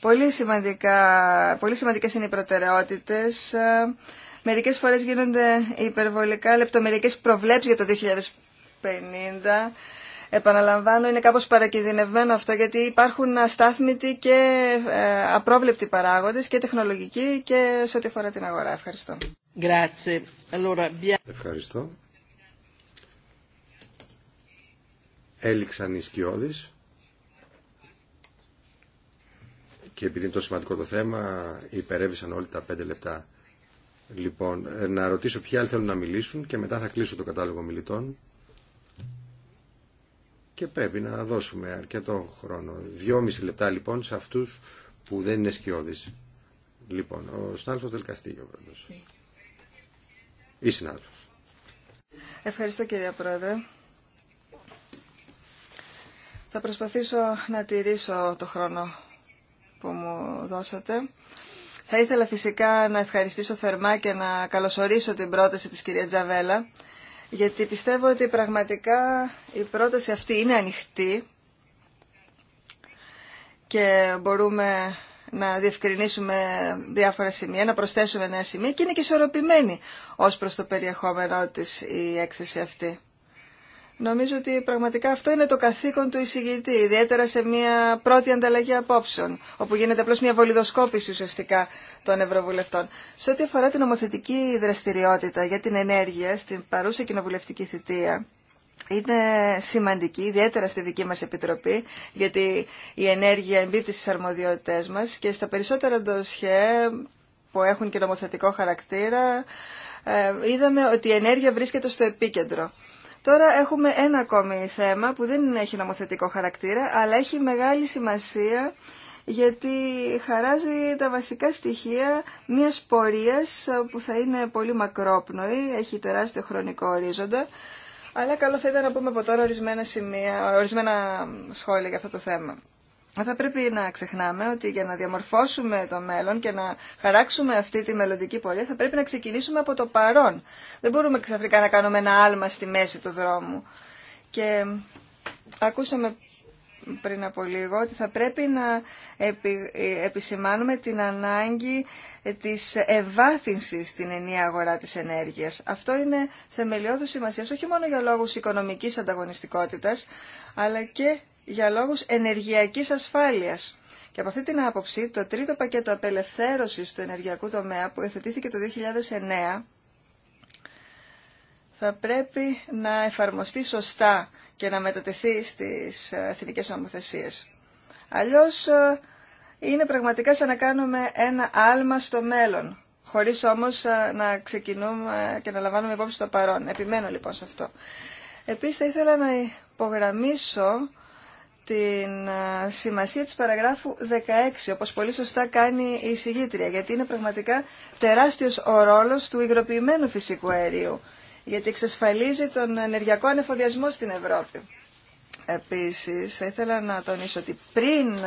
Πολύ, σημαντικά, πολύ σημαντικές είναι οι προτεραιότητες. Ε, μερικές φορές γίνονται υπερβολικά λεπτομερικές προβλέψεις για το 2050. Επαναλαμβάνω, είναι κάπως παρακινδυνευμένο αυτό γιατί υπάρχουν αστάθμητοι και ε, απρόβλεπτοι παράγοντες και τεχνολογικοί και σε ό,τι αφορά την αγορά. Ευχαριστώ. Ευχαριστώ. Έληξαν οι σκιώδεις. και επειδή είναι τόσο σημαντικό το θέμα, υπερέβησαν όλοι τα πέντε λεπτά. Λοιπόν, ε, να ρωτήσω ποιοι άλλοι θέλουν να μιλήσουν και μετά θα κλείσω το κατάλογο μιλητών. Και πρέπει να δώσουμε αρκετό χρόνο. Δυόμιση λεπτά λοιπόν σε αυτούς που δεν είναι σκιώδεις. Λοιπόν, ο Στάλφος Δελκαστήγιο πρώτος. Ή συνάδελφος. Ευχαριστώ κυρία Πρόεδρε. Θα προσπαθήσω να τηρήσω το χρόνο που μου δώσατε. Θα ήθελα φυσικά να ευχαριστήσω θερμά και να καλωσορίσω την πρόταση της κυρία Τζαβέλα, γιατί πιστεύω ότι πραγματικά η πρόταση αυτή είναι ανοιχτή και μπορούμε να διευκρινίσουμε διάφορα σημεία, να προσθέσουμε νέα σημεία και είναι και ισορροπημένη ως προς το περιεχόμενό της η έκθεση αυτή. Νομίζω ότι πραγματικά αυτό είναι το καθήκον του εισηγητή, ιδιαίτερα σε μια πρώτη ανταλλαγή απόψεων, όπου γίνεται απλώ μια βολιδοσκόπηση ουσιαστικά των Ευρωβουλευτών. Σε ό,τι αφορά την νομοθετική δραστηριότητα για την ενέργεια στην παρούσα κοινοβουλευτική θητεία, είναι σημαντική, ιδιαίτερα στη δική μας Επιτροπή, γιατί η ενέργεια εμπίπτει στις αρμοδιότητές μας και στα περισσότερα ντοσχέ που έχουν και νομοθετικό χαρακτήρα, ε, είδαμε ότι η ενέργεια βρίσκεται στο επίκεντρο. Τώρα έχουμε ένα ακόμη θέμα που δεν έχει νομοθετικό χαρακτήρα, αλλά έχει μεγάλη σημασία γιατί χαράζει τα βασικά στοιχεία μιας πορείας που θα είναι πολύ μακρόπνοη, έχει τεράστιο χρονικό ορίζοντα, αλλά καλό θα ήταν να πούμε από τώρα ορισμένα, σημεία, ορισμένα σχόλια για αυτό το θέμα θα πρέπει να ξεχνάμε ότι για να διαμορφώσουμε το μέλλον και να χαράξουμε αυτή τη μελλοντική πορεία θα πρέπει να ξεκινήσουμε από το παρόν. Δεν μπορούμε ξαφνικά να κάνουμε ένα άλμα στη μέση του δρόμου. Και ακούσαμε πριν από λίγο ότι θα πρέπει να ε, επισημάνουμε την ανάγκη ε, της ευάθυνσης στην ενιαία αγορά της ενέργειας. Αυτό είναι θεμελιώδος σημασίας όχι μόνο για λόγους οικονομικής ανταγωνιστικότητας αλλά και για λόγους ενεργειακής ασφάλειας. Και από αυτή την άποψη, το τρίτο πακέτο απελευθέρωσης του ενεργειακού τομέα που εθετήθηκε το 2009 θα πρέπει να εφαρμοστεί σωστά και να μετατεθεί στις ε, εθνικές νομοθεσίες. Αλλιώς ε, είναι πραγματικά σαν να κάνουμε ένα άλμα στο μέλλον, χωρίς όμως ε, να ξεκινούμε και να λαμβάνουμε υπόψη το παρόν. Επιμένω λοιπόν σε αυτό. Επίσης θα ήθελα να υπογραμμίσω την σημασία της παραγράφου 16, όπως πολύ σωστά κάνει η εισηγήτρια, γιατί είναι πραγματικά τεράστιος ο ρόλος του υγροποιημένου φυσικού αερίου, γιατί εξασφαλίζει τον ενεργειακό ανεφοδιασμό στην Ευρώπη. Επίσης, ήθελα να τονίσω ότι πριν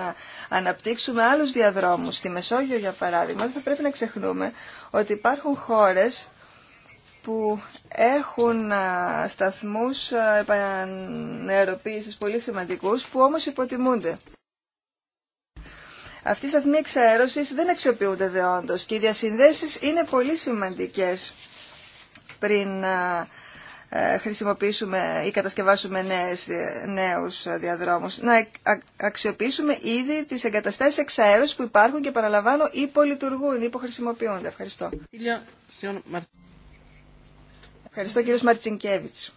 αναπτύξουμε άλλους διαδρόμους, στη Μεσόγειο για παράδειγμα, θα πρέπει να ξεχνούμε ότι υπάρχουν χώρες που έχουν σταθμούς επανεροποίησης πολύ σημαντικούς που όμως υποτιμούνται. Αυτοί οι σταθμοί εξαέρωσης δεν αξιοποιούνται δεόντως και οι διασυνδέσεις είναι πολύ σημαντικές πριν ε, χρησιμοποιήσουμε ή κατασκευάσουμε νέες, νέους διαδρόμους. Να αξιοποιήσουμε ήδη τις εγκαταστάσεις εξαέρωσης που υπάρχουν και παραλαμβάνω υπολειτουργούν, υποχρησιμοποιούνται. Ευχαριστώ. Ευχαριστώ κύριος Μαρτσινκέβιτς.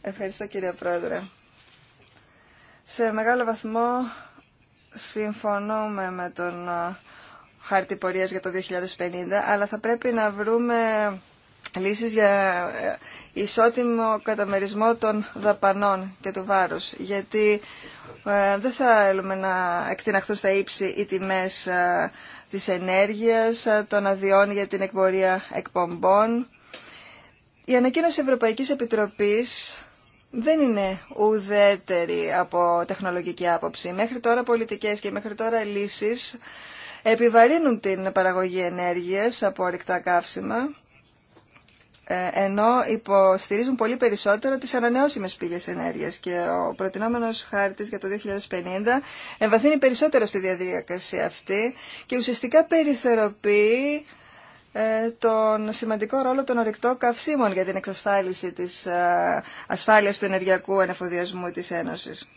Ευχαριστώ κύριε Πρόεδρε. Σε μεγάλο βαθμό συμφωνούμε με τον χάρτη πορείας για το 2050, αλλά θα πρέπει να βρούμε λύσεις για ε, ισότιμο καταμερισμό των δαπανών και του βάρους, γιατί ε, δεν θα θέλουμε να εκτιναχθούν στα ύψη οι τιμές ε, της ενέργειας, ε, των αδειών για την εκπορία εκπομπών. Η ανακοίνωση Ευρωπαϊκής Επιτροπής δεν είναι ουδέτερη από τεχνολογική άποψη. Μέχρι τώρα πολιτικές και μέχρι τώρα λύσεις επιβαρύνουν την παραγωγή ενέργειας από ορυκτά καύσιμα ε, ενώ υποστηρίζουν πολύ περισσότερο τις ανανεώσιμες πηγές ενέργειας και ο προτινόμενος χάρτης για το 2050 εμβαθύνει περισσότερο στη διαδικασία αυτή και ουσιαστικά περιθεροποιεί ε, τον σημαντικό ρόλο των ορυκτών καυσίμων για την εξασφάλιση της ε, ασφάλειας του ενεργειακού ανεφοδιασμού της Ένωσης.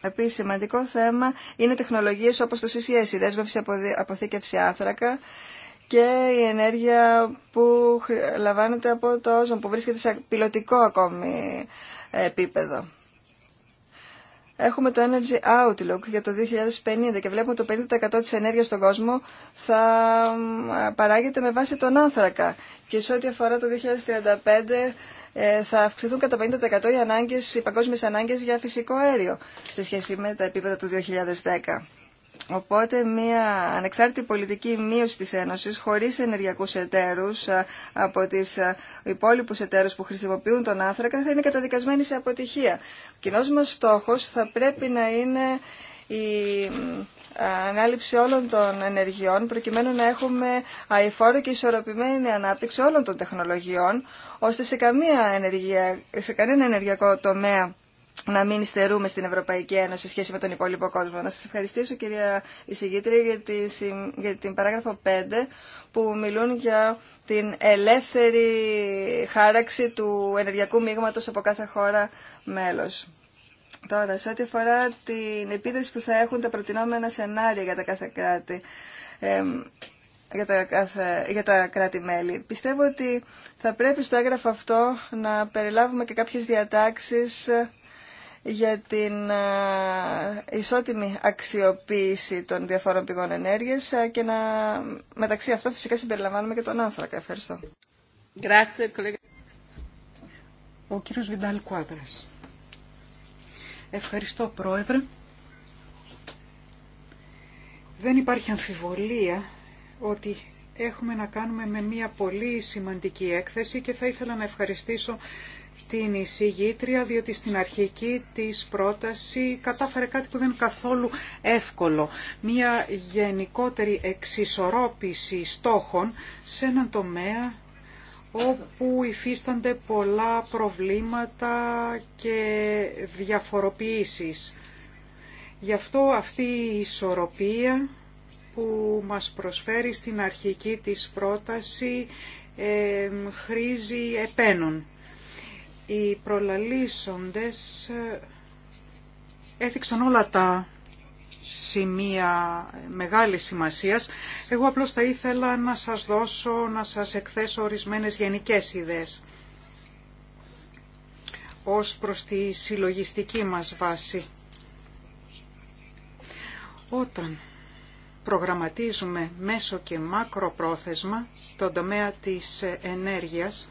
Επίσης, σημαντικό θέμα είναι τεχνολογίες όπως το CCS, η δέσμευση αποθήκευση άθρακα, και η ενέργεια που λαμβάνεται από το όζον, που βρίσκεται σε πιλωτικό ακόμη επίπεδο. Έχουμε το Energy Outlook για το 2050 και βλέπουμε το 50% της ενέργειας στον κόσμο θα παράγεται με βάση τον άνθρακα. Και σε ό,τι αφορά το 2035 ε, θα αυξηθούν κατά 50% οι, ανάγκες, οι παγκόσμιες ανάγκες για φυσικό αέριο σε σχέση με τα επίπεδα του 2010. Οπότε μια ανεξάρτητη πολιτική μείωση της Ένωσης χωρίς ενεργειακούς εταίρους ε, από τις ε, υπόλοιπους εταίρους που χρησιμοποιούν τον άνθρακα θα είναι καταδικασμένη σε αποτυχία. Ο κοινός μας στόχος θα πρέπει να είναι η ε, ανάληψη όλων των ενεργειών προκειμένου να έχουμε αηφόρο και ισορροπημένη ανάπτυξη όλων των τεχνολογιών ώστε σε, καμία ενεργεια, σε κανένα ενεργειακό τομέα να μην υστερούμε στην Ευρωπαϊκή Ένωση σε σχέση με τον υπόλοιπο κόσμο. Να σας ευχαριστήσω κυρία εισηγήτρια για, τη, για την παράγραφο 5 που μιλούν για την ελεύθερη χάραξη του ενεργειακού μείγματος από κάθε χώρα μέλος. Τώρα, σε ό,τι αφορά την επίδραση που θα έχουν τα προτινόμενα σενάρια για τα κάθε κράτη, για τα, για τα κράτη-μέλη. Πιστεύω ότι θα πρέπει στο έγγραφο αυτό να περιλάβουμε και κάποιες διατάξεις για την ε, ισότιμη αξιοποίηση των διαφόρων πηγών ενέργειας ε, και να, μεταξύ αυτών φυσικά συμπεριλαμβάνουμε και τον άνθρακα. Ευχαριστώ. Ο κύριος Βιντάλ Κουάδρας. Ευχαριστώ Πρόεδρε. Δεν υπάρχει αμφιβολία ότι έχουμε να κάνουμε με μια πολύ σημαντική έκθεση και θα ήθελα να ευχαριστήσω την εισηγήτρια, διότι στην αρχική της πρόταση κατάφερε κάτι που δεν είναι καθόλου εύκολο. Μία γενικότερη εξισορρόπηση στόχων σε έναν τομέα όπου υφίστανται πολλά προβλήματα και διαφοροποιήσεις. Γι' αυτό αυτή η ισορροπία που μας προσφέρει στην αρχική της πρόταση ε, χρήζει επένων οι προλαλήσοντες ε, έδειξαν όλα τα σημεία μεγάλης σημασίας. Εγώ απλώς θα ήθελα να σας δώσω, να σας εκθέσω ορισμένες γενικές ιδέες ως προς τη συλλογιστική μας βάση. Όταν προγραμματίζουμε μέσο και μακροπρόθεσμα τον τομέα της ενέργειας,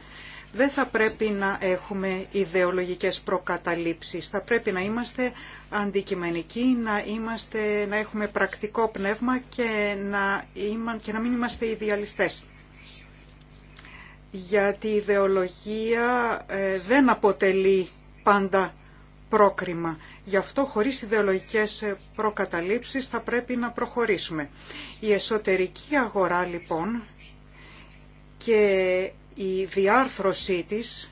δεν θα πρέπει να έχουμε ιδεολογικές προκαταλήψεις. Θα πρέπει να είμαστε αντικειμενικοί, να, είμαστε, να έχουμε πρακτικό πνεύμα και να, είμα, και να μην είμαστε ιδεαλιστές. Γιατί η ιδεολογία ε, δεν αποτελεί πάντα πρόκριμα. Γι' αυτό χωρίς ιδεολογικές προκαταλήψεις θα πρέπει να προχωρήσουμε. Η εσωτερική αγορά λοιπόν και η διάρθρωσή της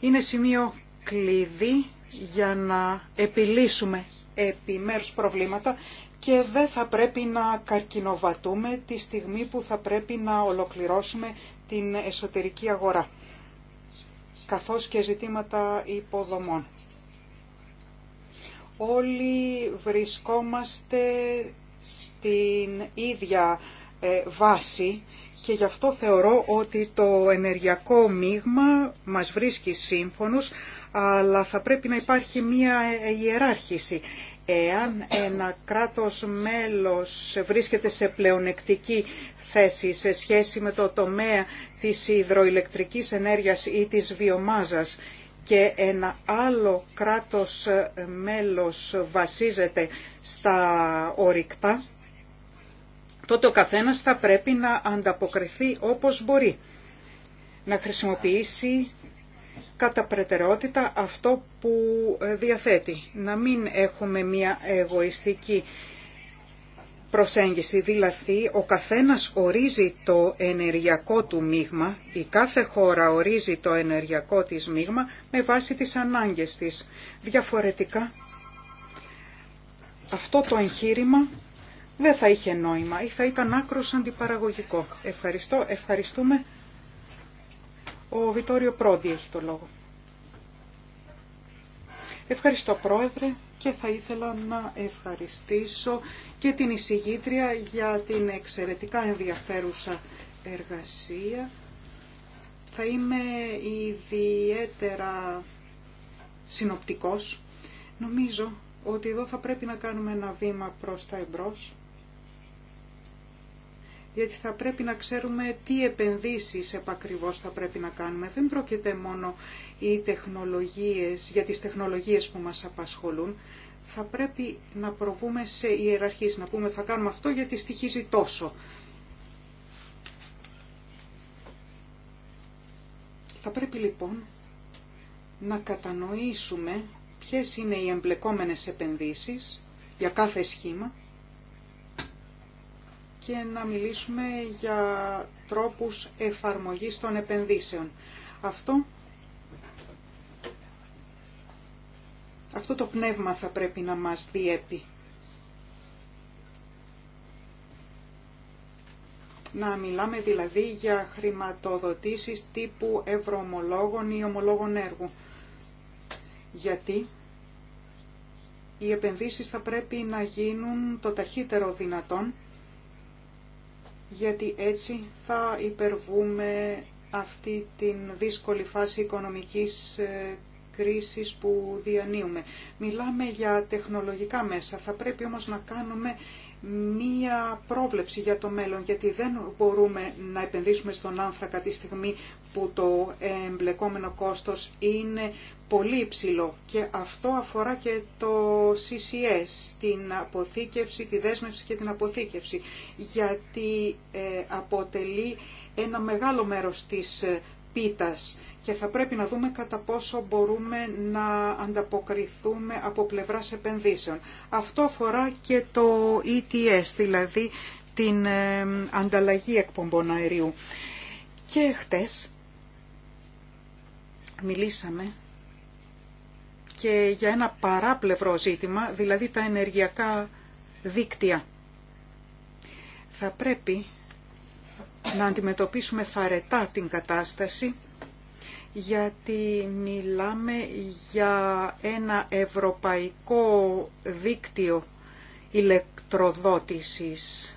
είναι σημείο κλειδί για να επιλύσουμε επιμέρους προβλήματα και δεν θα πρέπει να καρκινοβατούμε τη στιγμή που θα πρέπει να ολοκληρώσουμε την εσωτερική αγορά, καθώς και ζητήματα υποδομών. Όλοι βρισκόμαστε στην ίδια ε, βάση και γι' αυτό θεωρώ ότι το ενεργειακό μείγμα μας βρίσκει σύμφωνους, αλλά θα πρέπει να υπάρχει μία ιεράρχηση. Εάν ένα κράτος μέλος βρίσκεται σε πλεονεκτική θέση σε σχέση με το τομέα της υδροηλεκτρικής ενέργειας ή της βιομάζας και ένα άλλο κράτος μέλος βασίζεται στα ορυκτά, τότε ο καθένας θα πρέπει να ανταποκριθεί όπως μπορεί. Να χρησιμοποιήσει κατά προτεραιότητα αυτό που ε, διαθέτει. Να μην έχουμε μια εγωιστική προσέγγιση, δηλαδή ο καθένας ορίζει το ενεργειακό του μείγμα, η κάθε χώρα ορίζει το ενεργειακό της μείγμα με βάση τις ανάγκες της. Διαφορετικά, αυτό το εγχείρημα δεν θα είχε νόημα ή θα ήταν άκρος αντιπαραγωγικό. Ευχαριστώ, ευχαριστούμε. Ο Βιτόριο Πρόντι έχει το λόγο. Ευχαριστώ Πρόεδρε και θα ήθελα να ευχαριστήσω και την εισηγήτρια για την εξαιρετικά ενδιαφέρουσα εργασία. Θα είμαι ιδιαίτερα συνοπτικός. Νομίζω ότι εδώ θα πρέπει να κάνουμε ένα βήμα προς τα εμπρός γιατί θα πρέπει να ξέρουμε τι επενδύσεις επακριβώς θα πρέπει να κάνουμε. Δεν πρόκειται μόνο οι τεχνολογίες, για τις τεχνολογίες που μας απασχολούν, θα πρέπει να προβούμε σε ιεραρχίες, να πούμε θα κάνουμε αυτό γιατί στοιχίζει τόσο. Θα πρέπει λοιπόν να κατανοήσουμε ποιες είναι οι εμπλεκόμενες επενδύσεις για κάθε σχήμα και να μιλήσουμε για τρόπους εφαρμογής των επενδύσεων. Αυτό, αυτό το πνεύμα θα πρέπει να μας διέπει. Να μιλάμε δηλαδή για χρηματοδοτήσεις τύπου ευρωομολόγων ή ομολόγων έργου. Γιατί οι επενδύσεις θα πρέπει να γίνουν το ταχύτερο δυνατόν γιατί έτσι θα υπερβούμε αυτή την δύσκολη φάση οικονομικής ε, κρίσης που διανύουμε. Μιλάμε για τεχνολογικά μέσα, θα πρέπει όμως να κάνουμε μία πρόβλεψη για το μέλλον, γιατί δεν μπορούμε να επενδύσουμε στον άνθρακα τη στιγμή που το εμπλεκόμενο κόστος είναι πολύ υψηλό και αυτό αφορά και το CCS, την αποθήκευση, τη δέσμευση και την αποθήκευση, γιατί ε, αποτελεί ένα μεγάλο μέρος της ε, πίτας και θα πρέπει να δούμε κατά πόσο μπορούμε να ανταποκριθούμε από πλευράς επενδύσεων. Αυτό αφορά και το ETS, δηλαδή την ε, ανταλλαγή εκπομπών αερίου. Και χτες μιλήσαμε και για ένα παράπλευρο ζήτημα, δηλαδή τα ενεργειακά δίκτυα. Θα πρέπει να αντιμετωπίσουμε φαρετά την κατάσταση γιατί μιλάμε για ένα ευρωπαϊκό δίκτυο ηλεκτροδότησης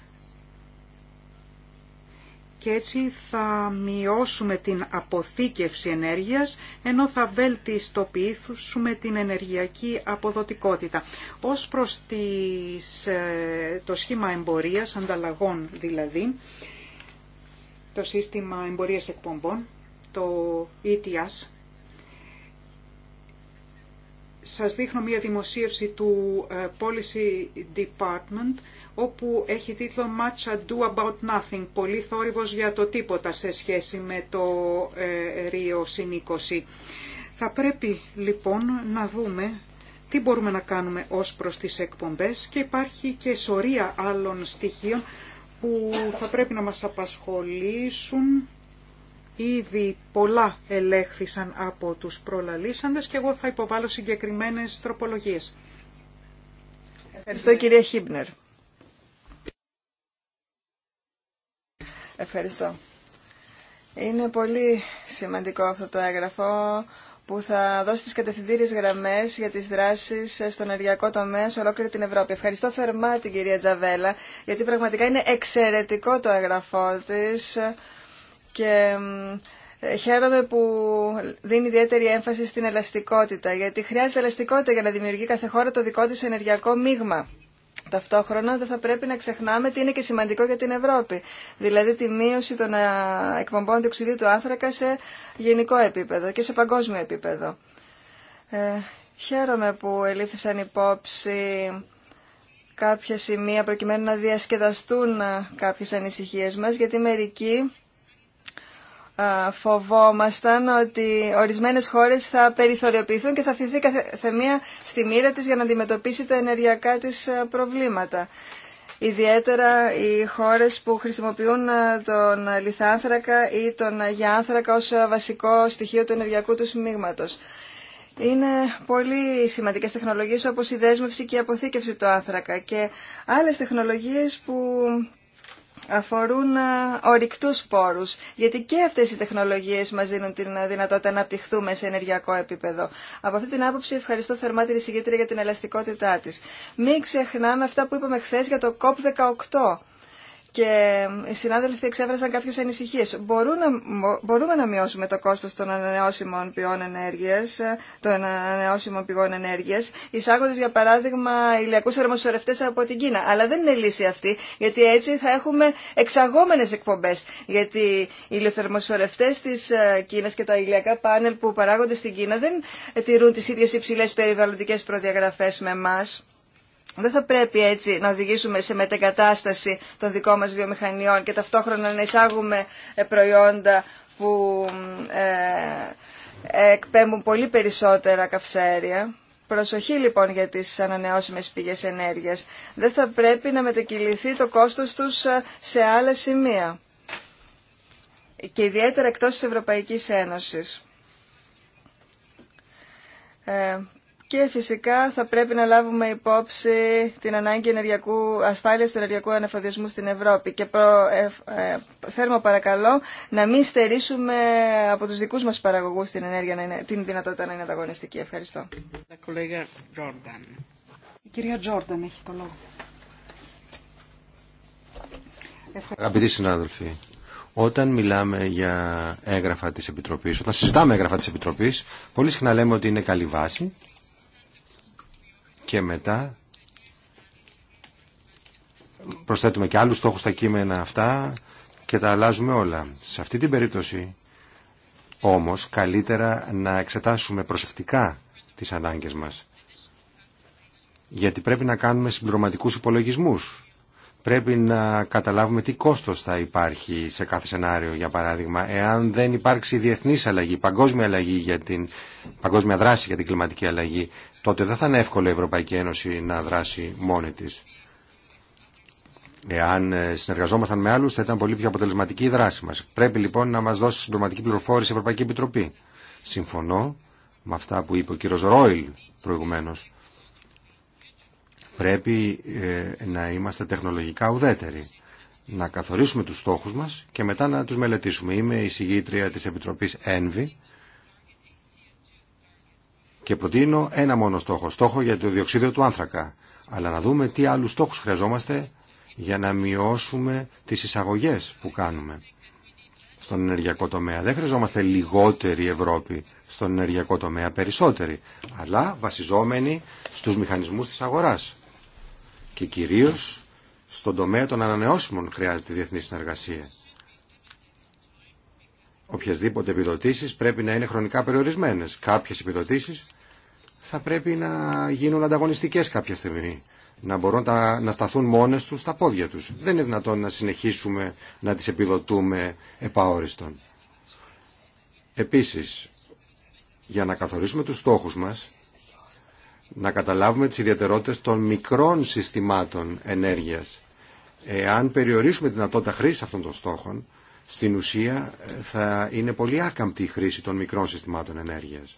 και έτσι θα μειώσουμε την αποθήκευση ενέργειας ενώ θα βελτιστοποιήσουμε την ενεργειακή αποδοτικότητα. Ως προς τις, ε, το σχήμα εμπορίας, ανταλλαγών δηλαδή, το σύστημα εμπορίας εκπομπών, το ETS, σας δείχνω μία δημοσίευση του ε, Policy Department όπου έχει τίτλο Much Ado About Nothing, πολύ θόρυβος για το τίποτα σε σχέση με το ε, Ρίο Συνήκωση. Θα πρέπει λοιπόν να δούμε τι μπορούμε να κάνουμε ως προς τις εκπομπές και υπάρχει και σωρία άλλων στοιχείων που θα πρέπει να μας απασχολήσουν Ήδη πολλά ελέγχθησαν από τους προλαλήσαντες και εγώ θα υποβάλω συγκεκριμένες τροπολογίες. Ευχαριστώ κυρία Χίμπνερ. Ευχαριστώ. Είναι πολύ σημαντικό αυτό το έγγραφο που θα δώσει τις κατευθυντήριες γραμμές για τις δράσεις στον ενεργειακό τομέα σε ολόκληρη την Ευρώπη. Ευχαριστώ θερμά την κυρία Τζαβέλα, γιατί πραγματικά είναι εξαιρετικό το έγγραφό της και ε, χαίρομαι που δίνει ιδιαίτερη έμφαση στην ελαστικότητα, γιατί χρειάζεται ελαστικότητα για να δημιουργεί κάθε χώρα το δικό της ενεργειακό μείγμα. Ταυτόχρονα δεν θα πρέπει να ξεχνάμε τι είναι και σημαντικό για την Ευρώπη, δηλαδή τη μείωση των ε, εκπομπών διοξιδίου του άνθρακα σε γενικό επίπεδο και σε παγκόσμιο επίπεδο. Ε, χαίρομαι που ελήφθησαν υπόψη κάποια σημεία προκειμένου να διασκεδαστούν ε, κάποιες ανησυχίες μας, γιατί μερικοί φοβόμασταν ότι ορισμένες χώρες θα περιθωριοποιηθούν και θα αφηθεί καθεμία στη μοίρα της για να αντιμετωπίσει τα ενεργειακά της προβλήματα. Ιδιαίτερα οι χώρες που χρησιμοποιούν τον λιθάνθρακα ή τον γιάνθρακα ως βασικό στοιχείο του ενεργειακού τους μείγματος. Είναι πολύ σημαντικές τεχνολογίες όπως η τον γιανθρακα ως βασικο στοιχειο του ενεργειακου του μειγματος ειναι πολυ σημαντικες τεχνολογιες οπως η δεσμευση και η αποθήκευση του άνθρακα και άλλες τεχνολογίες που αφορούν ε, ορυκτούς πόρους, γιατί και αυτές οι τεχνολογίες μας δίνουν την ε, δυνατότητα να απτυχθούμε σε ενεργειακό επίπεδο. Από αυτή την άποψη ευχαριστώ θερμά την εισηγήτρια για την ελαστικότητά της. Μην ξεχνάμε αυτά που είπαμε χθε για το COP18 και οι συνάδελφοι εξέφρασαν κάποιε ανησυχίε μπορούμε να μειώσουμε το κόστο των ανανεώσιμων πηγών ενέργεια, ε, των ανανεώσιμων πηγών ενέργειας, εισάγοντας για παράδειγμα ηλιακού θερμοσορευτές από την Κίνα. Αλλά δεν είναι λύση αυτή, γιατί έτσι θα έχουμε εξαγόμενε εκπομπέ. Γιατί οι ηλιοθερμοσορευτέ τη ε, Κίνα και τα ηλιακά πάνελ που παράγονται στην Κίνα δεν τηρούν τι ίδιε υψηλέ περιβαλλοντικέ προδιαγραφέ με εμά. Δεν θα πρέπει έτσι να οδηγήσουμε σε μετεγκατάσταση των δικών μας βιομηχανιών και ταυτόχρονα να εισάγουμε ε, προϊόντα που ε, ε, εκπέμπουν πολύ περισσότερα καυσαέρια. Προσοχή λοιπόν για τις ανανεώσιμες πηγές ενέργειας. Δεν θα πρέπει να μετακυληθεί το κόστος τους σε άλλα σημεία και ιδιαίτερα εκτός της Ευρωπαϊκής Ένωσης. Ε, και φυσικά θα πρέπει να λάβουμε υπόψη την ανάγκη ενεργειακού, ασφάλειας του ενεργειακού ανεφοδιασμού στην Ευρώπη. Και προ, ε, ε, θέλουμε παρακαλώ να μην στερήσουμε από τους δικούς μας παραγωγούς την, ενέργεια, την δυνατότητα να είναι ανταγωνιστική. Ευχαριστώ. Η κυρία Τζόρνταν έχει το λόγο. Αγαπητοί συνάδελφοι, όταν μιλάμε για έγγραφα της Επιτροπής, όταν συζητάμε έγγραφα της Επιτροπής, πολύ συχνά λέμε ότι είναι καλή βάση και μετά προσθέτουμε και άλλους στόχους στα κείμενα αυτά και τα αλλάζουμε όλα. Σε αυτή την περίπτωση όμως καλύτερα να εξετάσουμε προσεκτικά τις ανάγκες μας. Γιατί πρέπει να κάνουμε συμπληρωματικούς υπολογισμούς. Πρέπει να καταλάβουμε τι κόστος θα υπάρχει σε κάθε σενάριο, για παράδειγμα, εάν δεν υπάρξει διεθνής αλλαγή, παγκόσμια αλλαγή για την παγκόσμια δράση για την κλιματική αλλαγή, τότε δεν θα είναι εύκολο η Ευρωπαϊκή Ένωση να δράσει μόνη της. Εάν ε, συνεργαζόμασταν με άλλους θα ήταν πολύ πιο αποτελεσματική η δράση μας. Πρέπει λοιπόν να μας δώσει συντοματική πληροφόρηση η Ευρωπαϊκή Επιτροπή. Συμφωνώ με αυτά που είπε ο κύριος Ρόιλ προηγουμένως. Πρέπει ε, να είμαστε τεχνολογικά ουδέτεροι. Να καθορίσουμε τους στόχους μας και μετά να τους μελετήσουμε. Είμαι η συγγήτρια της Επιτροπής ΕΝΒΗ και προτείνω ένα μόνο στόχο, στόχο για το διοξίδιο του άνθρακα. Αλλά να δούμε τι άλλους στόχους χρειαζόμαστε για να μειώσουμε τις εισαγωγές που κάνουμε στον ενεργειακό τομέα. Δεν χρειαζόμαστε λιγότερη Ευρώπη στον ενεργειακό τομέα, περισσότερη, αλλά βασιζόμενοι στους μηχανισμούς της αγοράς. Και κυρίως στον τομέα των ανανεώσιμων χρειάζεται διεθνή συνεργασία. Οποιασδήποτε επιδοτήσεις πρέπει να είναι χρονικά περιορισμένες. Κάποιες επιδοτήσεις θα πρέπει να γίνουν ανταγωνιστικές κάποια στιγμή. Να μπορούν τα, να σταθούν μόνες τους στα πόδια τους. Δεν είναι δυνατόν να συνεχίσουμε να τις επιδοτούμε επαόριστον. Επίσης, για να καθορίσουμε τους στόχους μας, να καταλάβουμε τις ιδιαιτερότητες των μικρών συστημάτων ενέργειας. Εάν περιορίσουμε τη δυνατότητα χρήση αυτών των στόχων, στην ουσία ε, θα είναι πολύ άκαμπτη η χρήση των μικρών συστημάτων ενέργειας.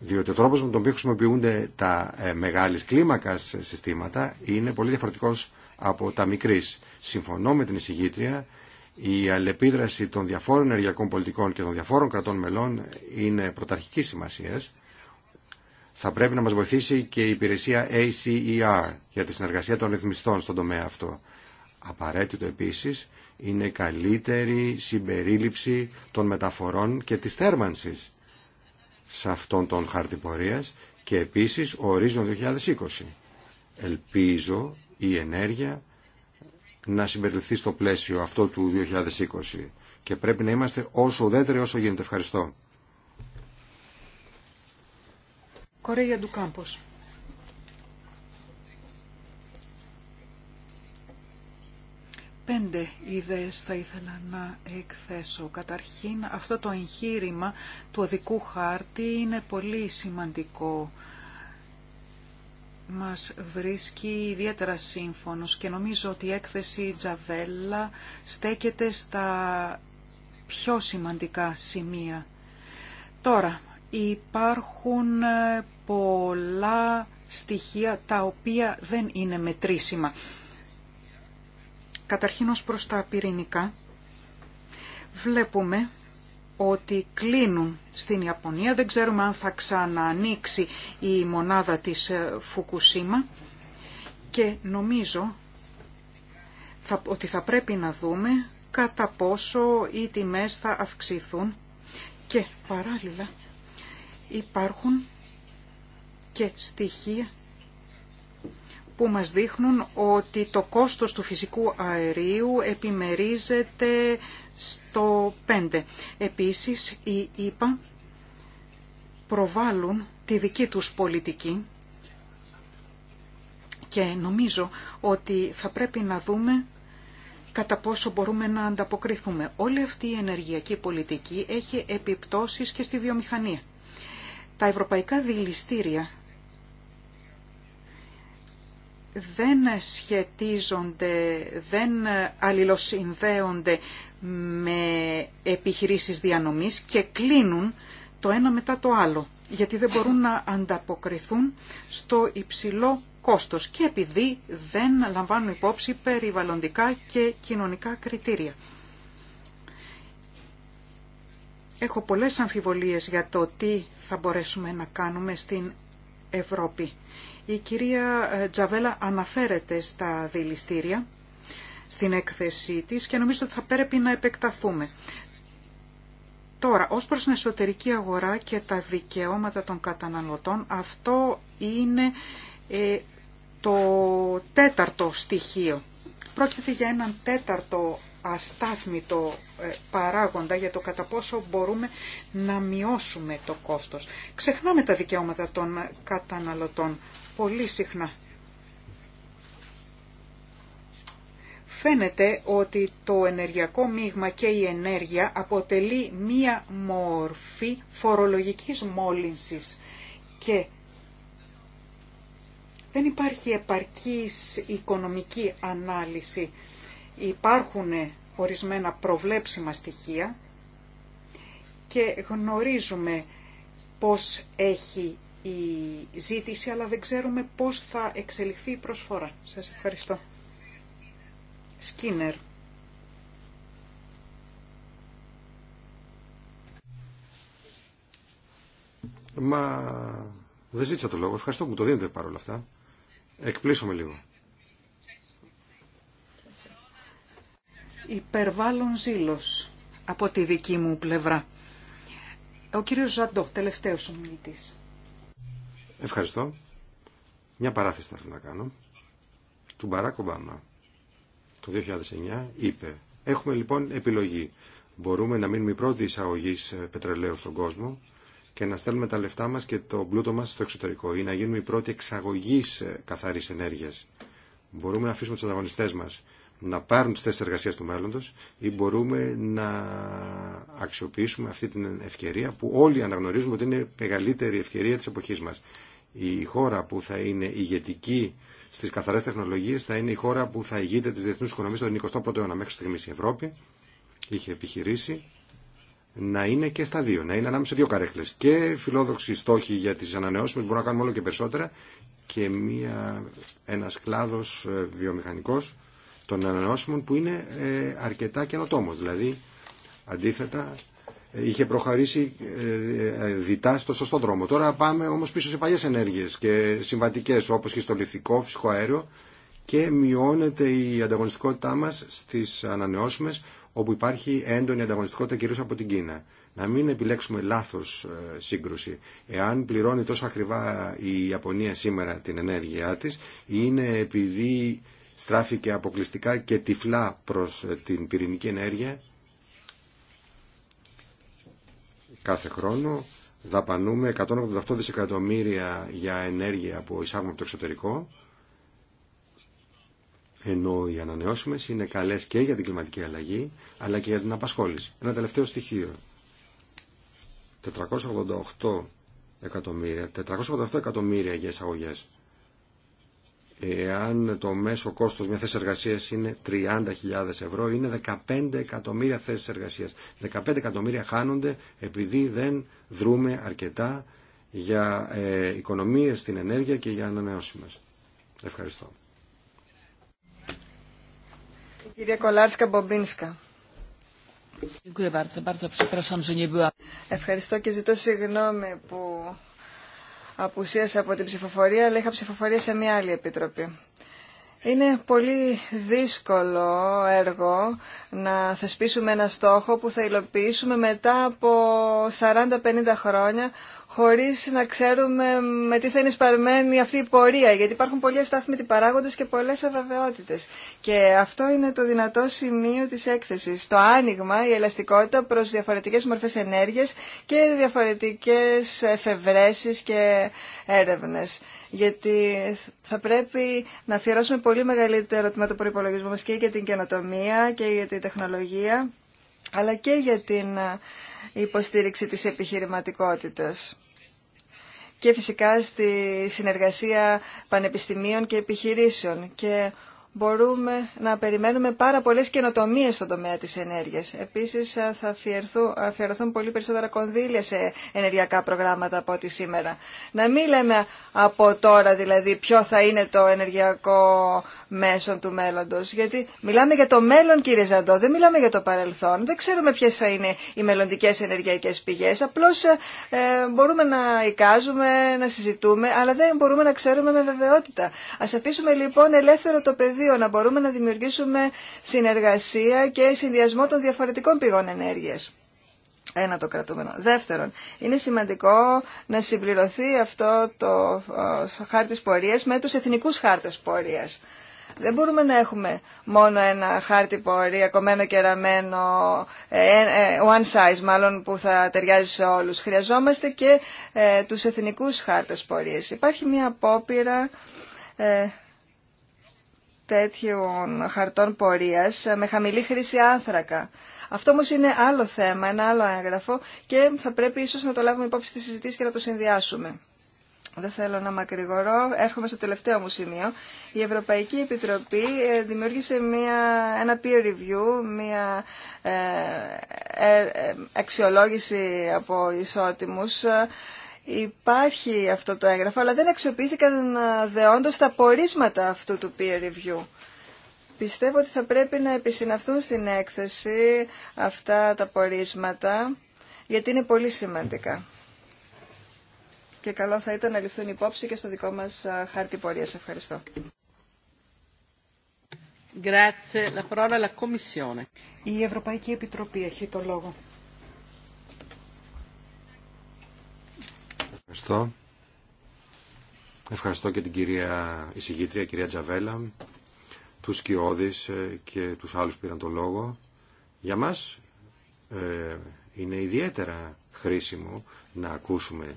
Διότι ο τρόπο με τον οποίο χρησιμοποιούνται τα ε, μεγάλη κλίμακα συστήματα είναι πολύ διαφορετικό από τα μικρή. Συμφωνώ με την εισηγήτρια, η αλληλεπίδραση των διαφόρων ενεργειακών πολιτικών και των διαφόρων κρατών μελών είναι πρωταρχική σημασία. Θα πρέπει να μα βοηθήσει και η υπηρεσία ACER για τη συνεργασία των ρυθμιστών στον τομέα αυτό. Απαραίτητο επίση, είναι καλύτερη συμπερίληψη των μεταφορών και τη θέρμανση σε αυτόν τον χάρτη πορείας και επίσης ο ορίζον 2020. Ελπίζω η ενέργεια να συμπεριληφθεί στο πλαίσιο αυτό του 2020 και πρέπει να είμαστε όσο ουδέτεροι όσο γίνεται. Ευχαριστώ. Κορέγια του Κάμπος. Πέντε ιδέες θα ήθελα να εκθέσω. Καταρχήν, αυτό το εγχείρημα του οδικού χάρτη είναι πολύ σημαντικό. Μας βρίσκει ιδιαίτερα σύμφωνος και νομίζω ότι η έκθεση Τζαβέλα στέκεται στα πιο σημαντικά σημεία. Τώρα, υπάρχουν ε, πολλά στοιχεία τα οποία δεν είναι μετρήσιμα Καταρχήν ως προς τα πυρηνικά, βλέπουμε ότι κλείνουν στην Ιαπωνία. Δεν ξέρουμε αν θα ξαναανοίξει η μονάδα της ε, Φουκουσίμα και νομίζω ότι θα πρέπει να δούμε κατά πόσο οι τιμές θα αυξηθούν και παράλληλα υπάρχουν και στοιχεία που μας δείχνουν ότι το κόστος του φυσικού αερίου επιμερίζεται στο 5. Επίσης, οι ΕΠΑ προβάλλουν τη δική τους πολιτική και νομίζω ότι θα πρέπει να δούμε κατά πόσο μπορούμε να ανταποκριθούμε. Όλη αυτή η ενεργειακή πολιτική έχει επιπτώσεις και στη βιομηχανία. Τα ευρωπαϊκά δηληστήρια δεν σχετίζονται, δεν αλληλοσυνδέονται με επιχειρήσεις διανομής και κλείνουν το ένα μετά το άλλο, γιατί δεν μπορούν να ανταποκριθούν στο υψηλό κόστος και επειδή δεν λαμβάνουν υπόψη περιβαλλοντικά και κοινωνικά κριτήρια. Έχω πολλές αμφιβολίες για το τι θα μπορέσουμε να κάνουμε στην Ευρώπη. Η κυρία ε, Τζαβέλα αναφέρεται στα δηληστήρια στην έκθεσή της και νομίζω ότι θα πρέπει να επεκταθούμε. Τώρα, ως προς την εσωτερική αγορά και τα δικαιώματα των καταναλωτών, αυτό είναι ε, το τέταρτο στοιχείο. Πρόκειται για έναν τέταρτο αστάθμητο ε, παράγοντα για το κατά πόσο μπορούμε να μειώσουμε το κόστος. Ξεχνάμε τα δικαιώματα των καταναλωτών πολύ συχνά. Φαίνεται ότι το ενεργειακό μείγμα και η ενέργεια αποτελεί μία μορφή φορολογικής μόλυνσης και δεν υπάρχει επαρκής οικονομική ανάλυση. Υπάρχουν ορισμένα προβλέψιμα στοιχεία και γνωρίζουμε πώς έχει η ζήτηση, αλλά δεν ξέρουμε πώς θα εξελιχθεί η προσφορά. Σας ευχαριστώ. Σκίνερ. Μα δεν ζήτησα το λόγο. Ευχαριστώ που μου το δίνετε παρόλα αυτά. Εκπλήσω με λίγο. Υπερβάλλον ζήλος από τη δική μου πλευρά. Ο κύριος Ζαντό, τελευταίος ομιλητής. Ευχαριστώ. Μια παράθεση θα θέλω να κάνω. Του Μπαράκ Ομπάμα το 2009 είπε «Έχουμε λοιπόν επιλογή. Μπορούμε να μείνουμε η πρώτη εισαγωγή ε, πετρελαίου στον κόσμο και να στέλνουμε τα λεφτά μας και το πλούτο μας στο εξωτερικό ή να γίνουμε η πρώτη εξαγωγή ε, καθαρής ενέργειας. Μπορούμε να αφήσουμε τους ανταγωνιστές μας να πάρουν τις θέσεις εργασίας του μέλλοντος ή μπορούμε να αξιοποιήσουμε αυτή την ευκαιρία που όλοι αναγνωρίζουμε ότι είναι η μεγαλύτερη ευκαιρία της εποχής μας. Η χώρα που θα είναι ηγετική στις καθαρές τεχνολογίες θα είναι η χώρα που θα ηγείται της διεθνούς οικονομίας τον 21ο αιώνα. Μέχρι στιγμής η Ευρώπη είχε επιχειρήσει να είναι και στα δύο, να είναι ανάμεσα σε δύο καρέκλες. Και φιλόδοξοι στόχοι για τις ανανεώσιμες μπορούμε να κάνουμε όλο και περισσότερα και μια, ένας κλάδος ε, βιομηχανικός των ανανεώσιμων που είναι ε, αρκετά καινοτόμο. Δηλαδή, αντίθετα, ε, είχε προχωρήσει ε, διτά στο σωστό δρόμο. Τώρα πάμε όμως πίσω σε παλιέ ενέργειες και συμβατικές όπως και στο λιθικό φυσικό αέριο και μειώνεται η ανταγωνιστικότητά μα στις ανανεώσιμες όπου υπάρχει έντονη ανταγωνιστικότητα κυρίως από την Κίνα. Να μην επιλέξουμε λάθος σύγκρουση. Εάν πληρώνει τόσο ακριβά η Ιαπωνία σήμερα την ενέργειά τη, είναι επειδή στράφηκε αποκλειστικά και τυφλά προς ε, την πυρηνική ενέργεια. Κάθε χρόνο δαπανούμε 188 δισεκατομμύρια για ενέργεια που εισάγουμε από το εξωτερικό, ενώ οι ανανεώσιμες είναι καλές και για την κλιματική αλλαγή, αλλά και για την απασχόληση. Ένα τελευταίο στοιχείο. 488 εκατομμύρια, 488 εκατομμύρια για εισαγωγές εάν το μέσο κόστος μια θέση εργασίας είναι 30.000 ευρώ, είναι 15 εκατομμύρια θέσεις εργασίας. 15 εκατομμύρια χάνονται επειδή δεν δρούμε αρκετά για ε, οικονομίες στην ενέργεια και για ανανεώσιμες. Ευχαριστώ. Ευχαριστώ και ζητώ συγγνώμη που απουσίασα από την ψηφοφορία, αλλά είχα ψηφοφορία σε μια άλλη επιτροπή. Είναι πολύ δύσκολο έργο να θεσπίσουμε ένα στόχο που θα υλοποιήσουμε μετά από 40-50 χρόνια χωρίς να ξέρουμε με τι θα είναι σπαρμένη αυτή η πορεία, γιατί υπάρχουν πολλοί αστάθμητοι παράγοντες και πολλές αβεβαιότητες. Και αυτό είναι το δυνατό σημείο της έκθεσης. Το άνοιγμα, η ελαστικότητα προς διαφορετικές μορφές ενέργειας και διαφορετικές εφευρέσεις και έρευνες. Γιατί θα πρέπει να αφιερώσουμε πολύ μεγαλύτερο τμήμα του προπολογισμού μας και για την καινοτομία και για την τεχνολογία, αλλά και για την υποστήριξη της επιχειρηματικότητας και φυσικά στη συνεργασία πανεπιστημίων και επιχειρήσεων και μπορούμε να περιμένουμε πάρα πολλές καινοτομίες στον τομέα της ενέργειας. Επίσης θα αφιερωθούν πολύ περισσότερα κονδύλια σε ενεργειακά προγράμματα από ό,τι σήμερα. Να μην λέμε από τώρα δηλαδή ποιο θα είναι το ενεργειακό μέσων του μέλλοντος. Γιατί μιλάμε για το μέλλον κύριε Ζαντό, δεν μιλάμε για το παρελθόν. Δεν ξέρουμε ποιες θα είναι οι μελλοντικέ ενεργειακές πηγές. Απλώς ε, ε, μπορούμε να εικάζουμε, να συζητούμε, αλλά δεν μπορούμε να ξέρουμε με βεβαιότητα. Ας αφήσουμε λοιπόν ελεύθερο το πεδίο, να μπορούμε να δημιουργήσουμε συνεργασία και συνδυασμό των διαφορετικών πηγών ενέργειας. Ένα το κρατούμενο. Δεύτερον, είναι σημαντικό να συμπληρωθεί αυτό το ε, χάρτης πορεία με τους εθνικούς χάρτες πορεία. Δεν μπορούμε να έχουμε μόνο ένα χάρτη πορεία, κομμένο και ραμμένο, one size μάλλον που θα ταιριάζει σε όλους. Χρειαζόμαστε και ε, τους εθνικούς χάρτες πορείας. Υπάρχει μια απόπειρα ε, τέτοιων χαρτών πορείας ε, με χαμηλή χρήση άνθρακα. Αυτό όμω είναι άλλο θέμα, ένα άλλο έγγραφο και θα πρέπει ίσως να το λάβουμε υπόψη στη συζήτηση και να το συνδυάσουμε. Δεν θέλω να μακρηγορώ. Έρχομαι στο τελευταίο μου σημείο. Η Ευρωπαϊκή Επιτροπή ε, δημιούργησε μια, ένα peer review, μια ε, ε, ε, αξιολόγηση από ισότιμους. Υπάρχει αυτό το έγγραφο, αλλά δεν αξιοποιήθηκαν δεόντως τα πορίσματα αυτού του peer review. Πιστεύω ότι θα πρέπει να επισυναυθούν στην έκθεση αυτά τα πορίσματα, γιατί είναι πολύ σημαντικά και καλό θα ήταν να ληφθούν υπόψη και στο δικό μας χάρτη πορείας. Ευχαριστώ. Η Ευρωπαϊκή Επιτροπή έχει το λόγο. Ευχαριστώ. Ευχαριστώ και την κυρία εισηγήτρια, κυρία Τζαβέλα, τους Σκιώδης ε, και τους άλλους που πήραν το λόγο. Για μας ε, είναι ιδιαίτερα χρήσιμο να ακούσουμε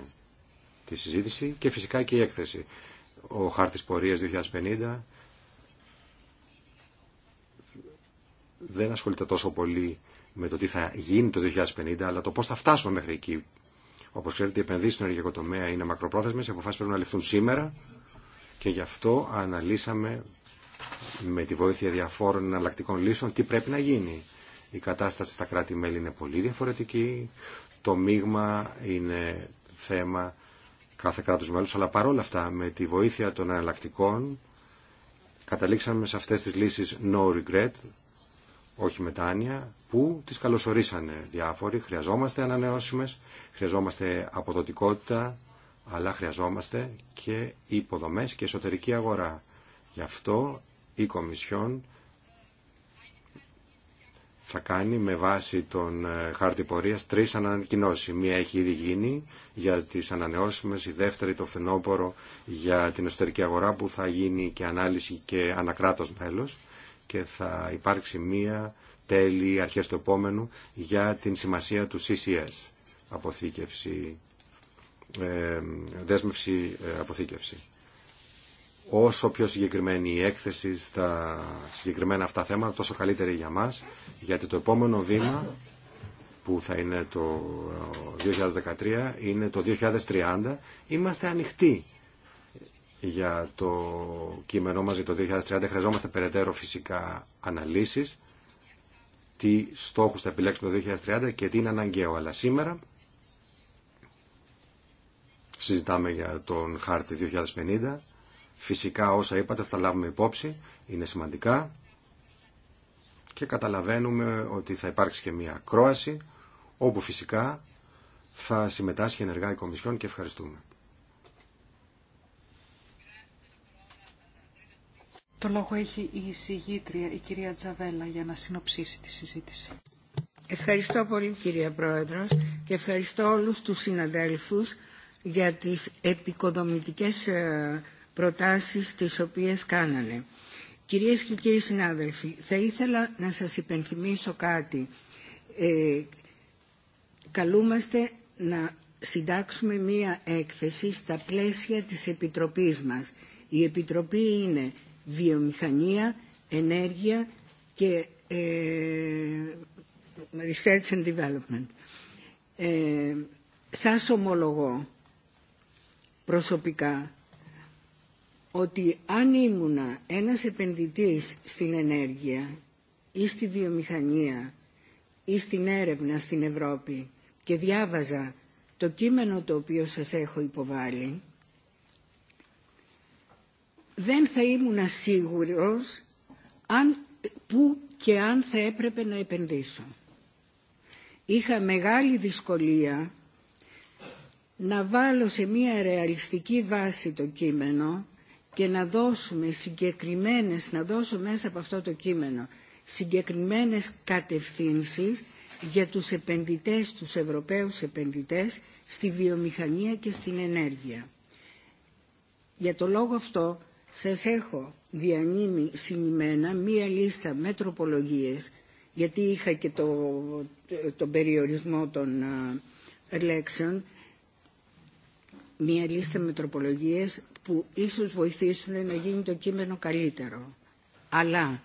τη συζήτηση και φυσικά και η έκθεση. Ο χάρτης πορείας 2050 δεν ασχολείται τόσο πολύ με το τι θα γίνει το 2050, αλλά το πώς θα φτάσουμε μέχρι εκεί. Όπως ξέρετε, οι επενδύσεις στον ενεργειακό τομέα είναι μακροπρόθεσμες, οι αποφάσεις πρέπει να ληφθούν σήμερα και γι' αυτό αναλύσαμε με τη βοήθεια διαφόρων εναλλακτικών λύσεων τι πρέπει να γίνει. Η κατάσταση στα κράτη-μέλη είναι πολύ διαφορετική, το μείγμα είναι θέμα κάθε κράτος μέλος, αλλά παρόλα αυτά με τη βοήθεια των εναλλακτικών καταλήξαμε σε αυτές τις λύσεις no regret, όχι μετάνοια, που τις καλωσορίσανε διάφοροι. Χρειαζόμαστε ανανεώσιμες, χρειαζόμαστε αποδοτικότητα, αλλά χρειαζόμαστε και υποδομές και εσωτερική αγορά. Γι' αυτό η Κομισιόν θα κάνει με βάση τον ε, χάρτη πορεία τρεις ανακοινώσεις. Μία έχει ήδη γίνει για τις ανανεώσιμες, η δεύτερη το φθινόπωρο για την εσωτερική αγορά που θα γίνει και ανάλυση και ανακράτος μέλος και θα υπάρξει μία τέλη αρχές του επόμενου για την σημασία του CCS, αποθήκευση, ε, δέσμευση, ε, αποθήκευση. Όσο πιο συγκεκριμένη η έκθεση στα συγκεκριμένα αυτά θέματα, τόσο καλύτερη για μας, γιατί το επόμενο βήμα που θα είναι το 2013 ε, είναι το 2030. Είμαστε ανοιχτοί για το κείμενό μας για το 2030. Χρειαζόμαστε περαιτέρω φυσικά αναλύσεις, τι στόχους θα επιλέξουμε το 2030 και τι είναι αναγκαίο. Αλλά σήμερα συζητάμε για τον χάρτη 2050 Φυσικά όσα είπατε θα λάβουμε υπόψη, είναι σημαντικά και καταλαβαίνουμε ότι θα υπάρξει και μια κρόαση όπου φυσικά θα συμμετάσχει ενεργά η Κομισιόν και ευχαριστούμε. Το λόγο έχει η εισηγήτρια, η κυρία Τζαβέλα, για να συνοψίσει τη συζήτηση. Ευχαριστώ πολύ κυρία Πρόεδρος και ευχαριστώ όλους τους συναδέλφους για τις επικοδομητικές ε, προτάσεις τις οποίες κάνανε. Κυρίες και κύριοι συνάδελφοι, θα ήθελα να σας υπενθυμίσω κάτι. Ε, καλούμαστε να συντάξουμε μία έκθεση στα πλαίσια της Επιτροπής μας. Η Επιτροπή είναι βιομηχανία, ενέργεια και ε, research and development. Ε, σας ομολογώ προσωπικά ότι αν ήμουνα ένας επενδυτής στην ενέργεια ή στη βιομηχανία ή στην έρευνα στην Ευρώπη και διάβαζα το κείμενο το οποίο σας έχω υποβάλει, δεν θα ήμουν σίγουρος αν, που και αν θα έπρεπε να επενδύσω. Είχα μεγάλη δυσκολία να βάλω σε μία ρεαλιστική βάση το κείμενο και να δώσουμε συγκεκριμένες, να δώσω μέσα από αυτό το κείμενο συγκεκριμένες κατευθύνσεις για τους επενδυτές, τους Ευρωπαίους επενδυτές στη βιομηχανία και στην ενέργεια. Για το λόγο αυτό σας έχω διανύμει συνημένα μία λίστα με γιατί είχα και το, τον περιορισμό των ε, λέξεων μία λίστα με που ίσως βοηθήσουν να γίνει το κείμενο καλύτερο. Αλλά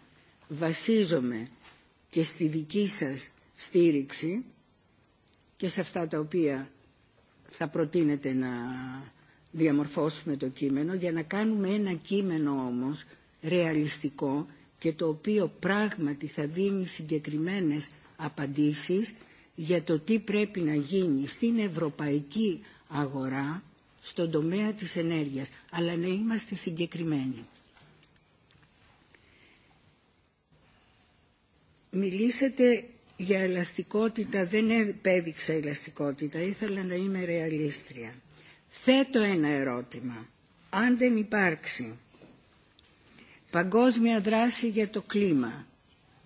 βασίζομαι και στη δική σας στήριξη και σε αυτά τα οποία θα προτείνετε να διαμορφώσουμε το κείμενο για να κάνουμε ένα κείμενο όμως ρεαλιστικό και το οποίο πράγματι θα δίνει συγκεκριμένες απαντήσεις για το τι πρέπει να γίνει στην ευρωπαϊκή αγορά στον τομέα της ενέργειας, αλλά να είμαστε συγκεκριμένοι. Μιλήσατε για ελαστικότητα, δεν επέδειξα ελαστικότητα, ήθελα να είμαι ρεαλίστρια. Θέτω ένα ερώτημα. Αν δεν υπάρξει παγκόσμια δράση για το κλίμα,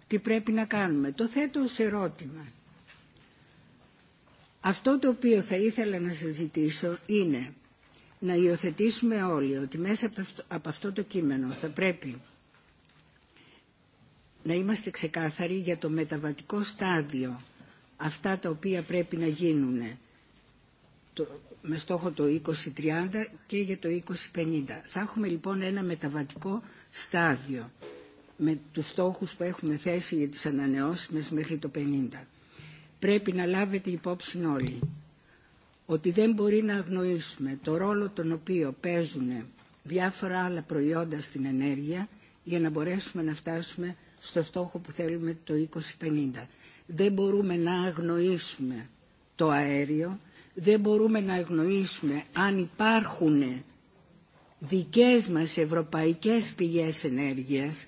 τι πρέπει να κάνουμε. Το θέτω ως ερώτημα. Αυτό το οποίο θα ήθελα να συζητήσω είναι να υιοθετήσουμε όλοι ότι μέσα από αυτό το κείμενο θα πρέπει να είμαστε ξεκάθαροι για το μεταβατικό στάδιο αυτά τα οποία πρέπει να γίνουν με στόχο το 2030 και για το 2050. Θα έχουμε λοιπόν ένα μεταβατικό στάδιο με τους στόχους που έχουμε θέσει για τις ανανεώσιμες μέχρι το 50. Πρέπει να λάβετε υπόψη όλοι ότι δεν μπορεί να αγνοήσουμε το ρόλο τον οποίο παίζουν διάφορα άλλα προϊόντα στην ενέργεια για να μπορέσουμε να φτάσουμε στο στόχο που θέλουμε το 2050. Δεν μπορούμε να αγνοήσουμε το αέριο, δεν μπορούμε να αγνοήσουμε αν υπάρχουν δικές μας ευρωπαϊκές πηγές ενέργειας.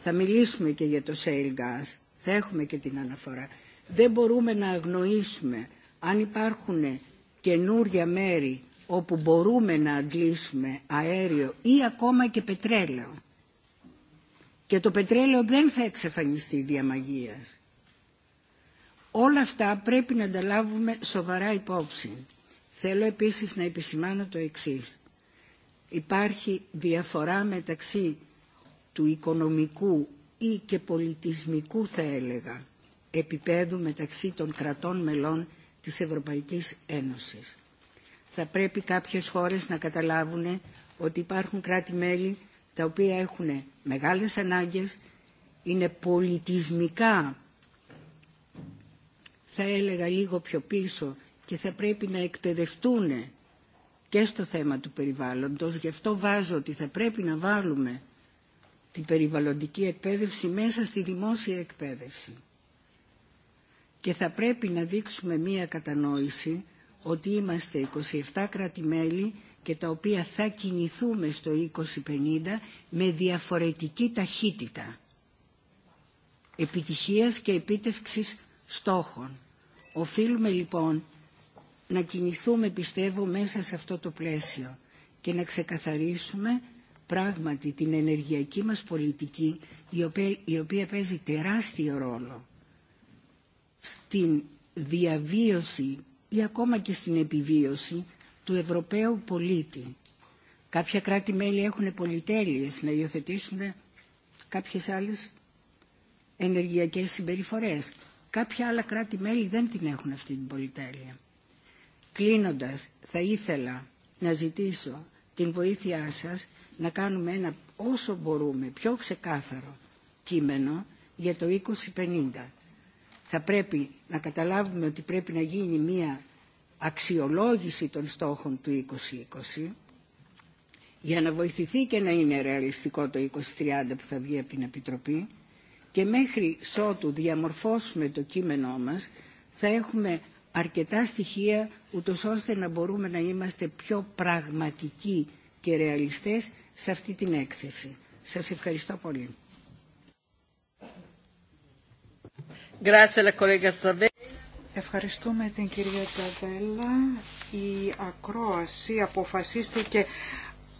Θα μιλήσουμε και για το shale gas, θα έχουμε και την αναφορά. Δεν μπορούμε να αγνοήσουμε αν υπάρχουν καινούρια μέρη όπου μπορούμε να αντλήσουμε αέριο ή ακόμα και πετρέλαιο. Και το πετρέλαιο δεν θα εξαφανιστεί μαγείας. Όλα αυτά πρέπει να τα λάβουμε σοβαρά υπόψη. Θέλω επίσης να επισημάνω το εξής. Υπάρχει διαφορά μεταξύ του οικονομικού ή και πολιτισμικού θα έλεγα επίπεδου μεταξύ των κρατών μελών της Ευρωπαϊκής Ένωσης. Θα πρέπει κάποιες χώρες να καταλάβουν ότι υπάρχουν κράτη-μέλη τα οποία έχουν μεγάλες ανάγκες, είναι πολιτισμικά, θα έλεγα λίγο πιο πίσω, και θα πρέπει να εκπαιδευτούν και στο θέμα του περιβάλλοντος. Γι' αυτό βάζω ότι θα πρέπει να βάλουμε την περιβαλλοντική εκπαίδευση μέσα στη δημόσια εκπαίδευση και θα πρέπει να δείξουμε μία κατανόηση ότι είμαστε 27 κράτη-μέλη και τα οποία θα κινηθούμε στο 2050 με διαφορετική ταχύτητα επιτυχίας και επίτευξης στόχων. Οφείλουμε λοιπόν να κινηθούμε πιστεύω μέσα σε αυτό το πλαίσιο και να ξεκαθαρίσουμε πράγματι την ενεργειακή μας πολιτική η οποία, η οποία παίζει τεράστιο ρόλο στην διαβίωση ή ακόμα και στην επιβίωση του Ευρωπαίου πολίτη. Κάποια κράτη-μέλη έχουν πολυτέλειες να υιοθετήσουν κάποιες άλλες ενεργειακές συμπεριφορές. Κάποια άλλα κράτη-μέλη δεν την έχουν αυτή την πολυτέλεια. Κλείνοντας, θα ήθελα να ζητήσω την βοήθειά σας να κάνουμε ένα όσο μπορούμε πιο ξεκάθαρο κείμενο για το 2050 θα πρέπει να καταλάβουμε ότι πρέπει να γίνει μία αξιολόγηση των στόχων του 2020 για να βοηθηθεί και να είναι ρεαλιστικό το 2030 που θα βγει από την Επιτροπή και μέχρι ότου διαμορφώσουμε το κείμενό μας θα έχουμε αρκετά στοιχεία ούτω ώστε να μπορούμε να είμαστε πιο πραγματικοί και ρεαλιστές σε αυτή την έκθεση. Σας ευχαριστώ πολύ. Ευχαριστούμε την κυρία Τζαβέλα. Η ακρόαση αποφασίστηκε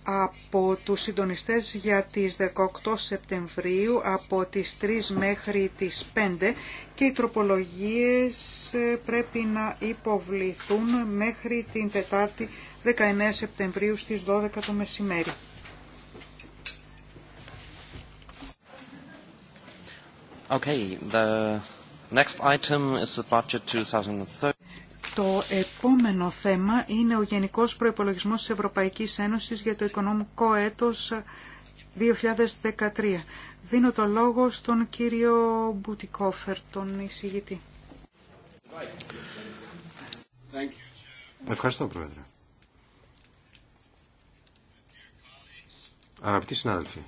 από τους συντονιστές για τις 18 Σεπτεμβρίου από τις 3 μέχρι τις 5 και οι τροπολογίες πρέπει να υποβληθούν μέχρι την Τετάρτη 19 Σεπτεμβρίου στις 12 το μεσημέρι. Okay, the... Το επόμενο θέμα είναι ο Γενικός Προϋπολογισμός της Ευρωπαϊκής Ένωσης για το οικονομικό έτος 2013. Δίνω το λόγο στον κύριο Μπουτικόφερ, τον εισηγητή. Ευχαριστώ, Πρόεδρε. Αγαπητοί συνάδελφοι,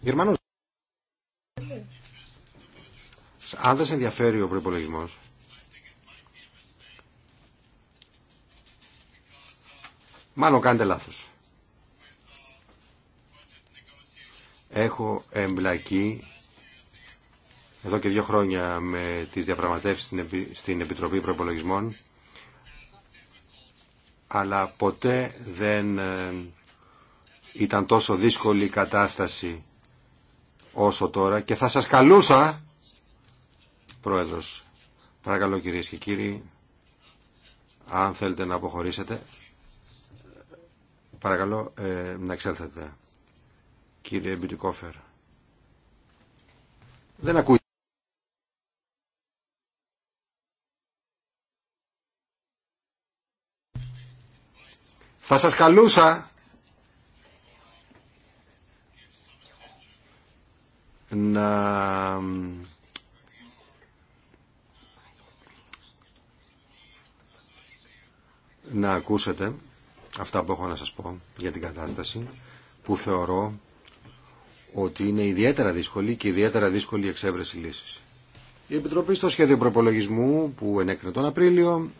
Γερμανός Αν δεν σε ενδιαφέρει ο προπολογισμό. Μάλλον κάνετε λάθο. Έχω εμπλακεί εδώ και δύο χρόνια με τις διαπραγματεύσεις στην Επιτροπή Προπολογισμών αλλά ποτέ δεν ε, ήταν τόσο δύσκολη η κατάσταση όσο τώρα και θα σας καλούσα Πρόεδρο. παρακαλώ κυρίες και κύριοι, αν θέλετε να αποχωρήσετε, παρακαλώ ε, να εξέλθετε. Κύριε Μπιτικόφερ. Δεν ακούγεται. Θα σας καλούσα να να ακούσετε αυτά που έχω να σας πω για την κατάσταση που θεωρώ ότι είναι ιδιαίτερα δύσκολη και ιδιαίτερα δύσκολη η εξέβρεση λύσης. Η Επιτροπή στο σχέδιο προπολογισμού που ενέκρινε τον Απρίλιο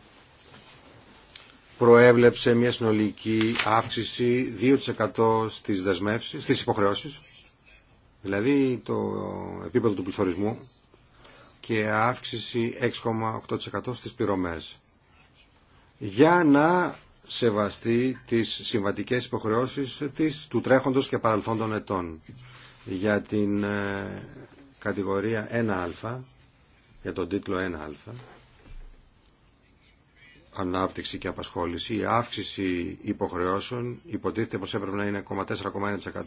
προέβλεψε μια συνολική αύξηση 2% στις δεσμεύσεις, στις υποχρεώσεις, δηλαδή το επίπεδο του πληθωρισμού και αύξηση 6,8% στις πληρωμές για να σεβαστεί τις συμβατικές υποχρεώσεις της, του τρέχοντος και παρελθόντων ετών. Για την ε, κατηγορία 1α, για τον τίτλο 1α, ανάπτυξη και απασχόληση, η αύξηση υποχρεώσεων υποτίθεται πως έπρεπε να είναι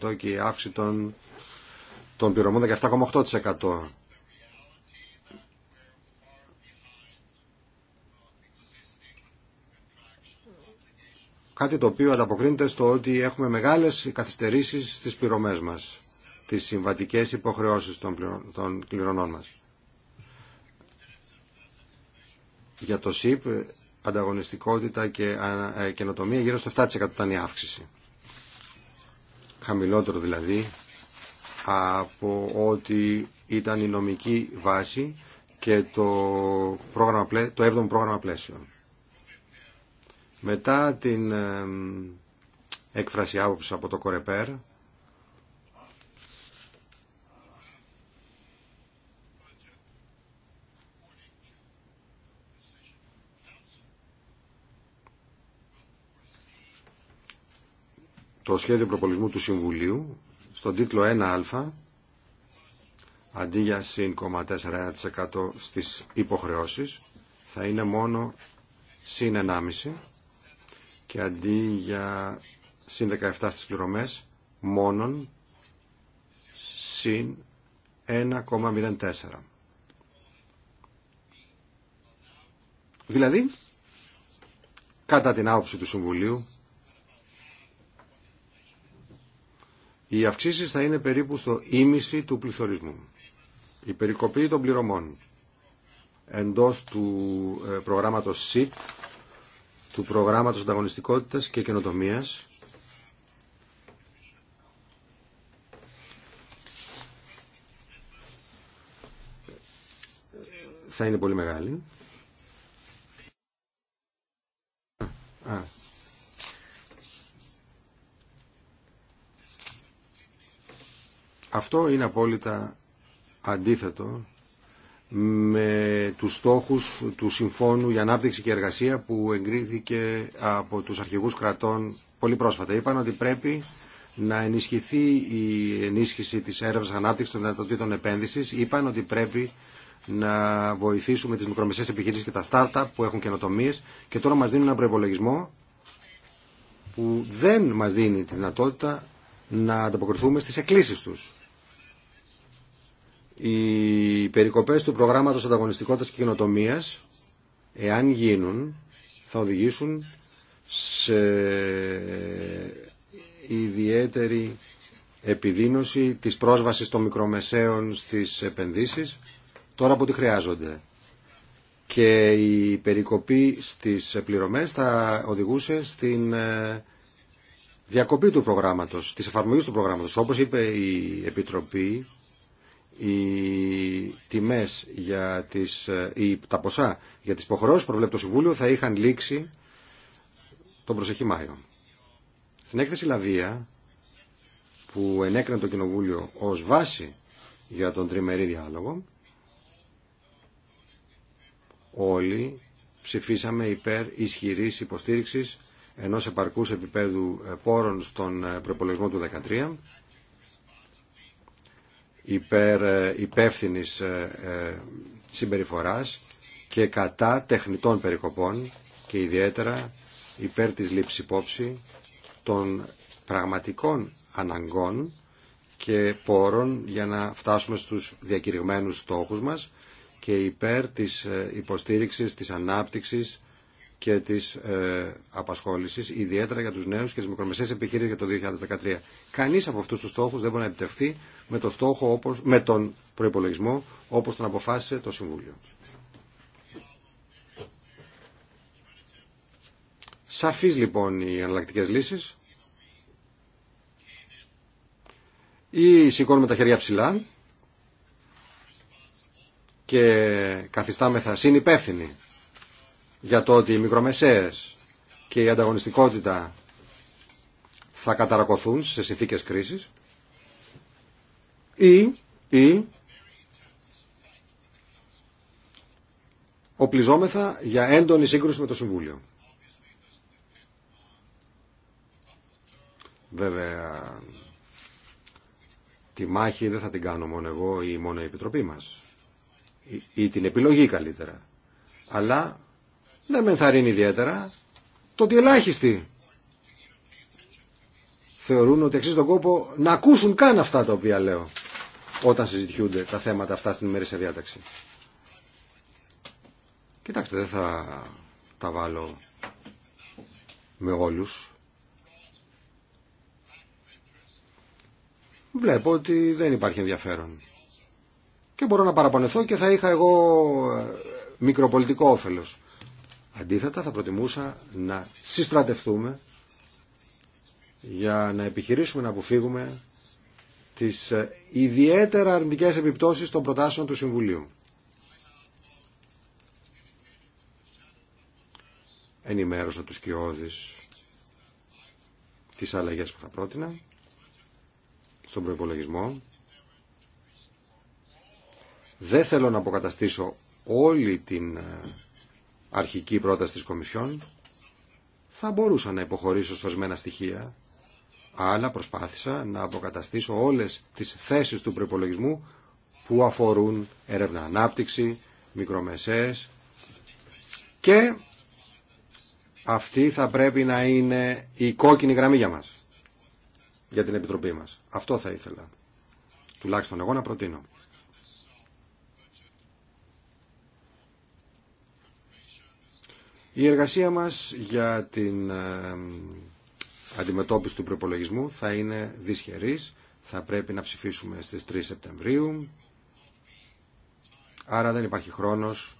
4,1% και η αύξηση των, των πληρωμών 17,8%. κάτι το οποίο ανταποκρίνεται στο ότι έχουμε μεγάλες καθυστερήσεις στις πληρωμές μας, τις συμβατικές υποχρεώσεις των κληρονών μας. Για το ΣΥΠ, ανταγωνιστικότητα και ε, καινοτομία γύρω στο 7% ήταν η αύξηση. Χαμηλότερο δηλαδή από ότι ήταν η νομική βάση και το, πρόγραμμα, το 7ο πρόγραμμα πλαίσιο. Μετά την ε, έκφραση άποψη από το Κορεπέρ, το σχέδιο προπολισμού του Συμβουλίου στον τίτλο 1α αντί για συν 4 στις υποχρεώσεις θα είναι μόνο συν 1,5% και αντί για συν 17 στις πληρωμές μόνον συν 1,04. Δηλαδή, κατά την άποψη του Συμβουλίου, οι αυξήσει θα είναι περίπου στο ίμιση του πληθωρισμού. Η περικοπή των πληρωμών εντός του ε, προγράμματος SIT του προγράμματος ανταγωνιστικότητας και καινοτομίας θα είναι πολύ μεγάλη. Αυτό είναι απόλυτα αντίθετο με τους στόχους του Συμφώνου για Ανάπτυξη και Εργασία που εγκρίθηκε από τους αρχηγούς κρατών πολύ πρόσφατα. Είπαν ότι πρέπει να ενισχυθεί η ενίσχυση της έρευνας ανάπτυξης των δυνατοτήτων επένδυσης. Είπαν ότι πρέπει να βοηθήσουμε τις μικρομεσαίες επιχειρήσεις και τα startup που έχουν καινοτομίες και τώρα μας δίνουν ένα προπολογισμό που δεν μας δίνει τη δυνατότητα να ανταποκριθούμε στις εκκλήσεις τους οι περικοπές του προγράμματος ανταγωνιστικότητας και κοινοτομίας, εάν γίνουν, θα οδηγήσουν σε ιδιαίτερη επιδείνωση της πρόσβασης των μικρομεσαίων στις επενδύσεις, τώρα που τη χρειάζονται. Και η περικοπή στις πληρωμές θα οδηγούσε στην ε, διακοπή του προγράμματος, της εφαρμογής του προγράμματος. Όπως είπε η Επιτροπή, οι τιμές για τις, ε, τα ποσά για τις υποχρεώσεις προβλέπει το Συμβούλιο θα είχαν λήξει τον προσεχή Μάιο. Στην έκθεση Λαβία που ενέκρινε το Κοινοβούλιο ως βάση για τον τριμερή διάλογο όλοι ψηφίσαμε υπέρ ισχυρής υποστήριξης ενός επαρκούς επίπεδου ε, πόρων στον ε, προπολογισμό του 2013 υπέρ ε, υπεύθυνης ε, ε, συμπεριφοράς και κατά τεχνητών περικοπών και ιδιαίτερα υπέρ της λήψη υπόψη των πραγματικών αναγκών και πόρων για να φτάσουμε στους διακηρυγμένους στόχους μας και υπέρ της υποστήριξης, της ανάπτυξης και τη ε, απασχόλησης, ιδιαίτερα για τους νέους και τι μικρομεσαίες επιχειρήσεις για το 2013. Κανείς από αυτούς τους στόχου δεν μπορεί να επιτευχθεί με, το στόχο όπως, με τον προϋπολογισμό όπως τον αποφάσισε το Συμβούλιο. Σαφεί λοιπόν οι εναλλακτικέ λύσει. Ή σηκώνουμε τα χέρια ψηλά και καθιστάμεθα συνυπεύθυνοι για το ότι οι μικρομεσαίες και η ανταγωνιστικότητα θα καταρακωθούν σε συνθήκες κρίσης ή, ή οπλιζόμεθα για έντονη σύγκρουση με το Συμβούλιο. Βέβαια, τη μάχη δεν θα την κάνω μόνο εγώ ή μόνο η Επιτροπή μας. Ή, ή την επιλογή καλύτερα. Αλλά δεν με ενθαρρύνει ιδιαίτερα το ότι ελάχιστοι θεωρούν ότι αξίζει τον κόπο να ακούσουν καν αυτά τα οποία λέω όταν συζητιούνται τα θέματα αυτά στην ημερήσια διάταξη. Κοιτάξτε, δεν θα τα βάλω με όλους. Βλέπω ότι δεν υπάρχει ενδιαφέρον. Και μπορώ να παραπονεθώ και θα είχα εγώ ε, μικροπολιτικό όφελος. Αντίθετα θα προτιμούσα να συστρατευτούμε για να επιχειρήσουμε να αποφύγουμε τις ε, ιδιαίτερα αρνητικές επιπτώσεις των προτάσεων του Συμβουλίου. Ενημέρωσα τους κοιόδης τις αλλαγές που θα πρότεινα στον προϋπολογισμό. Δεν θέλω να αποκαταστήσω όλη την ε, αρχική πρόταση της Κομισιόν, θα μπορούσα να υποχωρήσω σωσμένα στοιχεία, αλλά προσπάθησα να αποκαταστήσω όλες τις θέσεις του προπολογισμού που αφορούν έρευνα ανάπτυξη, μικρομεσαίες και αυτή θα πρέπει να είναι η κόκκινη γραμμή για μας, για την Επιτροπή μας. Αυτό θα ήθελα, τουλάχιστον εγώ να προτείνω. Η εργασία μας για την ε, αντιμετώπιση του προπολογισμού θα είναι δυσχερής. Θα πρέπει να ψηφίσουμε στις 3 Σεπτεμβρίου. Άρα δεν υπάρχει χρόνος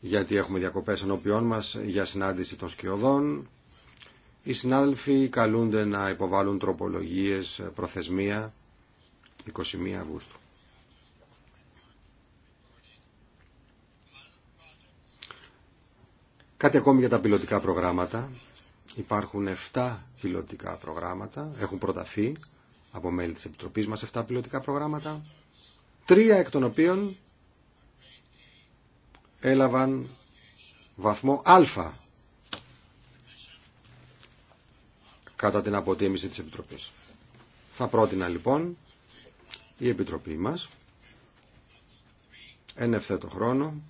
γιατί έχουμε διακοπές ενώπιών μας για συνάντηση των σκιωδών. Οι συνάδελφοι καλούνται να υποβάλουν τροπολογίες ε, προθεσμία 21 Αυγούστου. Κάτι ακόμη για τα πιλωτικά προγράμματα. Υπάρχουν 7 πιλωτικά προγράμματα. Έχουν προταθεί από μέλη της Επιτροπής μας 7 πιλωτικά προγράμματα. Τρία εκ των οποίων έλαβαν βαθμό Α κατά την αποτίμηση της Επιτροπής. Θα πρότεινα λοιπόν η Επιτροπή μας εν ευθέτω χρόνο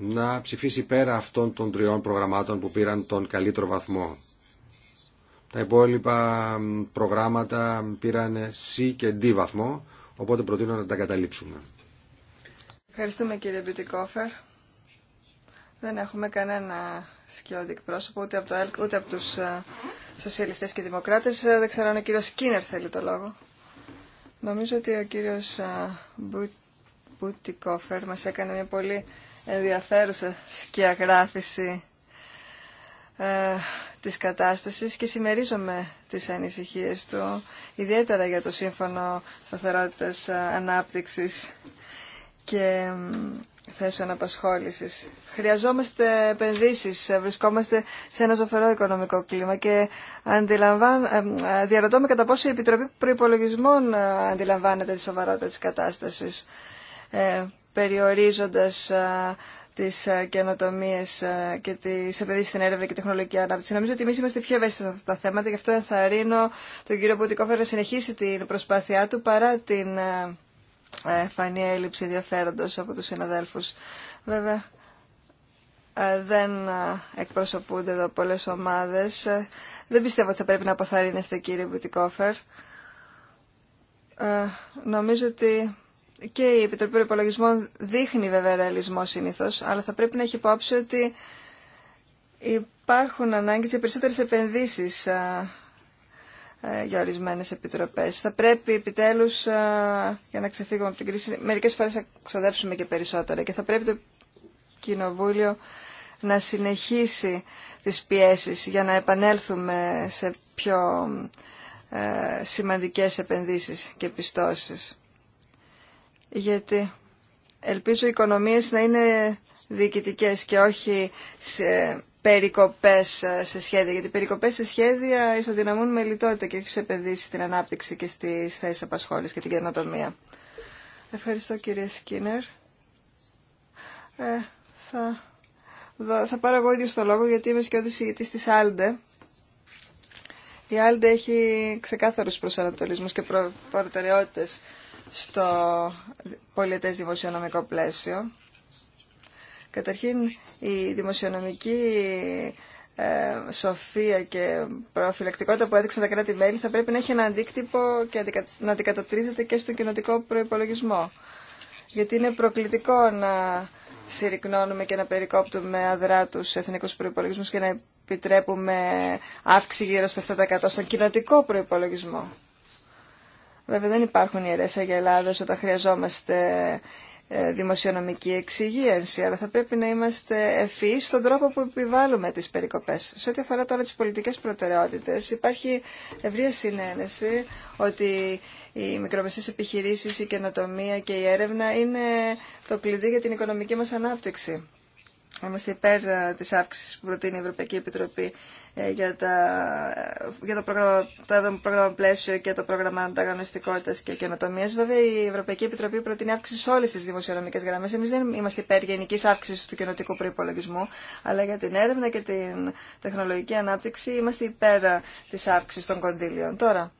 να ψηφίσει πέρα αυτών των τριών προγραμμάτων που πήραν τον καλύτερο βαθμό. Τα υπόλοιπα προγράμματα πήραν C και D βαθμό, οπότε προτείνω να τα καταλήψουμε. Ευχαριστούμε κύριε Μπιτικόφερ. Δεν έχουμε κανένα σκιώδη εκπρόσωπο ούτε από το ΕΛΚ ούτε από τους ε, σοσιαλιστές και δημοκράτες. Ε, δεν ξέρω αν ο κύριος Σκίνερ θέλει το λόγο. Νομίζω ότι ο κύριος ε, Μπουτικόφερ μας έκανε μια πολύ ενδιαφέρουσα σκιαγράφηση ε, της κατάστασης και συμμερίζομαι τις ανησυχίες του, ιδιαίτερα για το Σύμφωνο Σταθερότητας ε, Ανάπτυξης και θέσεων απασχόλησης. Χρειαζόμαστε επενδύσει, ε, βρισκόμαστε σε ένα ζωφερό οικονομικό κλίμα και ε, διαρωτώ με κατά πόσο η Επιτροπή Προϋπολογισμών αντιλαμβάνεται τη σοβαρότητα της κατάστασης περιορίζοντας τις καινοτομίες και τις επενδύσεις στην έρευνα και τεχνολογική ανάπτυξη. Νομίζω ότι εμείς είμαστε πιο ευαίσθητοι σε αυτά τα θέματα, γι' αυτό ενθαρρύνω τον κύριο Μπουτικόφερ να συνεχίσει την προσπάθειά του παρά την φανή έλλειψη ενδιαφέροντος από τους συναδέλφους. Βέβαια, δεν εκπροσωπούνται εδώ πολλές ομάδες. Δεν πιστεύω ότι θα πρέπει να αποθαρρύνεστε κύριε Μπουτικόφερ. νομίζω ότι και η Επιτροπή Προπολογισμών δείχνει βέβαια ρεαλισμό συνήθω, αλλά θα πρέπει να έχει υπόψη ότι υπάρχουν ανάγκες για περισσότερες επενδύσεις για ορισμένε επιτροπέ. Θα πρέπει επιτέλους, για να ξεφύγουμε από την κρίση, μερικές φορές να ξοδέψουμε και περισσότερα και θα πρέπει το Κοινοβούλιο να συνεχίσει τις πιέσεις για να επανέλθουμε σε πιο ε, σημαντικές επενδύσεις και πιστώσεις γιατί ελπίζω οι οικονομίες να είναι διοικητικές και όχι σε περικοπές ε, σε σχέδια, γιατί περικοπές σε σχέδια ισοδυναμούν με λιτότητα και όχι σε επενδύσει στην ανάπτυξη και στις θέσεις απασχόλησης και την καινοτομία. Ευχαριστώ κύριε Σκίνερ. Ε, θα, θα πάρω εγώ ίδιο το λόγο γιατί είμαι σκιώδης ηγητής της Άλντε. Η Άλντε έχει ξεκάθαρους προσανατολισμούς και προτεραιότητες στο πολιτές δημοσιονομικό πλαίσιο. Καταρχήν, η δημοσιονομική ε, σοφία και προφυλακτικότητα που έδειξαν τα κράτη-μέλη θα πρέπει να έχει ένα αντίκτυπο και να αντικατοπτρίζεται και στον κοινοτικό προϋπολογισμό. Γιατί είναι προκλητικό να συρρυκνώνουμε και να περικόπτουμε αδρά τους εθνικούς προϋπολογισμούς και να επιτρέπουμε αύξηση γύρω στο 7% στον κοινοτικό προϋπολογισμό. Βέβαια δεν υπάρχουν ιερές αγελάδες όταν χρειαζόμαστε ε, δημοσιονομική εξυγίανση, αλλά θα πρέπει να είμαστε ευφύς στον τρόπο που επιβάλλουμε τις περικοπές. Σε ό,τι αφορά τώρα τις πολιτικές προτεραιότητες, υπάρχει ευρεία συνένεση ότι οι μικρομεσαίες επιχειρήσεις, η καινοτομία και η έρευνα είναι το κλειδί για την οικονομική μας ανάπτυξη. Είμαστε υπέρ ε, τη αύξηση που προτείνει η Ευρωπαϊκή Επιτροπή ε, για, τα, ε, για το, πρόγραμμα, το πρόγραμμα πλαίσιο και το πρόγραμμα ανταγωνιστικότητα και καινοτομία. Βέβαια, η Ευρωπαϊκή Επιτροπή προτείνει αύξηση σε όλε τι δημοσιονομικέ γραμμέ. Εμεί δεν είμαστε υπέρ γενική αύξηση του κοινοτικού προπολογισμού, αλλά για την έρευνα και την τεχνολογική ανάπτυξη είμαστε υπέρ τη αύξηση των κονδύλιων. Τώρα,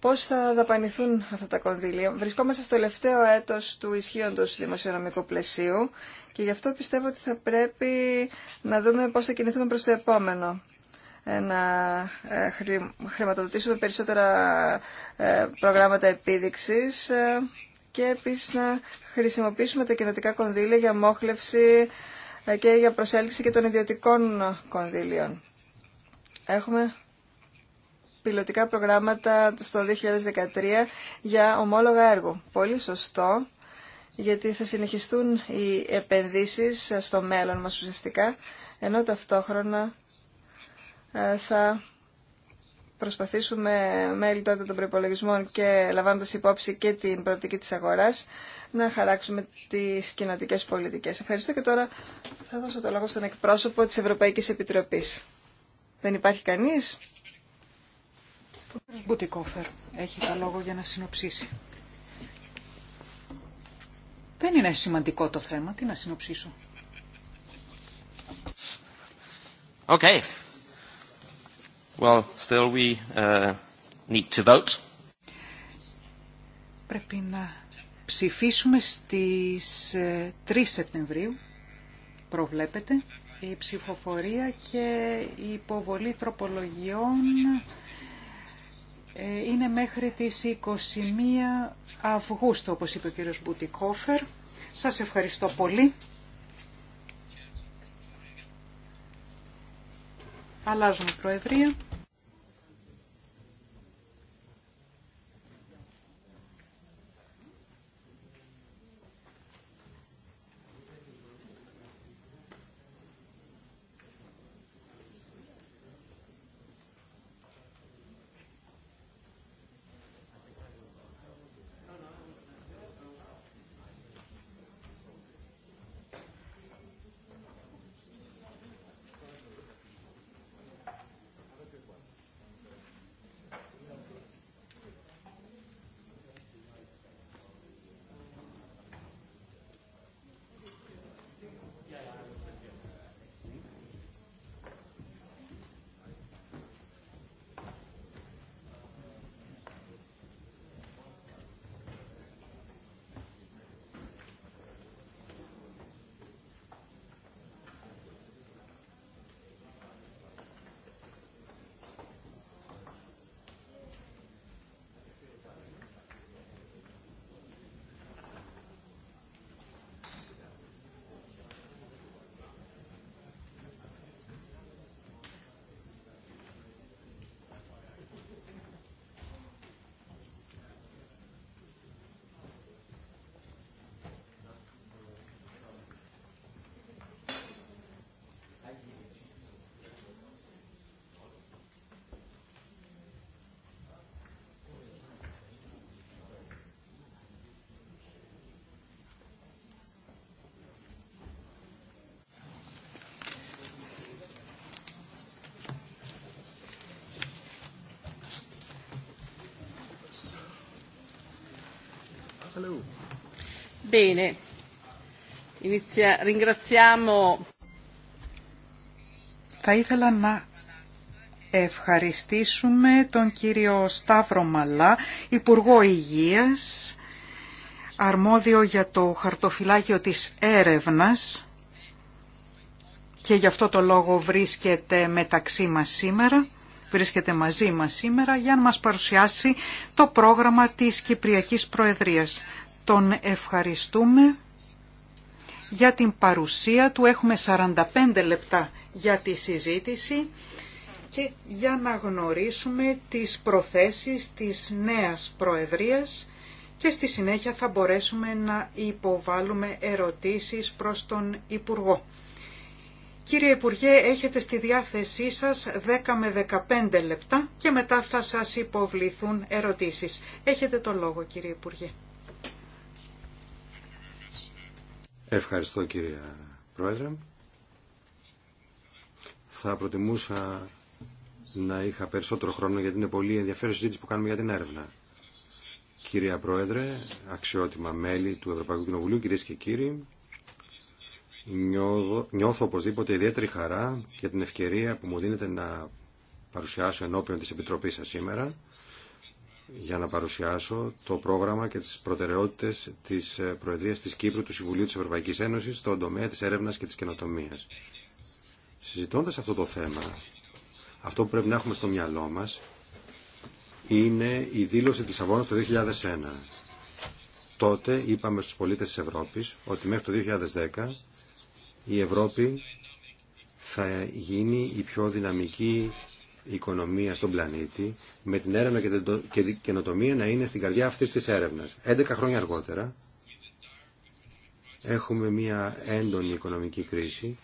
πώς θα δαπανηθούν αυτά τα κονδύλια. Βρισκόμαστε στο τελευταίο έτος του ισχύοντος δημοσιονομικού πλαισίου και γι' αυτό πιστεύω ότι θα πρέπει να δούμε πώς θα κινηθούμε προς το επόμενο ε, να ε, χρηματοδοτήσουμε περισσότερα ε, προγράμματα επίδειξης και επίσης να χρησιμοποιήσουμε τα κοινοτικά κονδύλια για μόχλευση και για προσέλκυση και των ιδιωτικών κονδύλιων. Έχουμε πιλωτικά προγράμματα στο 2013 για ομόλογα έργο, Πολύ σωστό, γιατί θα συνεχιστούν οι επενδύσεις στο μέλλον μας ουσιαστικά, ενώ ταυτόχρονα ε, θα προσπαθήσουμε με λιτότητα των προπολογισμών και λαμβάνοντας υπόψη και την προοπτική της αγοράς να χαράξουμε τις κοινοτικέ πολιτικές. Ευχαριστώ και τώρα θα δώσω το λόγο στον εκπρόσωπο της Ευρωπαϊκής Επιτροπής. Δεν υπάρχει κανείς. Ο κ. Μπουτικόφερ έχει το λόγο για να συνοψίσει. Δεν είναι σημαντικό το θέμα. Τι να συνοψίσω. Okay. Well, still we uh, need to vote. Πρέπει να ψηφίσουμε στις 3 ε, Σεπτεμβρίου. Προβλέπεται η ψηφοφορία και η υποβολή τροπολογιών ε, είναι μέχρι τις 21 Αυγούστου, όπως είπε ο κύριος Μπουτικόφερ. Σας ευχαριστώ πολύ. Αλλάζουμε Προεδρία. Bene. Inizia... Ringraziamo... Θα ήθελα να ευχαριστήσουμε τον κύριο Σταύρο Μαλά, Υπουργό Υγείας, αρμόδιο για το χαρτοφυλάκιο της έρευνας και γι' αυτό το λόγο βρίσκεται μεταξύ μας σήμερα βρίσκεται μαζί μας σήμερα για να μας παρουσιάσει το πρόγραμμα της Κυπριακής Προεδρίας. Τον ευχαριστούμε για την παρουσία του. Έχουμε 45 λεπτά για τη συζήτηση και για να γνωρίσουμε τις προθέσεις της νέας Προεδρίας και στη συνέχεια θα μπορέσουμε να υποβάλουμε ερωτήσεις προς τον Υπουργό. Κύριε Υπουργέ, έχετε στη διάθεσή σας 10 με 15 λεπτά και μετά θα σας υποβληθούν ερωτήσεις. Έχετε το λόγο κύριε Υπουργέ. Ευχαριστώ κύριε Πρόεδρε. Θα προτιμούσα να είχα περισσότερο χρόνο γιατί είναι πολύ ενδιαφέρον συζήτηση που κάνουμε για την έρευνα. Κύριε Πρόεδρε, αξιότιμα μέλη του Ευρωπαϊκού Κοινοβουλίου, κυρίες και κύριοι, νιώθω, οπωσδήποτε ιδιαίτερη χαρά για την ευκαιρία που μου δίνεται να παρουσιάσω ενώπιον της Επιτροπής σας σήμερα για να παρουσιάσω το πρόγραμμα και τις προτεραιότητες της ε, Προεδρίας της Κύπρου του Συμβουλίου της Ευρωπαϊκής Ένωσης στον τομέα της έρευνας και της καινοτομίας. Συζητώντας αυτό το θέμα, αυτό που πρέπει να έχουμε στο μυαλό μας είναι η δήλωση της Αβώνας το 2001. Τότε είπαμε στους πολίτες της Ευρώπης ότι μέχρι το 2010 η Ευρώπη θα γίνει η πιο δυναμική οικονομία στον πλανήτη με την έρευνα και την καινοτομία να είναι στην καρδιά αυτής της έρευνας. 11 χρόνια αργότερα έχουμε μια έντονη οικονομική κρίση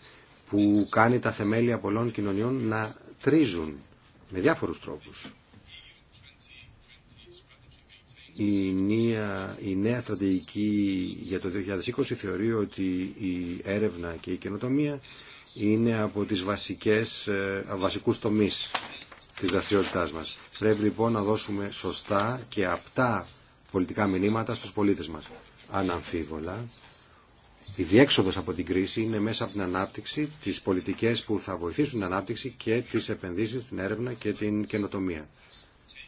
που κάνει τα θεμέλια πολλών κοινωνιών να τρίζουν με διάφορους τρόπους. Η νέα, η στρατηγική για το 2020 θεωρεί ότι η έρευνα και η καινοτομία είναι από τις βασικές, ε, βασικούς τομείς της δραστηριότητάς μας. Πρέπει λοιπόν να δώσουμε σωστά και απτά πολιτικά μηνύματα στους πολίτες μας. Αναμφίβολα, η διέξοδος από την κρίση είναι μέσα από την ανάπτυξη, τις πολιτικές που θα βοηθήσουν την ανάπτυξη και τις επενδύσεις στην έρευνα και την καινοτομία.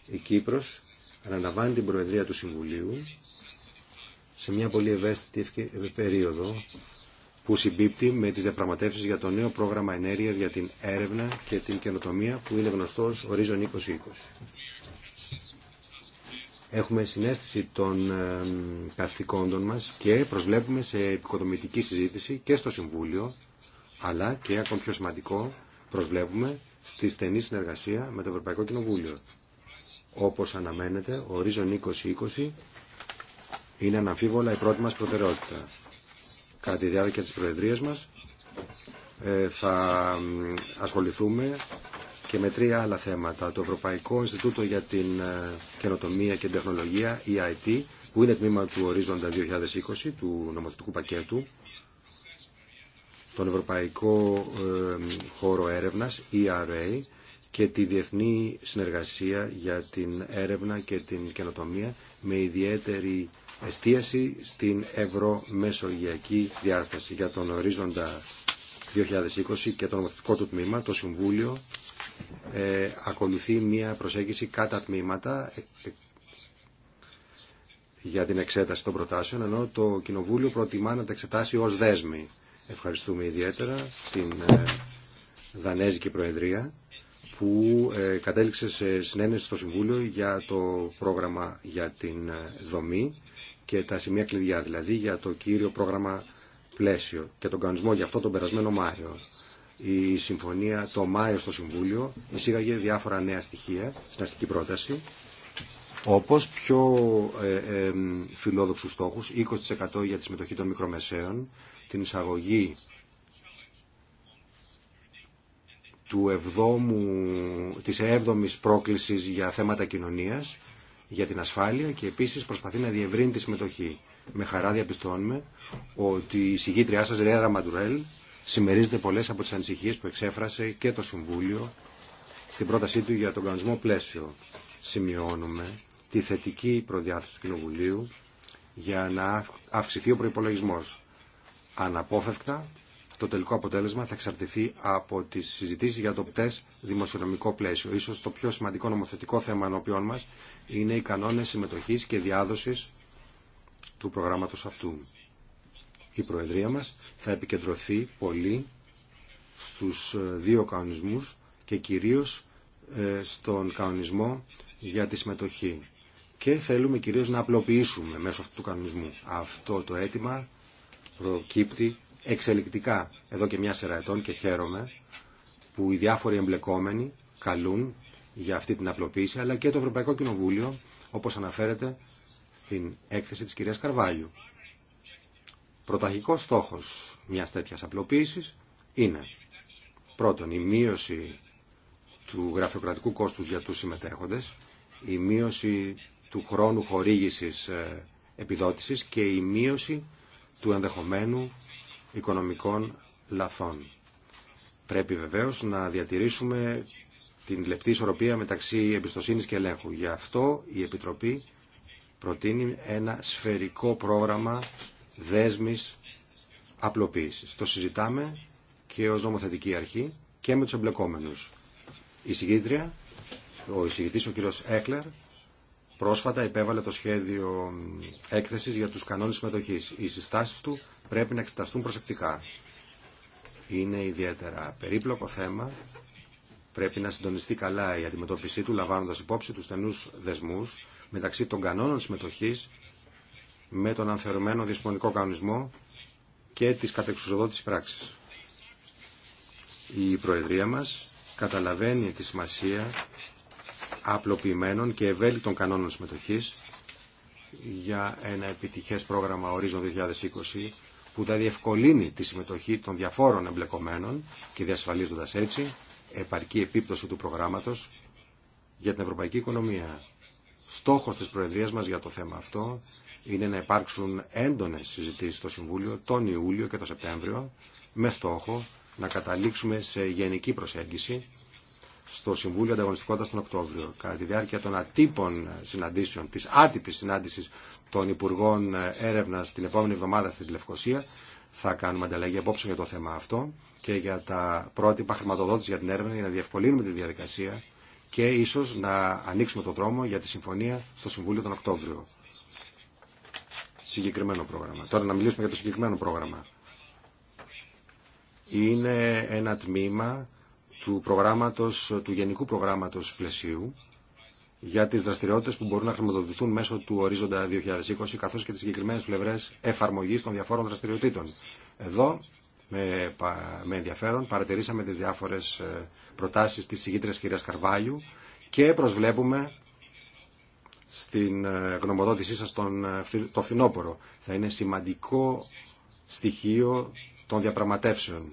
Η Κύπρος αναλαμβάνει την Προεδρία του Συμβουλίου σε μια πολύ ευαίσθητη περίοδο που συμπίπτει με τις διαπραγματεύσεις για το νέο πρόγραμμα ενέργειας για την έρευνα και την καινοτομία που είναι γνωστός ορίζον 2020. Έχουμε συνέστηση των καθηκόντων μας και προσβλέπουμε σε επικοδομητική συζήτηση και στο Συμβούλιο αλλά και ακόμη πιο σημαντικό προσβλέπουμε στη στενή συνεργασία με το Ευρωπαϊκό Κοινοβούλιο όπως αναμένεται, ο ορίζον 2020 είναι αναμφίβολα η πρώτη μας προτεραιότητα. Κατά τη διάρκεια της Προεδρίας μας ε, θα ασχοληθούμε και με τρία άλλα θέματα. Το Ευρωπαϊκό Ινστιτούτο για την ε, Καινοτομία και την Τεχνολογία, EIT, που είναι τμήμα του ορίζοντα 2020, του νομοθετικού πακέτου, τον Ευρωπαϊκό ε, Χώρο Έρευνας, ERA, και τη διεθνή συνεργασία για την έρευνα και την καινοτομία με ιδιαίτερη εστίαση στην ευρωμεσογειακή διάσταση. Για τον ορίζοντα 2020 και το νομοθετικό του τμήμα, το Συμβούλιο ε, ακολουθεί μια προσέγγιση κατά τμήματα ε, ε, για την εξέταση των προτάσεων, ενώ το Κοινοβούλιο προτιμά να τα εξετάσει ως δέσμη. Ευχαριστούμε ιδιαίτερα την ε, Δανέζικη Προεδρία που ε, κατέληξε σε συνένεση στο Συμβούλιο για το πρόγραμμα για την ε, δομή και τα σημεία κλειδιά, δηλαδή για το κύριο πρόγραμμα πλαίσιο και τον κανονισμό για αυτό τον περασμένο Μάιο. Η συμφωνία το Μάιο στο Συμβούλιο εισήγαγε διάφορα νέα στοιχεία στην αρχική πρόταση, όπως πιο ε, ε, φιλόδοξους στόχους, 20% για τη συμμετοχή των μικρομεσαίων, την εισαγωγή του 7 της 7 πρόκλησης για θέματα κοινωνίας, για την ασφάλεια και επίσης προσπαθεί να διευρύνει τη συμμετοχή. Με χαρά διαπιστώνουμε ότι η συγγήτριά σας, Ρέαρα Μαντουρέλ, συμμερίζεται πολλές από τις ανησυχίες που εξέφρασε και το Συμβούλιο στην πρότασή του για τον κανονισμό πλαίσιο. Σημειώνουμε τη θετική προδιάθεση του Κοινοβουλίου για να αυξηθεί ο προπολογισμό Αναπόφευκτα το τελικό αποτέλεσμα θα εξαρτηθεί από τι συζητήσει για το πτέ δημοσιονομικό πλαίσιο. σω το πιο σημαντικό νομοθετικό θέμα ενώπιον μα είναι οι κανόνε συμμετοχή και διάδοση του προγράμματο αυτού. Η Προεδρία μα θα επικεντρωθεί πολύ στου ε, δύο κανονισμού και κυρίω ε, στον κανονισμό για τη συμμετοχή. Και θέλουμε κυρίως να απλοποιήσουμε μέσω αυτού του κανονισμού. Αυτό το αίτημα προκύπτει εξελικτικά εδώ και μια σειρά ετών και χαίρομαι που οι διάφοροι εμπλεκόμενοι καλούν για αυτή την απλοποίηση αλλά και το Ευρωπαϊκό Κοινοβούλιο όπως αναφέρεται στην έκθεση της κυρίας Καρβάλιου. Πρωταρχικός στόχος μιας τέτοιας απλοποίησης είναι πρώτον η μείωση του γραφειοκρατικού κόστους για τους συμμετέχοντες, η μείωση του χρόνου χορήγησης ε, επιδότησης και η μείωση του ενδεχομένου οικονομικών λαθών. Πρέπει βεβαίως να διατηρήσουμε την λεπτή ισορροπία μεταξύ εμπιστοσύνη και ελέγχου. Γι' αυτό η Επιτροπή προτείνει ένα σφαιρικό πρόγραμμα δέσμης απλοποίηση. Το συζητάμε και ω νομοθετική αρχή και με τους εμπλεκόμενου. Η συγκίτρια, ο εισηγητής ο κύριος Έκλερ, Πρόσφατα υπέβαλε το σχέδιο έκθεσης για τους κανόνες συμμετοχής. Οι συστάσεις του πρέπει να εξεταστούν προσεκτικά. Είναι ιδιαίτερα περίπλοκο θέμα. Πρέπει να συντονιστεί καλά η αντιμετώπιση του, λαμβάνοντας υπόψη τους στενούς δεσμούς μεταξύ των κανόνων συμμετοχής με τον ανθερμένο δυσμονικό κανονισμό και της κατεξουσιοδότησης πράξης. Η Προεδρία μας καταλαβαίνει τη σημασία απλοποιημένων και ευέλικτων κανόνων συμμετοχής για ένα επιτυχές πρόγραμμα ορίζον 2020 που θα διευκολύνει τη συμμετοχή των διαφόρων εμπλεκομένων και διασφαλίζοντας έτσι επαρκή επίπτωση του προγράμματος για την ευρωπαϊκή οικονομία. Στόχος της Προεδρίας μας για το θέμα αυτό είναι να υπάρξουν έντονες συζητήσεις στο Συμβούλιο τον Ιούλιο και τον Σεπτέμβριο με στόχο να καταλήξουμε σε γενική προσέγγιση στο Συμβούλιο Ανταγωνιστικότητα τον Οκτώβριο. Κατά τη διάρκεια των ατύπων συναντήσεων, τη άτυπη συνάντηση των Υπουργών Έρευνα την επόμενη εβδομάδα στη Λευκοσία, θα κάνουμε ανταλλαγή απόψε για το θέμα αυτό και για τα πρότυπα χρηματοδότηση για την έρευνα για να διευκολύνουμε τη διαδικασία και ίσω να ανοίξουμε το δρόμο για τη συμφωνία στο Συμβούλιο τον Οκτώβριο. Συγκεκριμένο πρόγραμμα. Τώρα να μιλήσουμε για το συγκεκριμένο πρόγραμμα. Είναι ένα τμήμα του, προγράμματος, του Γενικού Προγράμματος Πλαισίου για τις δραστηριότητες που μπορούν να χρηματοδοτηθούν μέσω του ορίζοντα 2020 καθώς και τις συγκεκριμένες πλευρές εφαρμογής των διαφόρων δραστηριοτήτων. Εδώ με, με ενδιαφέρον παρατηρήσαμε τις διάφορες ε, προτάσεις της συγκήτρες κυρίας Καρβάλιου και προσβλέπουμε στην ε, γνωμοδότησή σας τον, ε, το φθινόπωρο. Θα είναι σημαντικό στοιχείο των διαπραγματεύσεων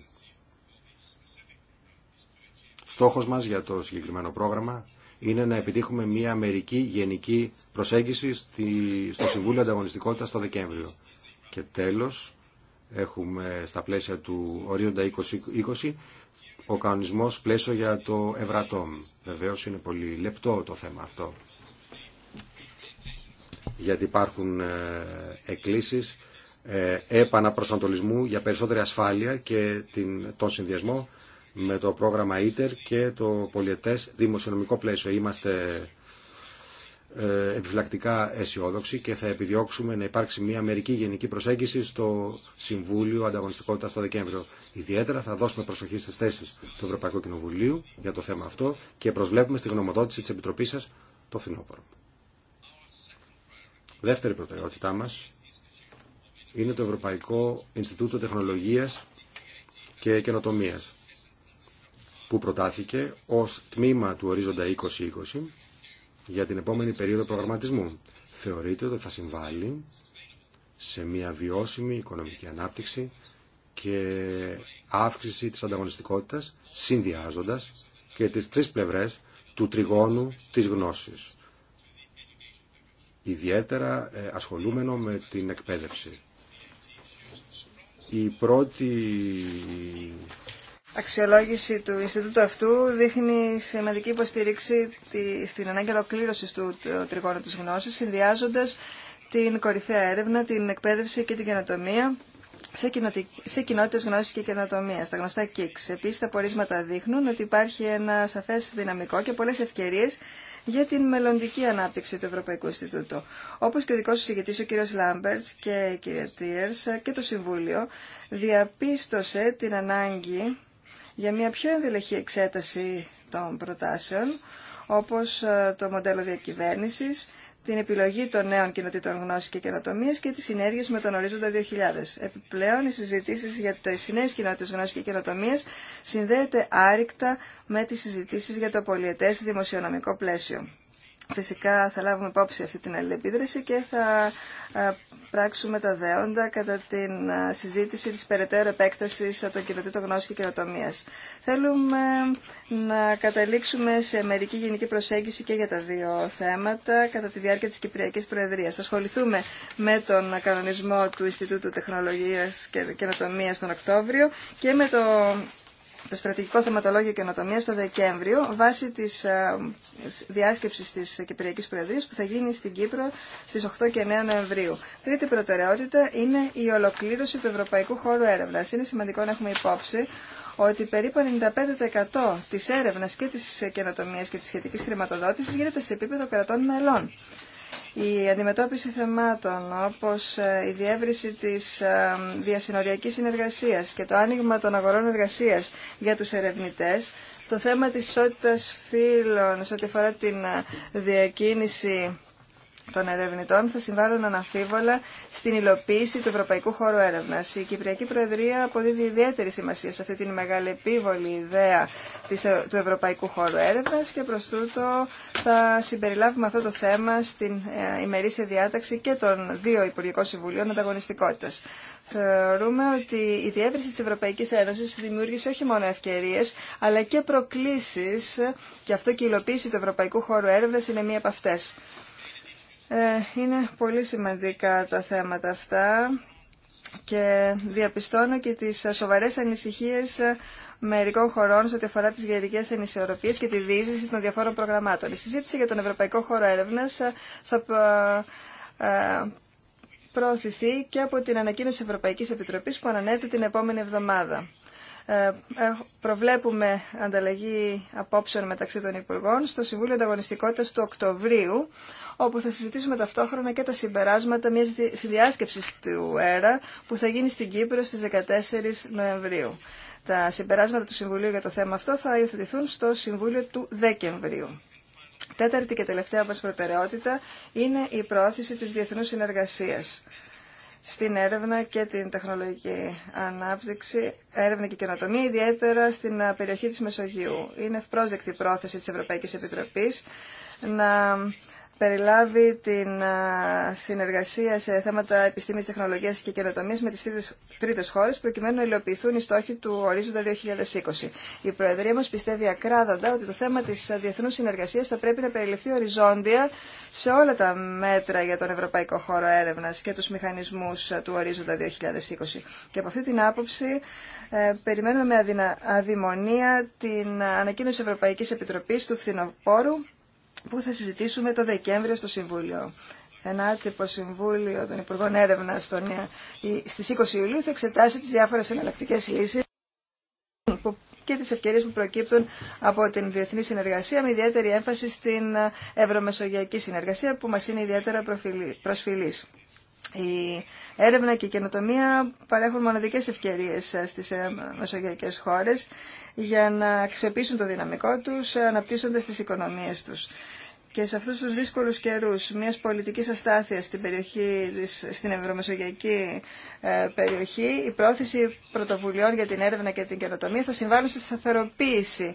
Στόχος μας για το συγκεκριμένο πρόγραμμα είναι να επιτύχουμε μια μερική γενική προσέγγιση στο Συμβούλιο ανταγωνιστικότητα το Δεκέμβριο. Και τέλος, έχουμε στα πλαίσια του ορίζοντα 2020 ο κανονισμός πλαίσιο για το Ευρατόμ. Βεβαίως είναι πολύ λεπτό το θέμα αυτό. Γιατί υπάρχουν ε, εκκλήσεις ε, επαναπροσανατολισμού για περισσότερη ασφάλεια και τον συνδυασμό με το πρόγραμμα ITER και το πολιετές δημοσιονομικό πλαίσιο. Είμαστε ε, επιφυλακτικά αισιόδοξοι και θα επιδιώξουμε να υπάρξει μια μερική γενική προσέγγιση στο Συμβούλιο Ανταγωνιστικότητα το Δεκέμβριο. Ιδιαίτερα θα δώσουμε προσοχή στι θέσει του Ευρωπαϊκού Κοινοβουλίου για το θέμα αυτό και προσβλέπουμε στη γνωμοδότηση τη Επιτροπή σα το φθινόπωρο. Δεύτερη προτεραιότητά μα είναι το Ευρωπαϊκό Ινστιτούτο Τεχνολογία και Καινοτομία που προτάθηκε ως τμήμα του ορίζοντα 2020 για την επόμενη περίοδο προγραμματισμού. Θεωρείται ότι θα συμβάλλει σε μια βιώσιμη οικονομική ανάπτυξη και αύξηση της ανταγωνιστικότητας, συνδυάζοντας και τις τρεις πλευρές του τριγώνου της γνώσης. Ιδιαίτερα ε, ασχολούμενο με την εκπαίδευση. Η πρώτη αξιολόγηση του Ινστιτούτου αυτού δείχνει σημαντική υποστήριξη στην ανάγκη ολοκλήρωση του τριγώνου της γνώσης, συνδυάζοντας την κορυφαία έρευνα, την εκπαίδευση και την καινοτομία σε, κοινότητε γνώση και καινοτομία, τα γνωστά KICS. Επίση, τα πορίσματα δείχνουν ότι υπάρχει ένα σαφέ δυναμικό και πολλέ ευκαιρίε για την μελλοντική ανάπτυξη του Ευρωπαϊκού Ινστιτούτου. Όπω και ο δικό σου ηγετή, ο κ. Λάμπερτ και η κ. Τίερ και το Συμβούλιο, διαπίστωσε την ανάγκη για μια πιο ενδελεχή εξέταση των προτάσεων, όπως ε, το μοντέλο διακυβέρνησης, την επιλογή των νέων κοινοτήτων γνώση και καινοτομία και τι συνέργειε με τον ορίζοντα 2000. Επιπλέον, οι συζητήσει για τι νέε κοινότητε γνώση και καινοτομία συνδέεται άρρηκτα με τι συζητήσει για το πολιετέ δημοσιονομικό πλαίσιο. Φυσικά θα λάβουμε υπόψη αυτή την αλληλεπίδραση και θα ε, πράξουμε τα δέοντα κατά την ε, συζήτηση της περαιτέρω από τον Κοινοτήτο Γνώση και καινοτομία. Θέλουμε να καταλήξουμε σε μερική γενική προσέγγιση και για τα δύο θέματα κατά τη διάρκεια της Κυπριακής Προεδρίας. Θα ασχοληθούμε με τον κανονισμό του Ινστιτούτου Τεχνολογίας και Καινοτομίας τον Οκτώβριο και με το το στρατηγικό θεματολόγιο καινοτομία το Δεκέμβριο βάσει τη ε, διάσκεψη τη Κυπριακή Προεδρία που θα γίνει στην Κύπρο στι 8 και 9 Νοεμβρίου. Τρίτη προτεραιότητα είναι η ολοκλήρωση του Ευρωπαϊκού Χώρου Έρευνα. Είναι σημαντικό να έχουμε υπόψη ότι περίπου 95% τη έρευνα και τη καινοτομία και τη σχετική χρηματοδότηση γίνεται σε επίπεδο κρατών μελών. Η αντιμετώπιση θεμάτων όπως ε, η διεύρυνση της ε, διασυνοριακής συνεργασίας και το άνοιγμα των αγορών εργασίας για τους ερευνητές, το θέμα της ισότητας φύλων σε ό,τι αφορά την ε, διακίνηση των ερευνητών θα συμβάλλουν αναμφίβολα στην υλοποίηση του Ευρωπαϊκού Χώρου Έρευνα. Η Κυπριακή Προεδρία αποδίδει ιδιαίτερη σημασία σε αυτή την μεγάλη επίβολη ιδέα ε, του Ευρωπαϊκού Χώρου Έρευνα και προ τούτο θα συμπεριλάβουμε αυτό το θέμα στην ε, ημερήσια διάταξη και των δύο Υπουργικών Συμβουλίων Ανταγωνιστικότητα. Θεωρούμε ότι η διεύρυνση τη Ευρωπαϊκή Ένωση δημιούργησε όχι μόνο ευκαιρίε, αλλά και προκλήσει και αυτό και η υλοποίηση του Ευρωπαϊκού Χώρου Έρευνα είναι μία από αυτέ. Ε, είναι πολύ σημαντικά τα θέματα αυτά και διαπιστώνω και τις σοβαρές ανησυχίες μερικών χωρών σε ό,τι αφορά τις γερικές ανισορροπίες και τη διείσδυση των διαφόρων προγραμμάτων. Η συζήτηση για τον Ευρωπαϊκό Χώρο Έρευνας θα ε, ε, προωθηθεί και από την ανακοίνωση Ευρωπαϊκής Επιτροπής που ανανέεται την επόμενη εβδομάδα. προβλέπουμε ανταλλαγή απόψεων μεταξύ των Υπουργών στο Συμβούλιο Ανταγωνιστικότητας του Οκτωβρίου όπου θα συζητήσουμε ταυτόχρονα και τα συμπεράσματα μιας συνδιάσκεψης του ΕΡΑ που θα γίνει στην Κύπρο στις 14 Νοεμβρίου. Τα συμπεράσματα του Συμβουλίου για το θέμα αυτό θα υιοθετηθούν στο Συμβούλιο του Δεκεμβρίου. Τέταρτη και τελευταία μας προτεραιότητα είναι η πρόθεση της διεθνούς συνεργασίας στην έρευνα και την τεχνολογική ανάπτυξη, έρευνα και καινοτομία, ιδιαίτερα στην περιοχή της Μεσογείου. Είναι ευπρόσδεκτη πρόθεση της Ευρωπαϊκής Επιτροπής να περιλάβει την συνεργασία σε θέματα επιστήμης, τεχνολογίας και καινοτομίας με τις τρίτες χώρες προκειμένου να υλοποιηθούν οι στόχοι του ορίζοντα 2020. Η Προεδρία μας πιστεύει ακράδαντα ότι το θέμα της διεθνούς συνεργασίας θα πρέπει να περιληφθεί οριζόντια σε όλα τα μέτρα για τον Ευρωπαϊκό Χώρο Έρευνας και τους μηχανισμούς του ορίζοντα 2020. Και από αυτή την άποψη ε, περιμένουμε με αδημονία την ανακοίνωση Ευρωπαϊκής Επιτροπής του Φθινοπόρου που θα συζητήσουμε το Δεκέμβριο στο Συμβούλιο. Ένα άτυπο Συμβούλιο των Υπουργών Έρευνα στι 20 Ιουλίου θα εξετάσει τι διάφορε εναλλακτικέ λύσει και τι ευκαιρίε που προκύπτουν από την διεθνή συνεργασία με ιδιαίτερη έμφαση στην ε, ευρωμεσογειακή συνεργασία που μα είναι ιδιαίτερα προσφυλή. Η έρευνα και η καινοτομία παρέχουν μοναδικές ευκαιρίες ε, στις ε, μεσογειακές χώρες για να αξιοποιήσουν το δυναμικό τους ε, αναπτύσσοντας τις οικονομίες τους. Και σε αυτούς τους δύσκολους καιρούς μιας πολιτικής αστάθειας στην, περιοχή, στην ευρωμεσογειακή περιοχή, η πρόθεση πρωτοβουλειών για την έρευνα και την καινοτομία θα συμβάλλουν στη σταθεροποίηση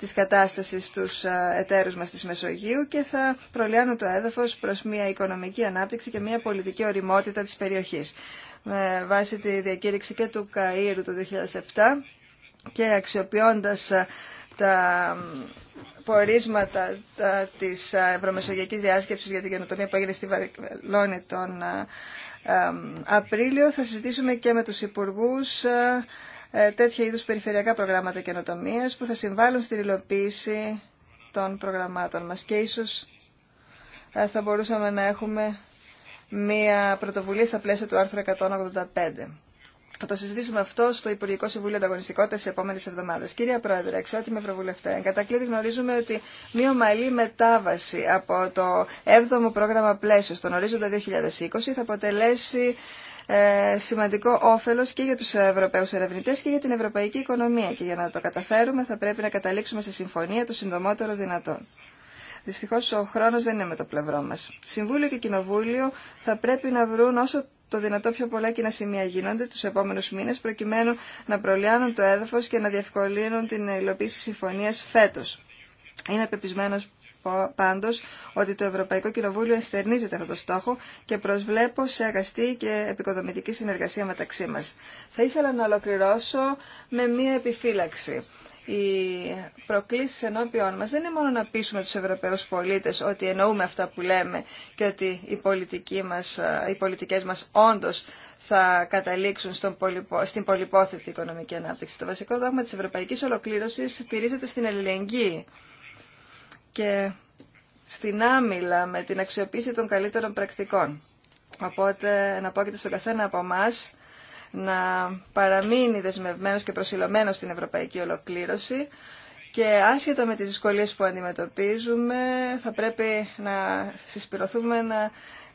της κατάστασης στους ε, εταίρους μας της Μεσογείου και θα προλιάνουν το έδαφος προς μια οικονομική ανάπτυξη και μια πολιτική οριμότητα της περιοχής. Με βάση τη διακήρυξη και του Καΐρου το 2007 και αξιοποιώντας ε, τα πορίσματα της ε, Ευρωμεσογειακής Διάσκεψης για την καινοτομία που έγινε στη Βαρκελόνη τον Απρίλιο θα συζητήσουμε και με τους υπουργούς ε, τέτοια είδους περιφερειακά προγράμματα καινοτομία που θα συμβάλλουν στην υλοποίηση των προγραμμάτων μας και ίσως ε, θα μπορούσαμε να έχουμε μία πρωτοβουλία στα πλαίσια του άρθρου 185. Θα το συζητήσουμε αυτό στο Υπουργικό Συμβούλιο Ανταγωνιστικότητα στι επόμενε εβδομάδε. Κυρία Πρόεδρε, εξότιμη Ευρωβουλευτέ, εν γνωρίζουμε ότι μία ομαλή μετάβαση από το 7ο πρόγραμμα πλαίσιο στον ορίζοντα 2020 θα αποτελέσει ε, σημαντικό όφελος και για τους Ευρωπαίους ερευνητές και για την ευρωπαϊκή οικονομία και για να το καταφέρουμε θα πρέπει να καταλήξουμε σε συμφωνία το συντομότερο δυνατόν. Δυστυχώ ο χρόνο δεν είναι με το πλευρό μα. Συμβούλιο και Κοινοβούλιο θα πρέπει να βρουν όσο το δυνατό πιο πολλά κοινά σημεία γίνονται του επόμενου μήνε προκειμένου να προλιάνουν το έδαφο και να διευκολύνουν την υλοποίηση συμφωνία φέτο. Είμαι πεπισμένο Πάντω ότι το Ευρωπαϊκό Κοινοβούλιο εστερνίζεται αυτό το στόχο και προσβλέπω σε αγαστή και επικοδομητική συνεργασία μεταξύ μα. Θα ήθελα να ολοκληρώσω με μία επιφύλαξη. Οι προκλήσει ενώπιών μα δεν είναι μόνο να πείσουμε του ευρωπαίου πολίτε ότι εννοούμε αυτά που λέμε και ότι οι, πολιτικοί μας, οι πολιτικές μας όντως θα καταλήξουν στον στην πολυπόθετη οικονομική ανάπτυξη. Το βασικό δόγμα τη Ευρωπαϊκή Ολοκλήρωση στηρίζεται στην ελληνική και στην άμυλα με την αξιοποίηση των καλύτερων πρακτικών. Οπότε να και στον καθένα από εμά να παραμείνει δεσμευμένος και προσιλωμένος στην ευρωπαϊκή ολοκλήρωση και άσχετα με τις δυσκολίες που αντιμετωπίζουμε θα πρέπει να συσπηρωθούμε να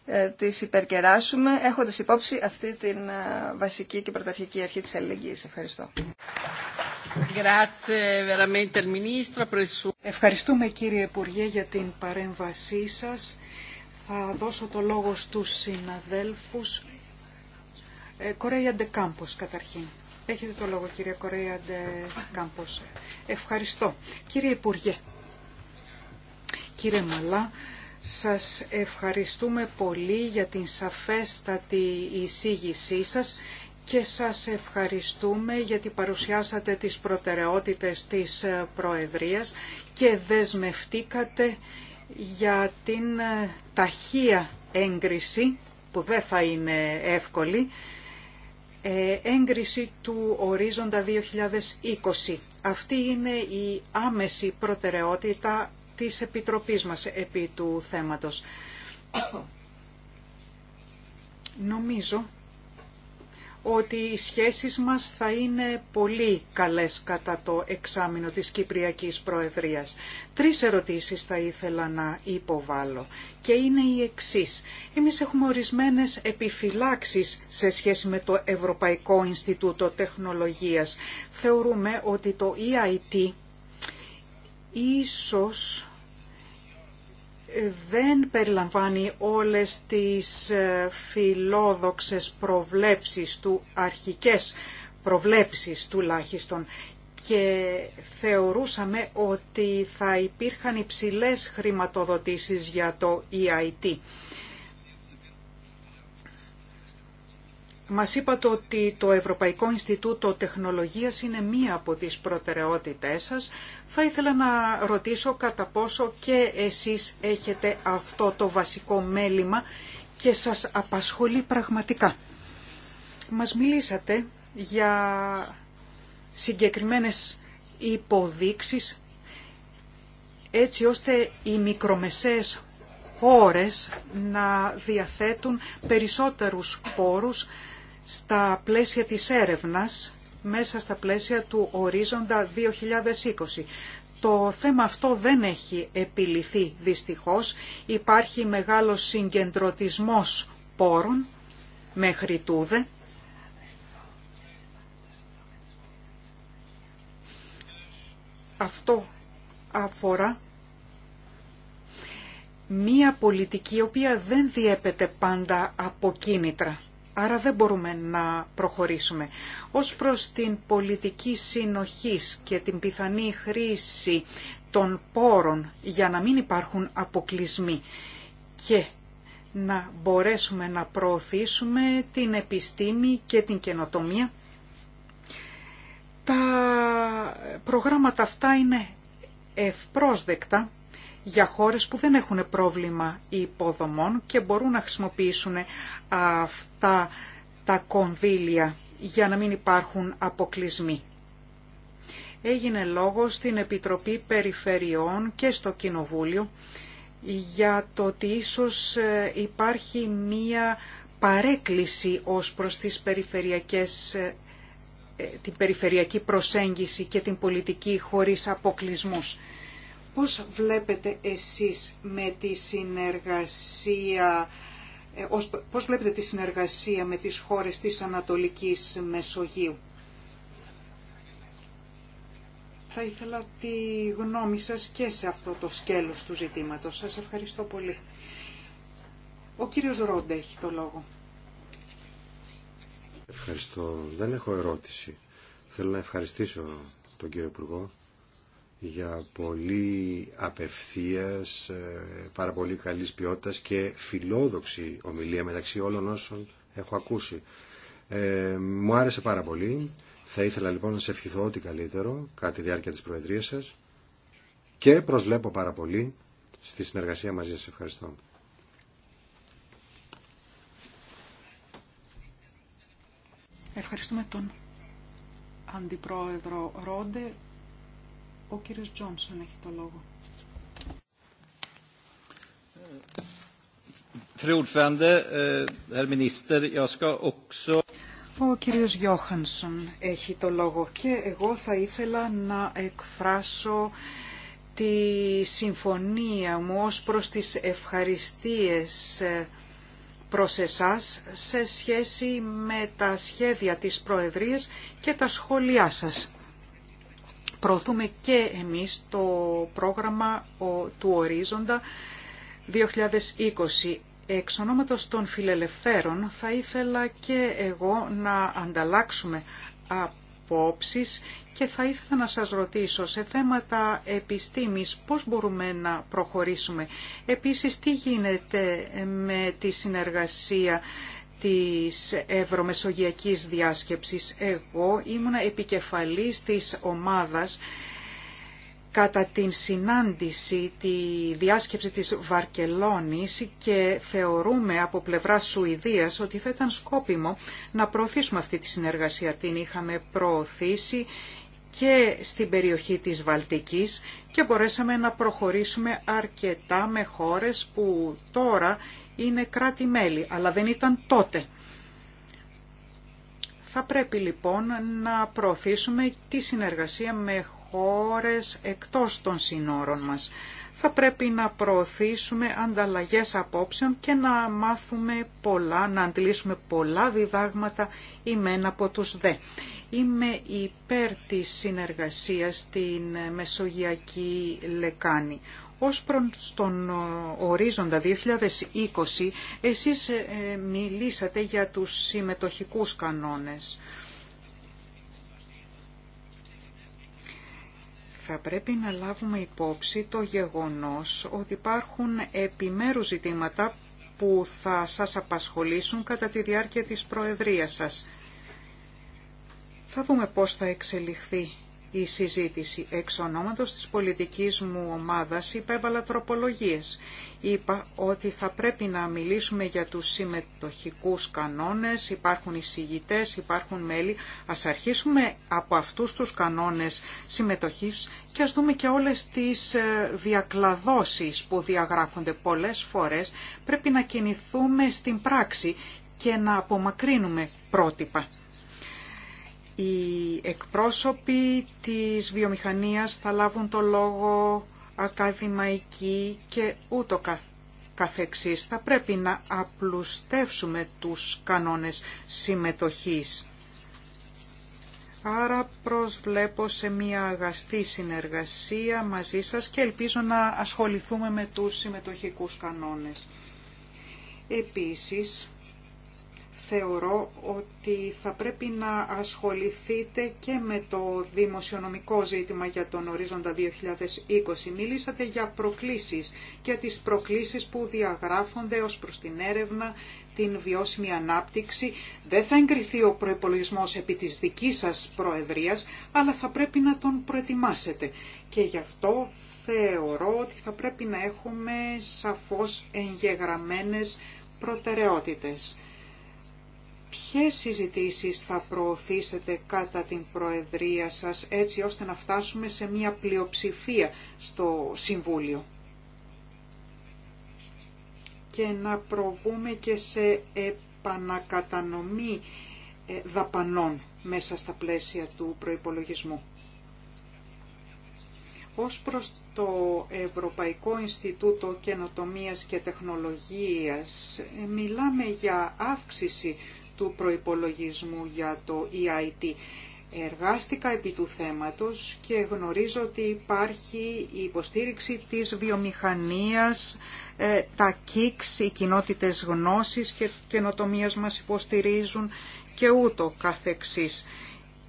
ε, τις υπερκεράσουμε έχοντας υπόψη αυτή την ε, βασική και πρωταρχική αρχή της αλληλεγγύης. Ευχαριστώ. Ευχαριστούμε κύριε Υπουργέ για την παρέμβασή σας. Θα δώσω το λόγο στους συναδέλφους. Ε, ντε καταρχήν. Έχετε το λόγο κύριε Κορέα Κάμπος. Ευχαριστώ. Κύριε Υπουργέ, κύριε Μαλά, σας ευχαριστούμε πολύ για την σαφέστατη εισήγησή σας και σας ευχαριστούμε γιατί παρουσιάσατε τις προτεραιότητες της ε, Προεδρίας και δεσμευτήκατε για την ε, ταχεία έγκριση, που δεν θα είναι εύκολη, ε, έγκριση του ορίζοντα 2020. Αυτή είναι η άμεση προτεραιότητα της Επιτροπής μας επί του θέματος. Νομίζω ότι οι σχέσεις μας θα είναι πολύ καλές κατά το εξάμεινο της Κυπριακής Προεδρίας. Τρεις ερωτήσεις θα ήθελα να υποβάλω και είναι οι εξής. Εμείς έχουμε ορισμένες επιφυλάξεις σε σχέση με το Ευρωπαϊκό Ινστιτούτο Τεχνολογίας. Θεωρούμε ότι το EIT ίσως δεν περιλαμβάνει όλες τις ε, φιλόδοξες προβλέψεις του, αρχικές προβλέψεις τουλάχιστον και θεωρούσαμε ότι θα υπήρχαν υψηλές χρηματοδοτήσεις για το EIT Μας είπατε ότι το Ευρωπαϊκό Ινστιτούτο Τεχνολογίας είναι μία από τις προτεραιότητές σας. Θα ήθελα να ρωτήσω κατά πόσο και εσείς έχετε αυτό το βασικό μέλημα και σας απασχολεί πραγματικά. Μας μιλήσατε για συγκεκριμένες υποδείξεις έτσι ώστε οι μικρομεσαίες χώρες να διαθέτουν περισσότερους πόρους στα πλαίσια της έρευνας, μέσα στα πλαίσια του ορίζοντα 2020. Το θέμα αυτό δεν έχει επιληθεί δυστυχώς. Υπάρχει μεγάλος συγκεντρωτισμός πόρων μέχρι τούδε. Αυτό αφορά μία πολιτική η οποία δεν διέπεται πάντα από κίνητρα. Άρα δεν μπορούμε να προχωρήσουμε. Ως προς την πολιτική συνοχής και την πιθανή χρήση των πόρων για να μην υπάρχουν αποκλεισμοί και να μπορέσουμε να προωθήσουμε την επιστήμη και την καινοτομία. Τα προγράμματα αυτά είναι ευπρόσδεκτα για χώρες που δεν έχουν πρόβλημα υποδομών και μπορούν να χρησιμοποιήσουν αυτά τα κονδύλια για να μην υπάρχουν αποκλεισμοί. Έγινε λόγο στην Επιτροπή Περιφερειών και στο Κοινοβούλιο για το ότι ίσως ε, υπάρχει μία παρέκκληση ως προς τις περιφερειακές, ε, ε, την περιφερειακή προσέγγιση και την πολιτική χωρίς αποκλεισμούς. Πώς βλέπετε εσείς με τη συνεργασία, ε, πώς βλέπετε τη συνεργασία με τις χώρες της Ανατολικής Μεσογείου. Θα ήθελα τη γνώμη σας και σε αυτό το σκέλος του ζητήματος. Σας ευχαριστώ πολύ. Ο κύριος Ρόντε έχει το λόγο. Ευχαριστώ. Δεν έχω ερώτηση. Θέλω να ευχαριστήσω τον κύριο Υπουργό για πολύ απευθείας, ε, πάρα πολύ καλής ποιότητας και φιλόδοξη ομιλία μεταξύ όλων όσων έχω ακούσει. Ε, μου άρεσε πάρα πολύ. Θα ήθελα λοιπόν να σε ευχηθώ ό,τι καλύτερο κατά τη διάρκεια της Προεδρίας σας και προσβλέπω πάρα πολύ στη συνεργασία μαζί σας. Ευχαριστώ. Ευχαριστούμε τον Αντιπρόεδρο Ρόντε. Ο κύριος Τζόνσον έχει το λόγο. Eh, Ο κύριος Γιώχανσον έχει το λόγο και εγώ θα ήθελα να εκφράσω τη συμφωνία μου ως προς τις ευχαριστίες ε, προς εσάς σε σχέση με τα σχέδια της Προεδρίας και τα σχόλιά σας προωθούμε και εμείς το πρόγραμμα του Ορίζοντα 2020. Εξ ονόματος των φιλελευθέρων θα ήθελα και εγώ να ανταλλάξουμε απόψεις και θα ήθελα να σας ρωτήσω σε θέματα επιστήμης πώς μπορούμε να προχωρήσουμε. Επίσης τι γίνεται με τη συνεργασία της Ευρωμεσογειακής Διάσκεψης. Εγώ ήμουνα επικεφαλής της ομάδας κατά την συνάντηση, τη διάσκεψη της Βαρκελόνης και θεωρούμε από πλευρά Σουηδίας ότι θα ήταν σκόπιμο να προωθήσουμε αυτή τη συνεργασία. Την είχαμε προωθήσει και στην περιοχή της Βαλτικής και μπορέσαμε να προχωρήσουμε αρκετά με χώρες που τώρα είναι κράτη-μέλη, αλλά δεν ήταν τότε. Θα πρέπει λοιπόν να προωθήσουμε τη συνεργασία με χώρες εκτός των συνόρων μας. Θα πρέπει να προωθήσουμε ανταλλαγές απόψεων και να μάθουμε πολλά, να αντιλήσουμε πολλά διδάγματα ημένα από τους δε. Είμαι υπέρ της συνεργασίας στην Μεσογειακή Λεκάνη. Ως προς τον ε, ορίζοντα 2020, εσείς ε, ε, μιλήσατε για τους συμμετοχικούς κανόνες. θα πρέπει να λάβουμε υπόψη το γεγονός ότι υπάρχουν επιμέρους ζητήματα που θα σας απασχολήσουν κατά τη διάρκεια της Προεδρίας σας. Θα δούμε πώς θα εξελιχθεί η συζήτηση. Εξ ονόματος της πολιτικής μου ομάδας υπέβαλα τροπολογίες. Είπα ότι θα πρέπει να μιλήσουμε για τους συμμετοχικούς κανόνες, υπάρχουν εισηγητές, υπάρχουν μέλη. Ας αρχίσουμε από αυτούς τους κανόνες συμμετοχής και ας δούμε και όλες τις ε, διακλαδώσεις που διαγράφονται πολλές φορές. Πρέπει να κινηθούμε στην πράξη και να απομακρύνουμε πρότυπα. Οι εκπρόσωποι της βιομηχανίας θα λάβουν το λόγο ακαδημαϊκοί και ούτω καθεξής. Θα πρέπει να απλουστεύσουμε τους κανόνες συμμετοχής. Άρα προσβλέπω σε μια αγαστή συνεργασία μαζί σας και ελπίζω να ασχοληθούμε με τους συμμετοχικούς κανόνες. Επίσης, θεωρώ ότι θα πρέπει να ασχοληθείτε και με το δημοσιονομικό ζήτημα για τον ορίζοντα 2020. Μίλησατε για προκλήσεις και τις προκλήσεις που διαγράφονται ως προς την έρευνα, την βιώσιμη ανάπτυξη. Δεν θα εγκριθεί ο προϋπολογισμός επί της δικής σας προεδρίας, αλλά θα πρέπει να τον προετοιμάσετε. Και γι' αυτό θεωρώ ότι θα πρέπει να έχουμε σαφώς εγγεγραμμένες προτεραιότητες ποιες συζητήσεις θα προωθήσετε κατά την Προεδρία σας έτσι ώστε να φτάσουμε σε μια πλειοψηφία στο Συμβούλιο και να προβούμε και σε επανακατανομή ε, δαπανών μέσα στα πλαίσια του προϋπολογισμού. Ως προς το Ευρωπαϊκό Ινστιτούτο Καινοτομίας και Τεχνολογίας ε, μιλάμε για αύξηση του προϋπολογισμού για το EIT. Εργάστηκα επί του θέματος και γνωρίζω ότι υπάρχει η υποστήριξη της βιομηχανίας, ε, τα ΚΙΚΣ, οι κοινότητες γνώσης και καινοτομίας μας υποστηρίζουν και ούτω καθεξής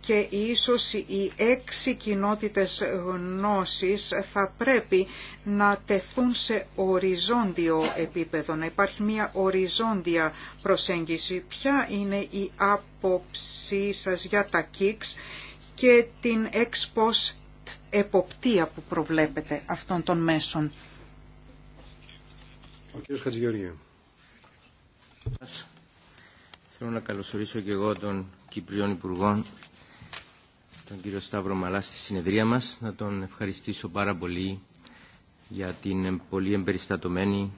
και ίσως οι έξι κοινότητες γνώσης θα πρέπει να τεθούν σε οριζόντιο επίπεδο, να υπάρχει μια οριζόντια προσέγγιση. Ποια είναι η άποψή σας για τα ΚΙΚΣ και την έξπος εποπτεία που προβλέπετε αυτών των μέσων. Ο κ. Θέλω να καλωσορίσω και εγώ τον Κυπριών Υπουργών τον κύριο Σταύρο Μαλά στη συνεδρία μας. Να τον ευχαριστήσω πάρα πολύ για την πολύ εμπεριστατωμένη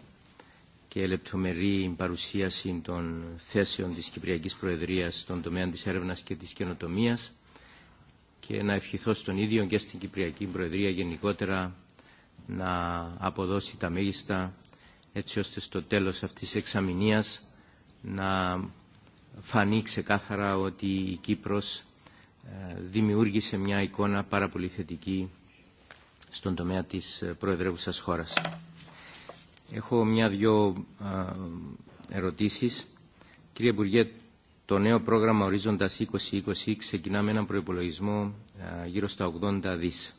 και λεπτομερή παρουσίαση των θέσεων της Κυπριακής Προεδρίας στον τομέα της έρευνας και της καινοτομίας και να ευχηθώ στον ίδιο και στην Κυπριακή Προεδρία γενικότερα να αποδώσει τα μέγιστα έτσι ώστε στο τέλος αυτής της εξαμηνίας να φανεί ξεκάθαρα ότι η Κύπρος ε, δημιούργησε μια εικόνα πάρα πολύ θετική στον τομέα της ε, προεδρεύουσας χώρας. Έχω μια-δυο ε, ερωτήσεις. Κύριε Υπουργέ, το νέο πρόγραμμα Ορίζοντας 2020 ξεκινά με έναν προϋπολογισμό γύρω στα 80 δις.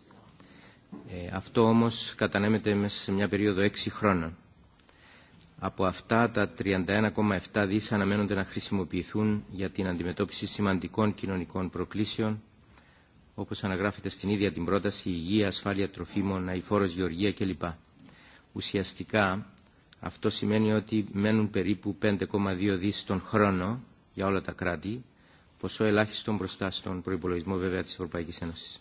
Αυτό όμως κατανέμεται μέσα σε μια περίοδο 6 χρόνων. Από αυτά τα 31,7 δις αναμένονται να χρησιμοποιηθούν για την αντιμετώπιση σημαντικών κοινωνικών προκλήσεων, όπως αναγράφεται στην ίδια την πρόταση υγεία, ασφάλεια τροφίμων, αηφόρος γεωργία κλπ. Ουσιαστικά αυτό σημαίνει ότι μένουν περίπου 5,2 δις τον χρόνο για όλα τα κράτη, ποσό ελάχιστον μπροστά στον προϋπολογισμό βέβαια της Ευρωπαϊκής Ένωσης.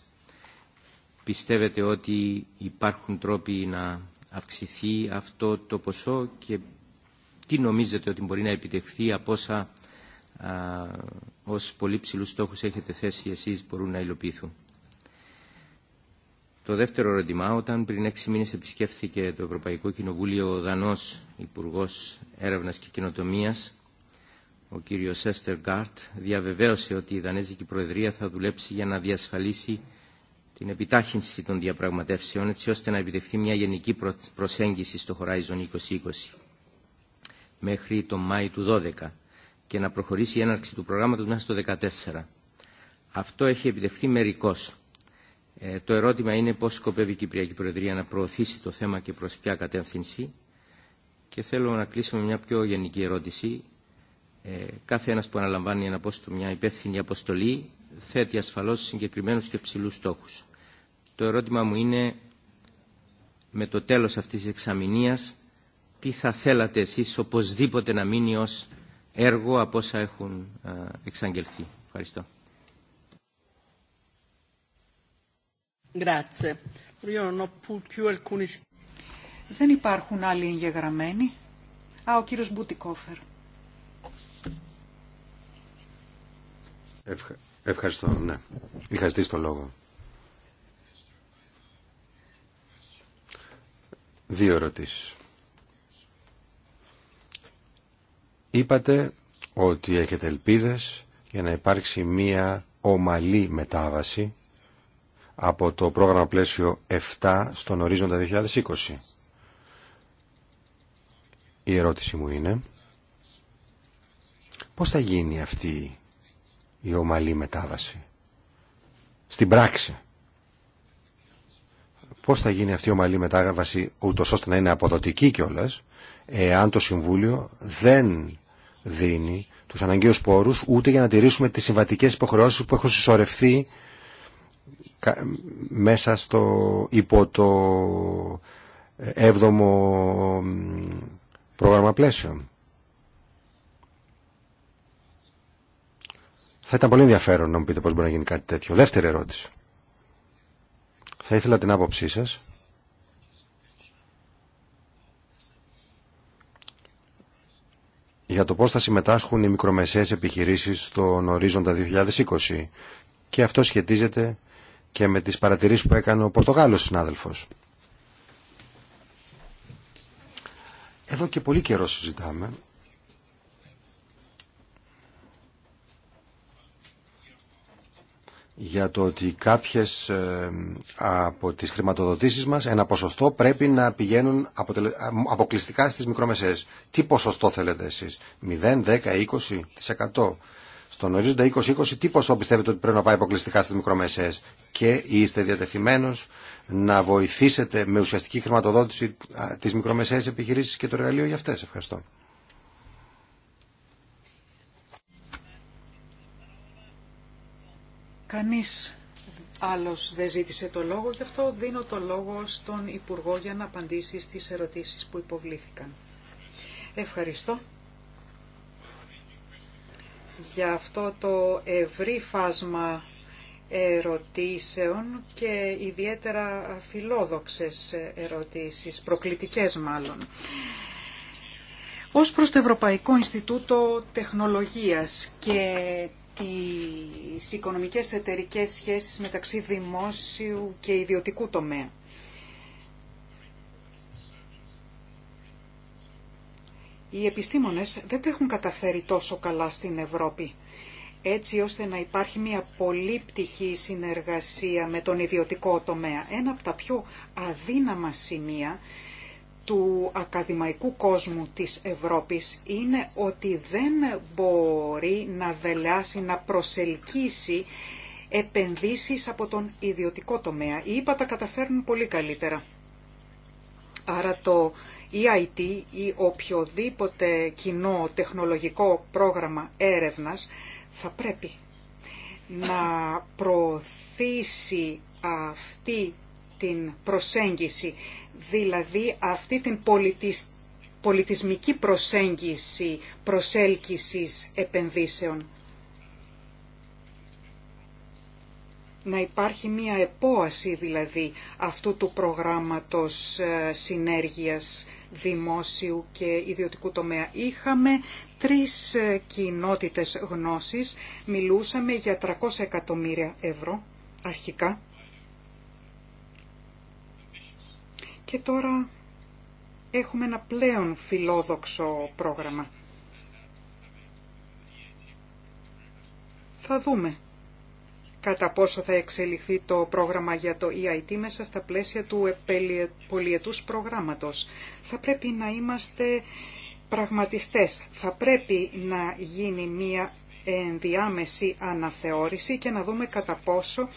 Πιστεύετε ότι υπάρχουν τρόποι να αυξηθεί αυτό το ποσό και τι νομίζετε ότι μπορεί να επιτευχθεί από όσα α, ως πολύ ψηλούς στόχους έχετε θέσει εσείς μπορούν να υλοποιηθούν. Το δεύτερο ερώτημα, όταν πριν έξι μήνες επισκέφθηκε το Ευρωπαϊκό Κοινοβούλιο ο Δανός Υπουργό Έρευνας και Κοινοτομίας, ο κύριος Σέστερ Γκάρτ, διαβεβαίωσε ότι η Δανέζικη Προεδρία θα δουλέψει για να διασφαλίσει την επιτάχυνση των διαπραγματεύσεων έτσι ώστε να επιτευχθεί μια γενική προσέγγιση στο Horizon 2020 μέχρι το Μάη του 2012 και να προχωρήσει η έναρξη του προγράμματος μέσα στο 2014. Αυτό έχει επιτευχθεί μερικώς. Ε, το ερώτημα είναι πώς σκοπεύει η Κυπριακή Προεδρία να προωθήσει το θέμα και προς ποια κατεύθυνση και θέλω να κλείσω με μια πιο γενική ερώτηση. Ε, κάθε ένας που αναλαμβάνει ένα μια υπεύθυνη αποστολή θέτει ασφαλώς συγκεκριμένους και ψηλούς στόχους. Το ερώτημα μου είναι με το τέλος αυτής της εξαμηνίας τι θα θέλατε εσείς οπωσδήποτε να μείνει ως έργο από όσα έχουν εξαγγελθεί. Ευχαριστώ. Δεν υπάρχουν άλλοι εγγεγραμμένοι. Α, ο κύριος Μπουτικόφερ. Ευχα... Ευχαριστώ, ναι. Είχα ζητήσει το λόγο. Δύο ερωτήσεις. Είπατε ότι έχετε ελπίδες για να υπάρξει μία ομαλή μετάβαση από το πρόγραμμα πλαίσιο 7 στον ορίζοντα 2020. Η ερώτηση μου είναι πώς θα γίνει αυτή η ομαλή μετάβαση στην πράξη πώς θα γίνει αυτή η ομαλή μετάγραφαση ούτως ώστε να είναι αποδοτική κιόλα, εάν το Συμβούλιο δεν δίνει τους αναγκαίους πόρους ούτε για να τηρήσουμε τις συμβατικές υποχρεώσει που έχουν συσσωρευτεί μέσα στο υπό το έβδομο πρόγραμμα πλαίσιο. Θα ήταν πολύ ενδιαφέρον να μου πείτε πώς μπορεί να γίνει κάτι τέτοιο. Δεύτερη ερώτηση. Θα ήθελα την άποψή σας. για το πώς θα συμμετάσχουν οι μικρομεσαίες επιχειρήσεις στον ορίζοντα 2020 και αυτό σχετίζεται και με τις παρατηρήσεις που έκανε ο Πορτογάλος συνάδελφος. Εδώ και πολύ καιρό συζητάμε για το ότι κάποιες ε, από τις χρηματοδοτήσεις μας, ένα ποσοστό πρέπει να πηγαίνουν αποκλειστικά στις μικρομεσαίες. Τι ποσοστό θέλετε εσείς, 0, 10, 20%. Στον ορίζοντα 20-20 τι ποσό πιστεύετε ότι πρέπει να πάει αποκλειστικά στις μικρομεσαίες και είστε διατεθειμένος να βοηθήσετε με ουσιαστική χρηματοδότηση τις μικρομεσαίες επιχειρήσεις και το εργαλείο για αυτές. Ευχαριστώ. Κανείς άλλος δεν ζήτησε το λόγο, γι' αυτό δίνω το λόγο στον Υπουργό για να απαντήσει στις ερωτήσεις που υποβλήθηκαν. Ευχαριστώ για αυτό το ευρύ φάσμα ερωτήσεων και ιδιαίτερα φιλόδοξες ερωτήσεις, προκλητικές μάλλον. Ως προς το Ευρωπαϊκό Ινστιτούτο Τεχνολογίας και τις οικονομικές εταιρικές σχέσεις μεταξύ δημόσιου και ιδιωτικού τομέα. Οι επιστήμονες δεν τα έχουν καταφέρει τόσο καλά στην Ευρώπη, έτσι ώστε να υπάρχει μια πολύπτυχη συνεργασία με τον ιδιωτικό τομέα. Ένα από τα πιο αδύναμα σημεία του ακαδημαϊκού κόσμου της Ευρώπης είναι ότι δεν μπορεί να δελάσει, να προσελκύσει επενδύσεις από τον ιδιωτικό τομέα. Οι ΥΠΑ τα καταφέρνουν πολύ καλύτερα. Άρα το EIT ή οποιοδήποτε κοινό τεχνολογικό πρόγραμμα έρευνας θα πρέπει να προωθήσει αυτή την προσέγγιση, δηλαδή αυτή την πολιτισμική προσέγγιση προσέλκυσης επενδύσεων. Να υπάρχει μία επόαση δηλαδή αυτού του προγράμματος ε, συνέργειας δημόσιου και ιδιωτικού τομέα. Είχαμε τρεις ε, κοινότητες γνώσης, μιλούσαμε για 300 εκατομμύρια ευρώ αρχικά Και τώρα έχουμε ένα πλέον φιλόδοξο πρόγραμμα. Θα δούμε κατά πόσο θα εξελιχθεί το πρόγραμμα για το EIT μέσα στα πλαίσια του πολιετούς προγράμματος. Θα πρέπει να είμαστε πραγματιστές. Θα πρέπει να γίνει μία ενδιάμεση αναθεώρηση και να δούμε κατά πόσο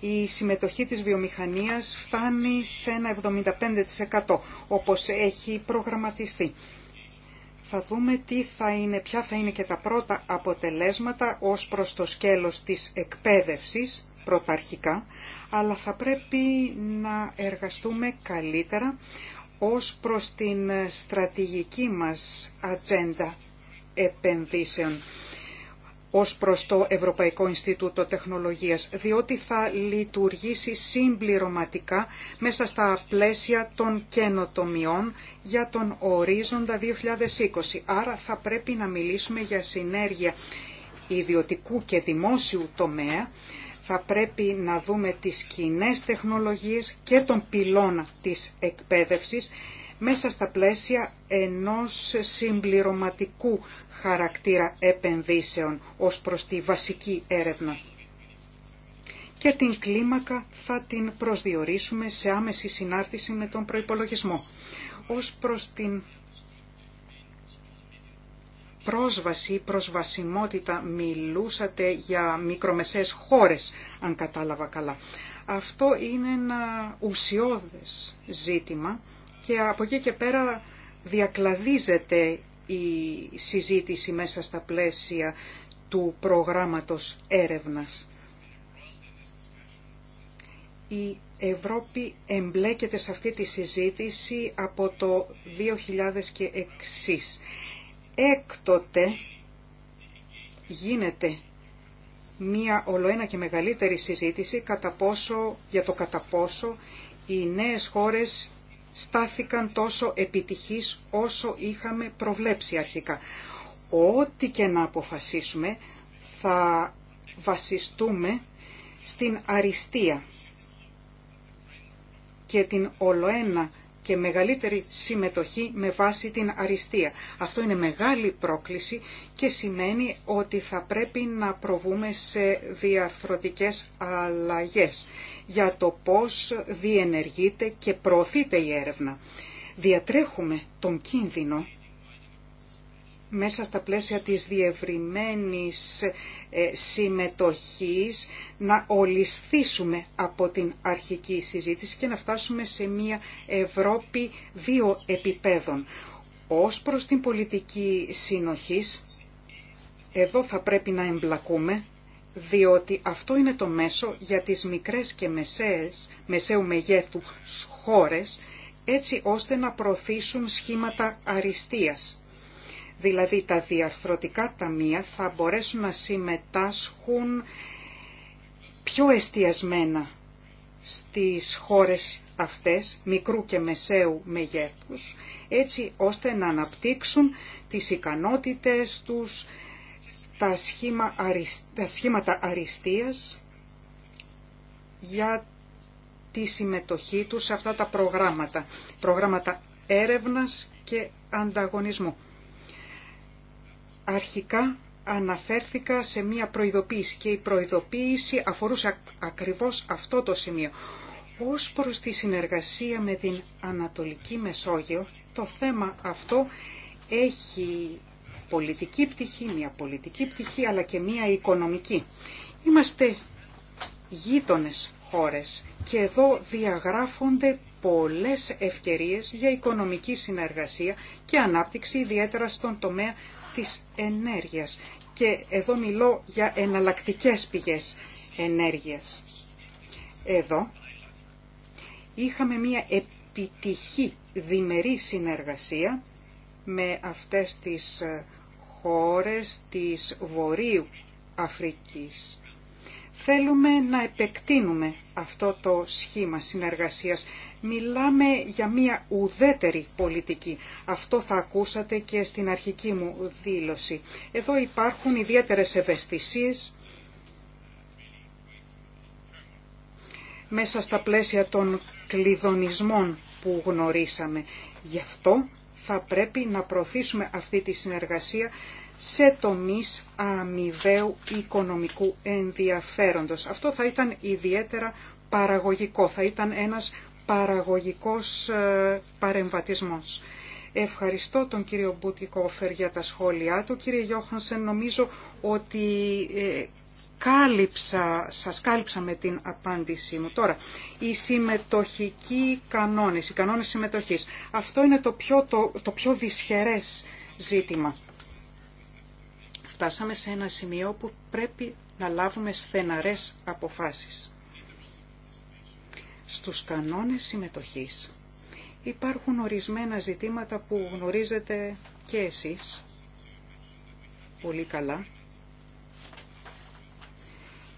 η συμμετοχή της βιομηχανίας φτάνει σε ένα 75% όπως έχει προγραμματιστεί. Θα δούμε τι θα είναι, ποια θα είναι και τα πρώτα αποτελέσματα ως προς το σκέλος της εκπαίδευσης πρωταρχικά, αλλά θα πρέπει να εργαστούμε καλύτερα ως προς την στρατηγική μας ατζέντα επενδύσεων ως προς το Ευρωπαϊκό Ινστιτούτο Τεχνολογίας, διότι θα λειτουργήσει συμπληρωματικά μέσα στα πλαίσια των καινοτομιών για τον ορίζοντα 2020. Άρα θα πρέπει να μιλήσουμε για συνέργεια ιδιωτικού και δημόσιου τομέα, θα πρέπει να δούμε τις κοινέ τεχνολογίες και τον πυλώνα της εκπαίδευσης μέσα στα πλαίσια ενός συμπληρωματικού χαρακτήρα επενδύσεων ως προς τη βασική έρευνα. Και την κλίμακα θα την προσδιορίσουμε σε άμεση συνάρτηση με τον προϋπολογισμό. Ως προς την πρόσβαση, προσβασιμότητα, μιλούσατε για μικρομεσαίες χώρες, αν κατάλαβα καλά. Αυτό είναι ένα ουσιώδες ζήτημα και από εκεί και πέρα διακλαδίζεται η συζήτηση μέσα στα πλαίσια του προγράμματος έρευνας. Η Ευρώπη εμπλέκεται σε αυτή τη συζήτηση από το 2006. Έκτοτε γίνεται μία ολοένα και μεγαλύτερη συζήτηση κατά πόσο, για το κατά πόσο οι νέες χώρες στάθηκαν τόσο επιτυχής όσο είχαμε προβλέψει αρχικά. Ό,τι και να αποφασίσουμε θα βασιστούμε στην αριστεία και την ολοένα και μεγαλύτερη συμμετοχή με βάση την αριστεία. Αυτό είναι μεγάλη πρόκληση και σημαίνει ότι θα πρέπει να προβούμε σε διαρθρωτικές αλλαγές για το πώς διενεργείται και προωθείται η έρευνα. Διατρέχουμε τον κίνδυνο μέσα στα πλαίσια της διευρυμένης ε, συμμετοχής να ολισθήσουμε από την αρχική συζήτηση και να φτάσουμε σε μια Ευρώπη δύο επιπέδων. Ως προς την πολιτική συνοχής, εδώ θα πρέπει να εμπλακούμε, διότι αυτό είναι το μέσο για τις μικρές και μεσαίες, μεσαίου μεγέθους χώρες, έτσι ώστε να προωθήσουν σχήματα αριστείας Δηλαδή τα διαρθρωτικά ταμεία θα μπορέσουν να συμμετάσχουν πιο εστιασμένα στις χώρες αυτές, μικρού και μεσαίου μεγέθους, έτσι ώστε να αναπτύξουν τις ικανότητες τους, τα, σχήματα αριστείας για τη συμμετοχή τους σε αυτά τα προγράμματα, προγράμματα έρευνας και ανταγωνισμού αρχικά αναφέρθηκα σε μία προειδοποίηση και η προειδοποίηση αφορούσε ακριβώς αυτό το σημείο. Ως προς τη συνεργασία με την Ανατολική Μεσόγειο, το θέμα αυτό έχει πολιτική πτυχή, μία πολιτική πτυχή, αλλά και μία οικονομική. Είμαστε γείτονες χώρες και εδώ διαγράφονται πολλές ευκαιρίες για οικονομική συνεργασία και ανάπτυξη ιδιαίτερα στον τομέα της ενέργειας. Και εδώ μιλώ για εναλλακτικές πηγές ενέργειας. Εδώ είχαμε μία επιτυχή διμερή συνεργασία με αυτές τις ε, χώρες της Βορείου Αφρικής Θέλουμε να επεκτείνουμε αυτό το σχήμα συνεργασίας. Μιλάμε για μια ουδέτερη πολιτική. Αυτό θα ακούσατε και στην αρχική μου δήλωση. Εδώ υπάρχουν ιδιαίτερες ευαισθησίες μέσα στα πλαίσια των κλειδονισμών που γνωρίσαμε. Γι' αυτό θα πρέπει να προωθήσουμε αυτή τη συνεργασία σε τομείς αμοιβαίου οικονομικού ενδιαφέροντος. Αυτό θα ήταν ιδιαίτερα παραγωγικό, θα ήταν ένας παραγωγικός ε, παρεμβατισμός. Ευχαριστώ τον κύριο Μπουτικόφερ για τα σχόλιά του. Κύριε Γιώχανσεν, νομίζω ότι ε, κάλυψα, σας κάλυψα με την απάντησή μου. Τώρα, οι συμμετοχικοί κανόνες, οι κανόνες συμμετοχής. Αυτό είναι το πιο, το, το πιο δυσχερές ζήτημα φτάσαμε σε ένα σημείο που πρέπει να λάβουμε στεναρές αποφάσεις. Στους κανόνες συμμετοχής υπάρχουν ορισμένα ζητήματα που γνωρίζετε και εσείς πολύ καλά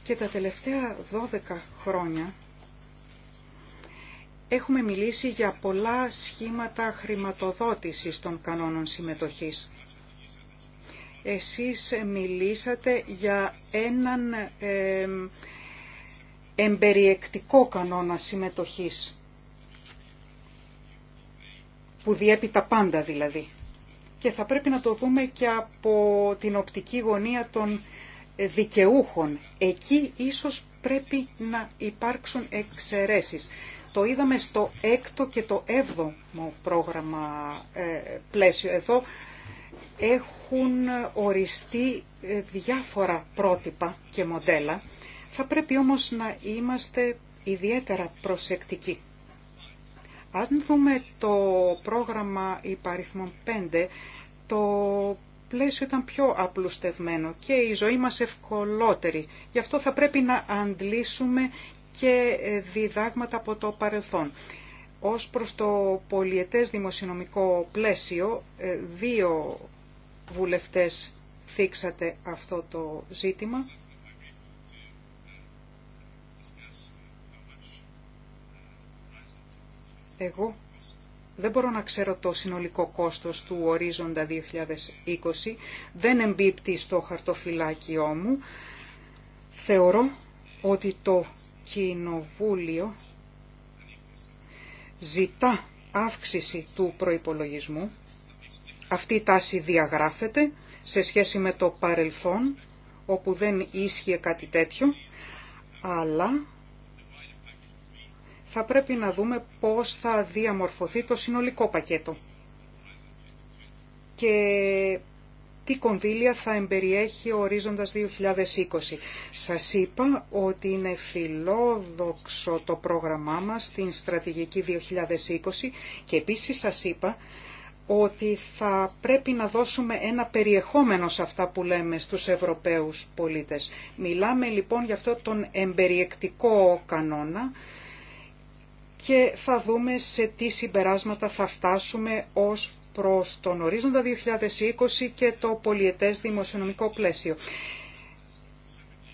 και τα τελευταία 12 χρόνια έχουμε μιλήσει για πολλά σχήματα χρηματοδότησης των κανόνων συμμετοχής εσείς μιλήσατε για έναν εμπεριεκτικό κανόνα συμμετοχής που διέπει τα πάντα δηλαδή. Και θα πρέπει να το δούμε και από την οπτική γωνία των δικαιούχων. Εκεί ίσως πρέπει να υπάρξουν εξαιρέσεις. Το είδαμε στο έκτο και το έβδομο πρόγραμμα ε, πλαίσιο. Εδώ έχουν οριστεί ε, διάφορα πρότυπα και μοντέλα. Θα πρέπει όμως να είμαστε ιδιαίτερα προσεκτικοί. Αν δούμε το πρόγραμμα υπαριθμών 5, το πλαίσιο ήταν πιο απλουστευμένο και η ζωή μας ευκολότερη. Γι' αυτό θα πρέπει να αντλήσουμε και ε, διδάγματα από το παρελθόν. Ως προς το πολιετές δημοσιονομικό πλαίσιο, ε, δύο βουλευτές θίξατε αυτό το ζήτημα. Εγώ δεν μπορώ να ξέρω το συνολικό κόστος του ορίζοντα 2020, δεν εμπίπτει στο χαρτοφυλάκιό μου. Θεωρώ ότι το Κοινοβούλιο ζητά αύξηση του προϋπολογισμού αυτή η τάση διαγράφεται σε σχέση με το παρελθόν, όπου δεν ίσχυε κάτι τέτοιο, αλλά θα πρέπει να δούμε πώς θα διαμορφωθεί το συνολικό πακέτο και τι κονδύλια θα εμπεριέχει ο ορίζοντας 2020. Σας είπα ότι είναι φιλόδοξο το πρόγραμμά μας στην στρατηγική 2020 και επίσης σας είπα ότι θα πρέπει να δώσουμε ένα περιεχόμενο σε αυτά που λέμε στους Ευρωπαίους πολίτες. Μιλάμε λοιπόν για αυτό τον εμπεριεκτικό κανόνα και θα δούμε σε τι συμπεράσματα θα φτάσουμε ως προς τον ορίζοντα 2020 και το πολιετές δημοσιονομικό πλαίσιο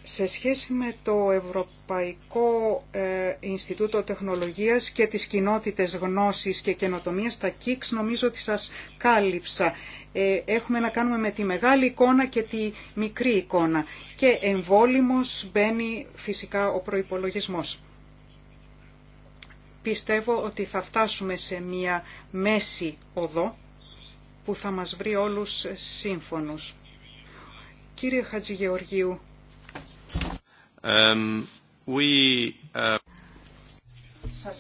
σε σχέση με το Ευρωπαϊκό ε, Ινστιτούτο Τεχνολογίας και τις κοινότητες γνώσης και καινοτομίας, τα ΚΙΚΣ νομίζω ότι σας κάλυψα. Ε, έχουμε να κάνουμε με τη μεγάλη εικόνα και τη μικρή εικόνα. Και εμβόλυμος μπαίνει φυσικά ο προϋπολογισμός. Πιστεύω ότι θα φτάσουμε σε μία μέση οδό που θα μας βρει όλους σύμφωνους. Κύριε Χατζηγεωργίου, ε,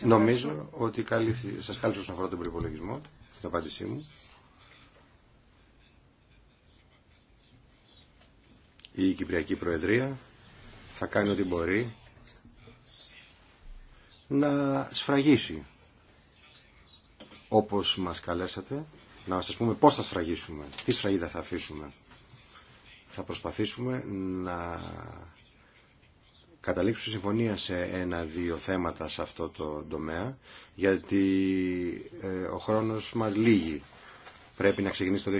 Νομίζω ότι σα σας κάλυψε όσον αφορά τον προπολογισμό στην απάντησή μου. Η Κυπριακή Προεδρία θα κάνει ό,τι μπορεί να σφραγίσει όπως μας καλέσατε να σας πούμε πώς θα σφραγίσουμε τι σφραγίδα θα αφήσουμε θα προσπαθήσουμε να σε συμφωνία σε ένα-δύο θέματα σε αυτό το τομέα, γιατί ε, ο χρόνος μας λύγει. Πρέπει να ξεκινήσει το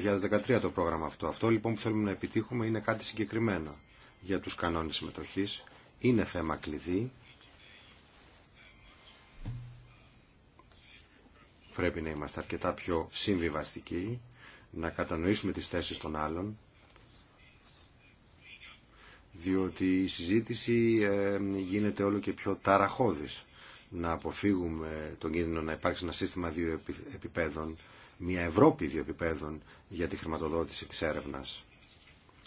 2013 το πρόγραμμα αυτό. Αυτό λοιπόν που θέλουμε να επιτύχουμε είναι κάτι συγκεκριμένο για τους κανόνες συμμετοχής. Είναι θέμα κλειδί. Πρέπει να είμαστε αρκετά πιο συμβιβαστικοί, να κατανοήσουμε τις θέσεις των άλλων διότι η συζήτηση ε, γίνεται όλο και πιο ταραχώδης. Να αποφύγουμε τον κίνδυνο να υπάρξει ένα σύστημα δύο επιπέδων, μια Ευρώπη δύο επιπέδων για τη χρηματοδότηση της έρευνας.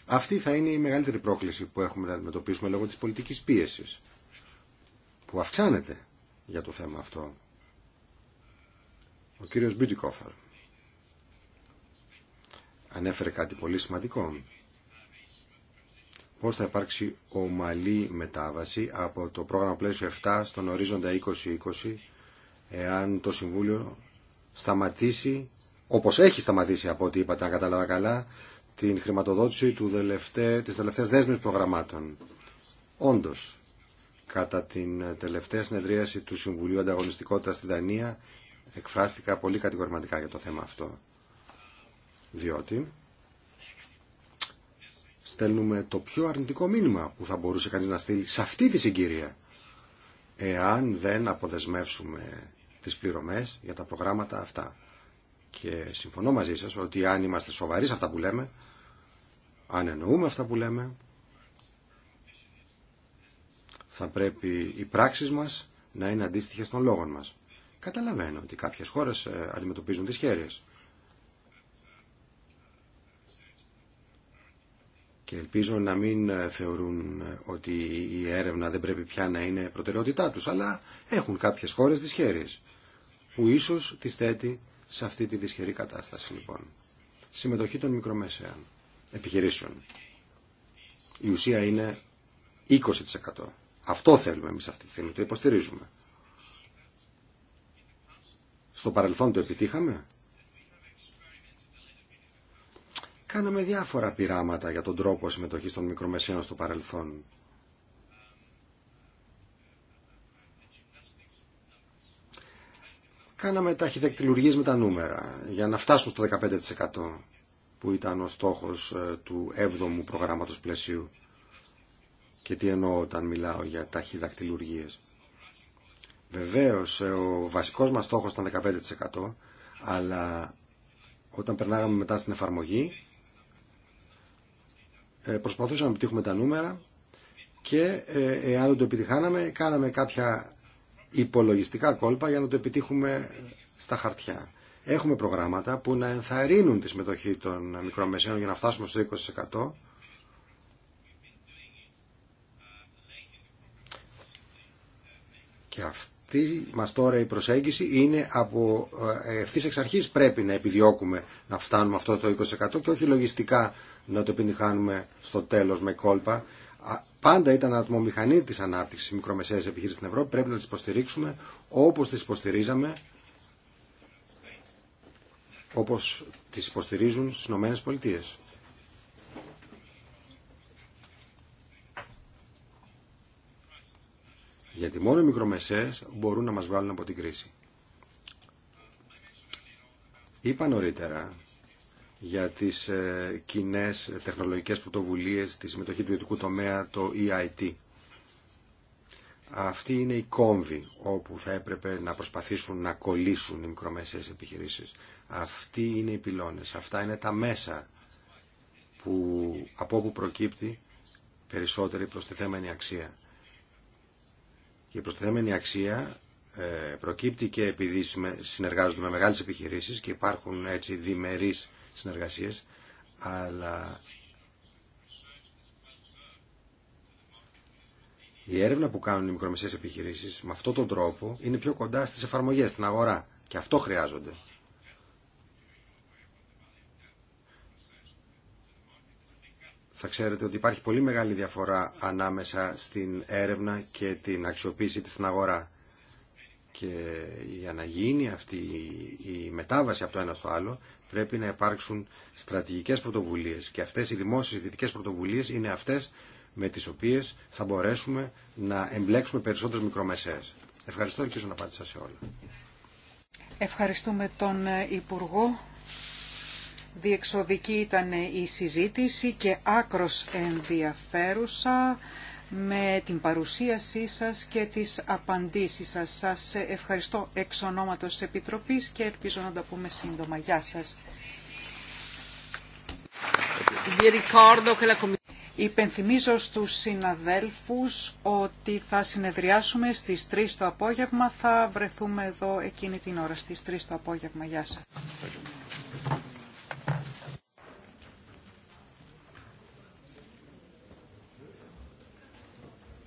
Αυτή θα είναι η μεγαλύτερη πρόκληση που έχουμε να αντιμετωπίσουμε λόγω της πολιτικής πίεσης, που αυξάνεται για το θέμα αυτό. Ο κύριος Μπιτικόφαρ ανέφερε κάτι πολύ σημαντικό πώς θα υπάρξει ομαλή μετάβαση από το πρόγραμμα πλαίσιο 7 στον ορίζοντα 2020 εάν το Συμβούλιο σταματήσει, όπως έχει σταματήσει από ό,τι είπατε, αν κατάλαβα καλά, την χρηματοδότηση του τελευταί, της τελευταίας δέσμης προγραμμάτων. Όντως, κατά την τελευταία συνεδρίαση του Συμβουλίου Ανταγωνιστικότητας στη Δανία, εκφράστηκα πολύ κατηγορηματικά για το θέμα αυτό. Διότι στέλνουμε το πιο αρνητικό μήνυμα που θα μπορούσε κανείς να στείλει σε αυτή τη συγκυρία εάν δεν αποδεσμεύσουμε τις πληρωμές για τα προγράμματα αυτά. Και συμφωνώ μαζί σας ότι αν είμαστε σοβαροί σε αυτά που λέμε, αν εννοούμε αυτά που λέμε, θα πρέπει οι πράξεις μας να είναι αντίστοιχες των λόγων μας. Καταλαβαίνω ότι κάποιες χώρες ε, αντιμετωπίζουν τις χέρειες. και ελπίζω να μην ε, θεωρούν ε, ότι η έρευνα δεν πρέπει πια να είναι προτεραιότητά τους, αλλά έχουν κάποιες χώρες δυσχέρειες που ίσως τις θέτει σε αυτή τη δυσχερή κατάσταση λοιπόν. Συμμετοχή των μικρομέσαιων επιχειρήσεων. Η ουσία είναι 20%. Αυτό θέλουμε εμείς αυτή τη στιγμή, το υποστηρίζουμε. Στο παρελθόν το επιτύχαμε, Κάναμε διάφορα πειράματα για τον τρόπο συμμετοχής των μικρομεσαίων στο παρελθόν. Κάναμε ταχυδεκτυλουργίες με τα νούμερα για να φτάσουν στο 15% που ήταν ο στόχος ε, του 7ου προγράμματος πλαισίου. Και τι εννοώ όταν μιλάω για ταχυδακτηλουργίες. Βεβαίως ε, ο βασικός μας στόχος ήταν 15% αλλά όταν περνάγαμε μετά στην εφαρμογή ε, προσπαθούσαμε να επιτύχουμε τα νούμερα και αν ε, δεν το επιτυχάναμε κάναμε κάποια υπολογιστικά κόλπα για να το επιτύχουμε στα χαρτιά. Έχουμε προγράμματα που να ενθαρρύνουν τη συμμετοχή των μικρομεσαίων για να φτάσουμε στο 20%. Και αυτό αυτή μας τώρα η προσέγγιση είναι από ε, ευθύ εξ αρχής πρέπει να επιδιώκουμε να φτάνουμε αυτό το 20% και όχι λογιστικά να το επιτυχάνουμε στο τέλος με κόλπα. Πάντα ήταν ατμομηχανή της ανάπτυξης μικρομεσαίες επιχείρησης στην Ευρώπη, πρέπει να τις υποστηρίξουμε όπως τις υποστηρίζαμε όπως τις υποστηρίζουν στις Ηνωμένες Πολιτείες. Γιατί μόνο οι μικρομεσαίες μπορούν να μας βγάλουν από την κρίση. Είπα νωρίτερα για τις ε, κοινέ τεχνολογικές πρωτοβουλίες, τη συμμετοχή του ιδιωτικού τομέα, το EIT. Αυτή είναι η κόμβη όπου θα έπρεπε να προσπαθήσουν να κολλήσουν οι μικρομεσαίες επιχειρήσεις. Αυτοί είναι οι πυλώνες, αυτά είναι τα μέσα που, από όπου προκύπτει περισσότερη προστιθέμενη αξία η προστιθέμενη αξία ε, προκύπτει και επειδή συνεργάζονται με μεγάλες επιχειρήσεις και υπάρχουν έτσι διμερείς συνεργασίες, αλλά η έρευνα που κάνουν οι μικρομεσαίες επιχειρήσεις με αυτόν τον τρόπο είναι πιο κοντά στις εφαρμογές, στην αγορά. Και αυτό χρειάζονται. θα ξέρετε ότι υπάρχει πολύ μεγάλη διαφορά ανάμεσα στην έρευνα και την αξιοποίηση της στην αγορά. Και για να γίνει αυτή η μετάβαση από το ένα στο άλλο πρέπει να υπάρξουν στρατηγικές πρωτοβουλίες και αυτές οι δημόσιες δυτικές πρωτοβουλίες είναι αυτές με τις οποίες θα μπορέσουμε να εμπλέξουμε περισσότερες μικρομεσαίες. Ευχαριστώ και να απάντησα σε όλα. Ευχαριστούμε τον Υπουργό. Διεξοδική ήταν η συζήτηση και άκρος ενδιαφέρουσα με την παρουσίασή σας και τις απαντήσεις σας. Σας ευχαριστώ εξ ονόματος της Επιτροπής και ελπίζω να τα πούμε σύντομα. Γεια σας. Υπενθυμίζω στους συναδέλφους ότι θα συνεδριάσουμε στις 3 το απόγευμα. Θα βρεθούμε εδώ εκείνη την ώρα στις 3 το απόγευμα. Γεια σας.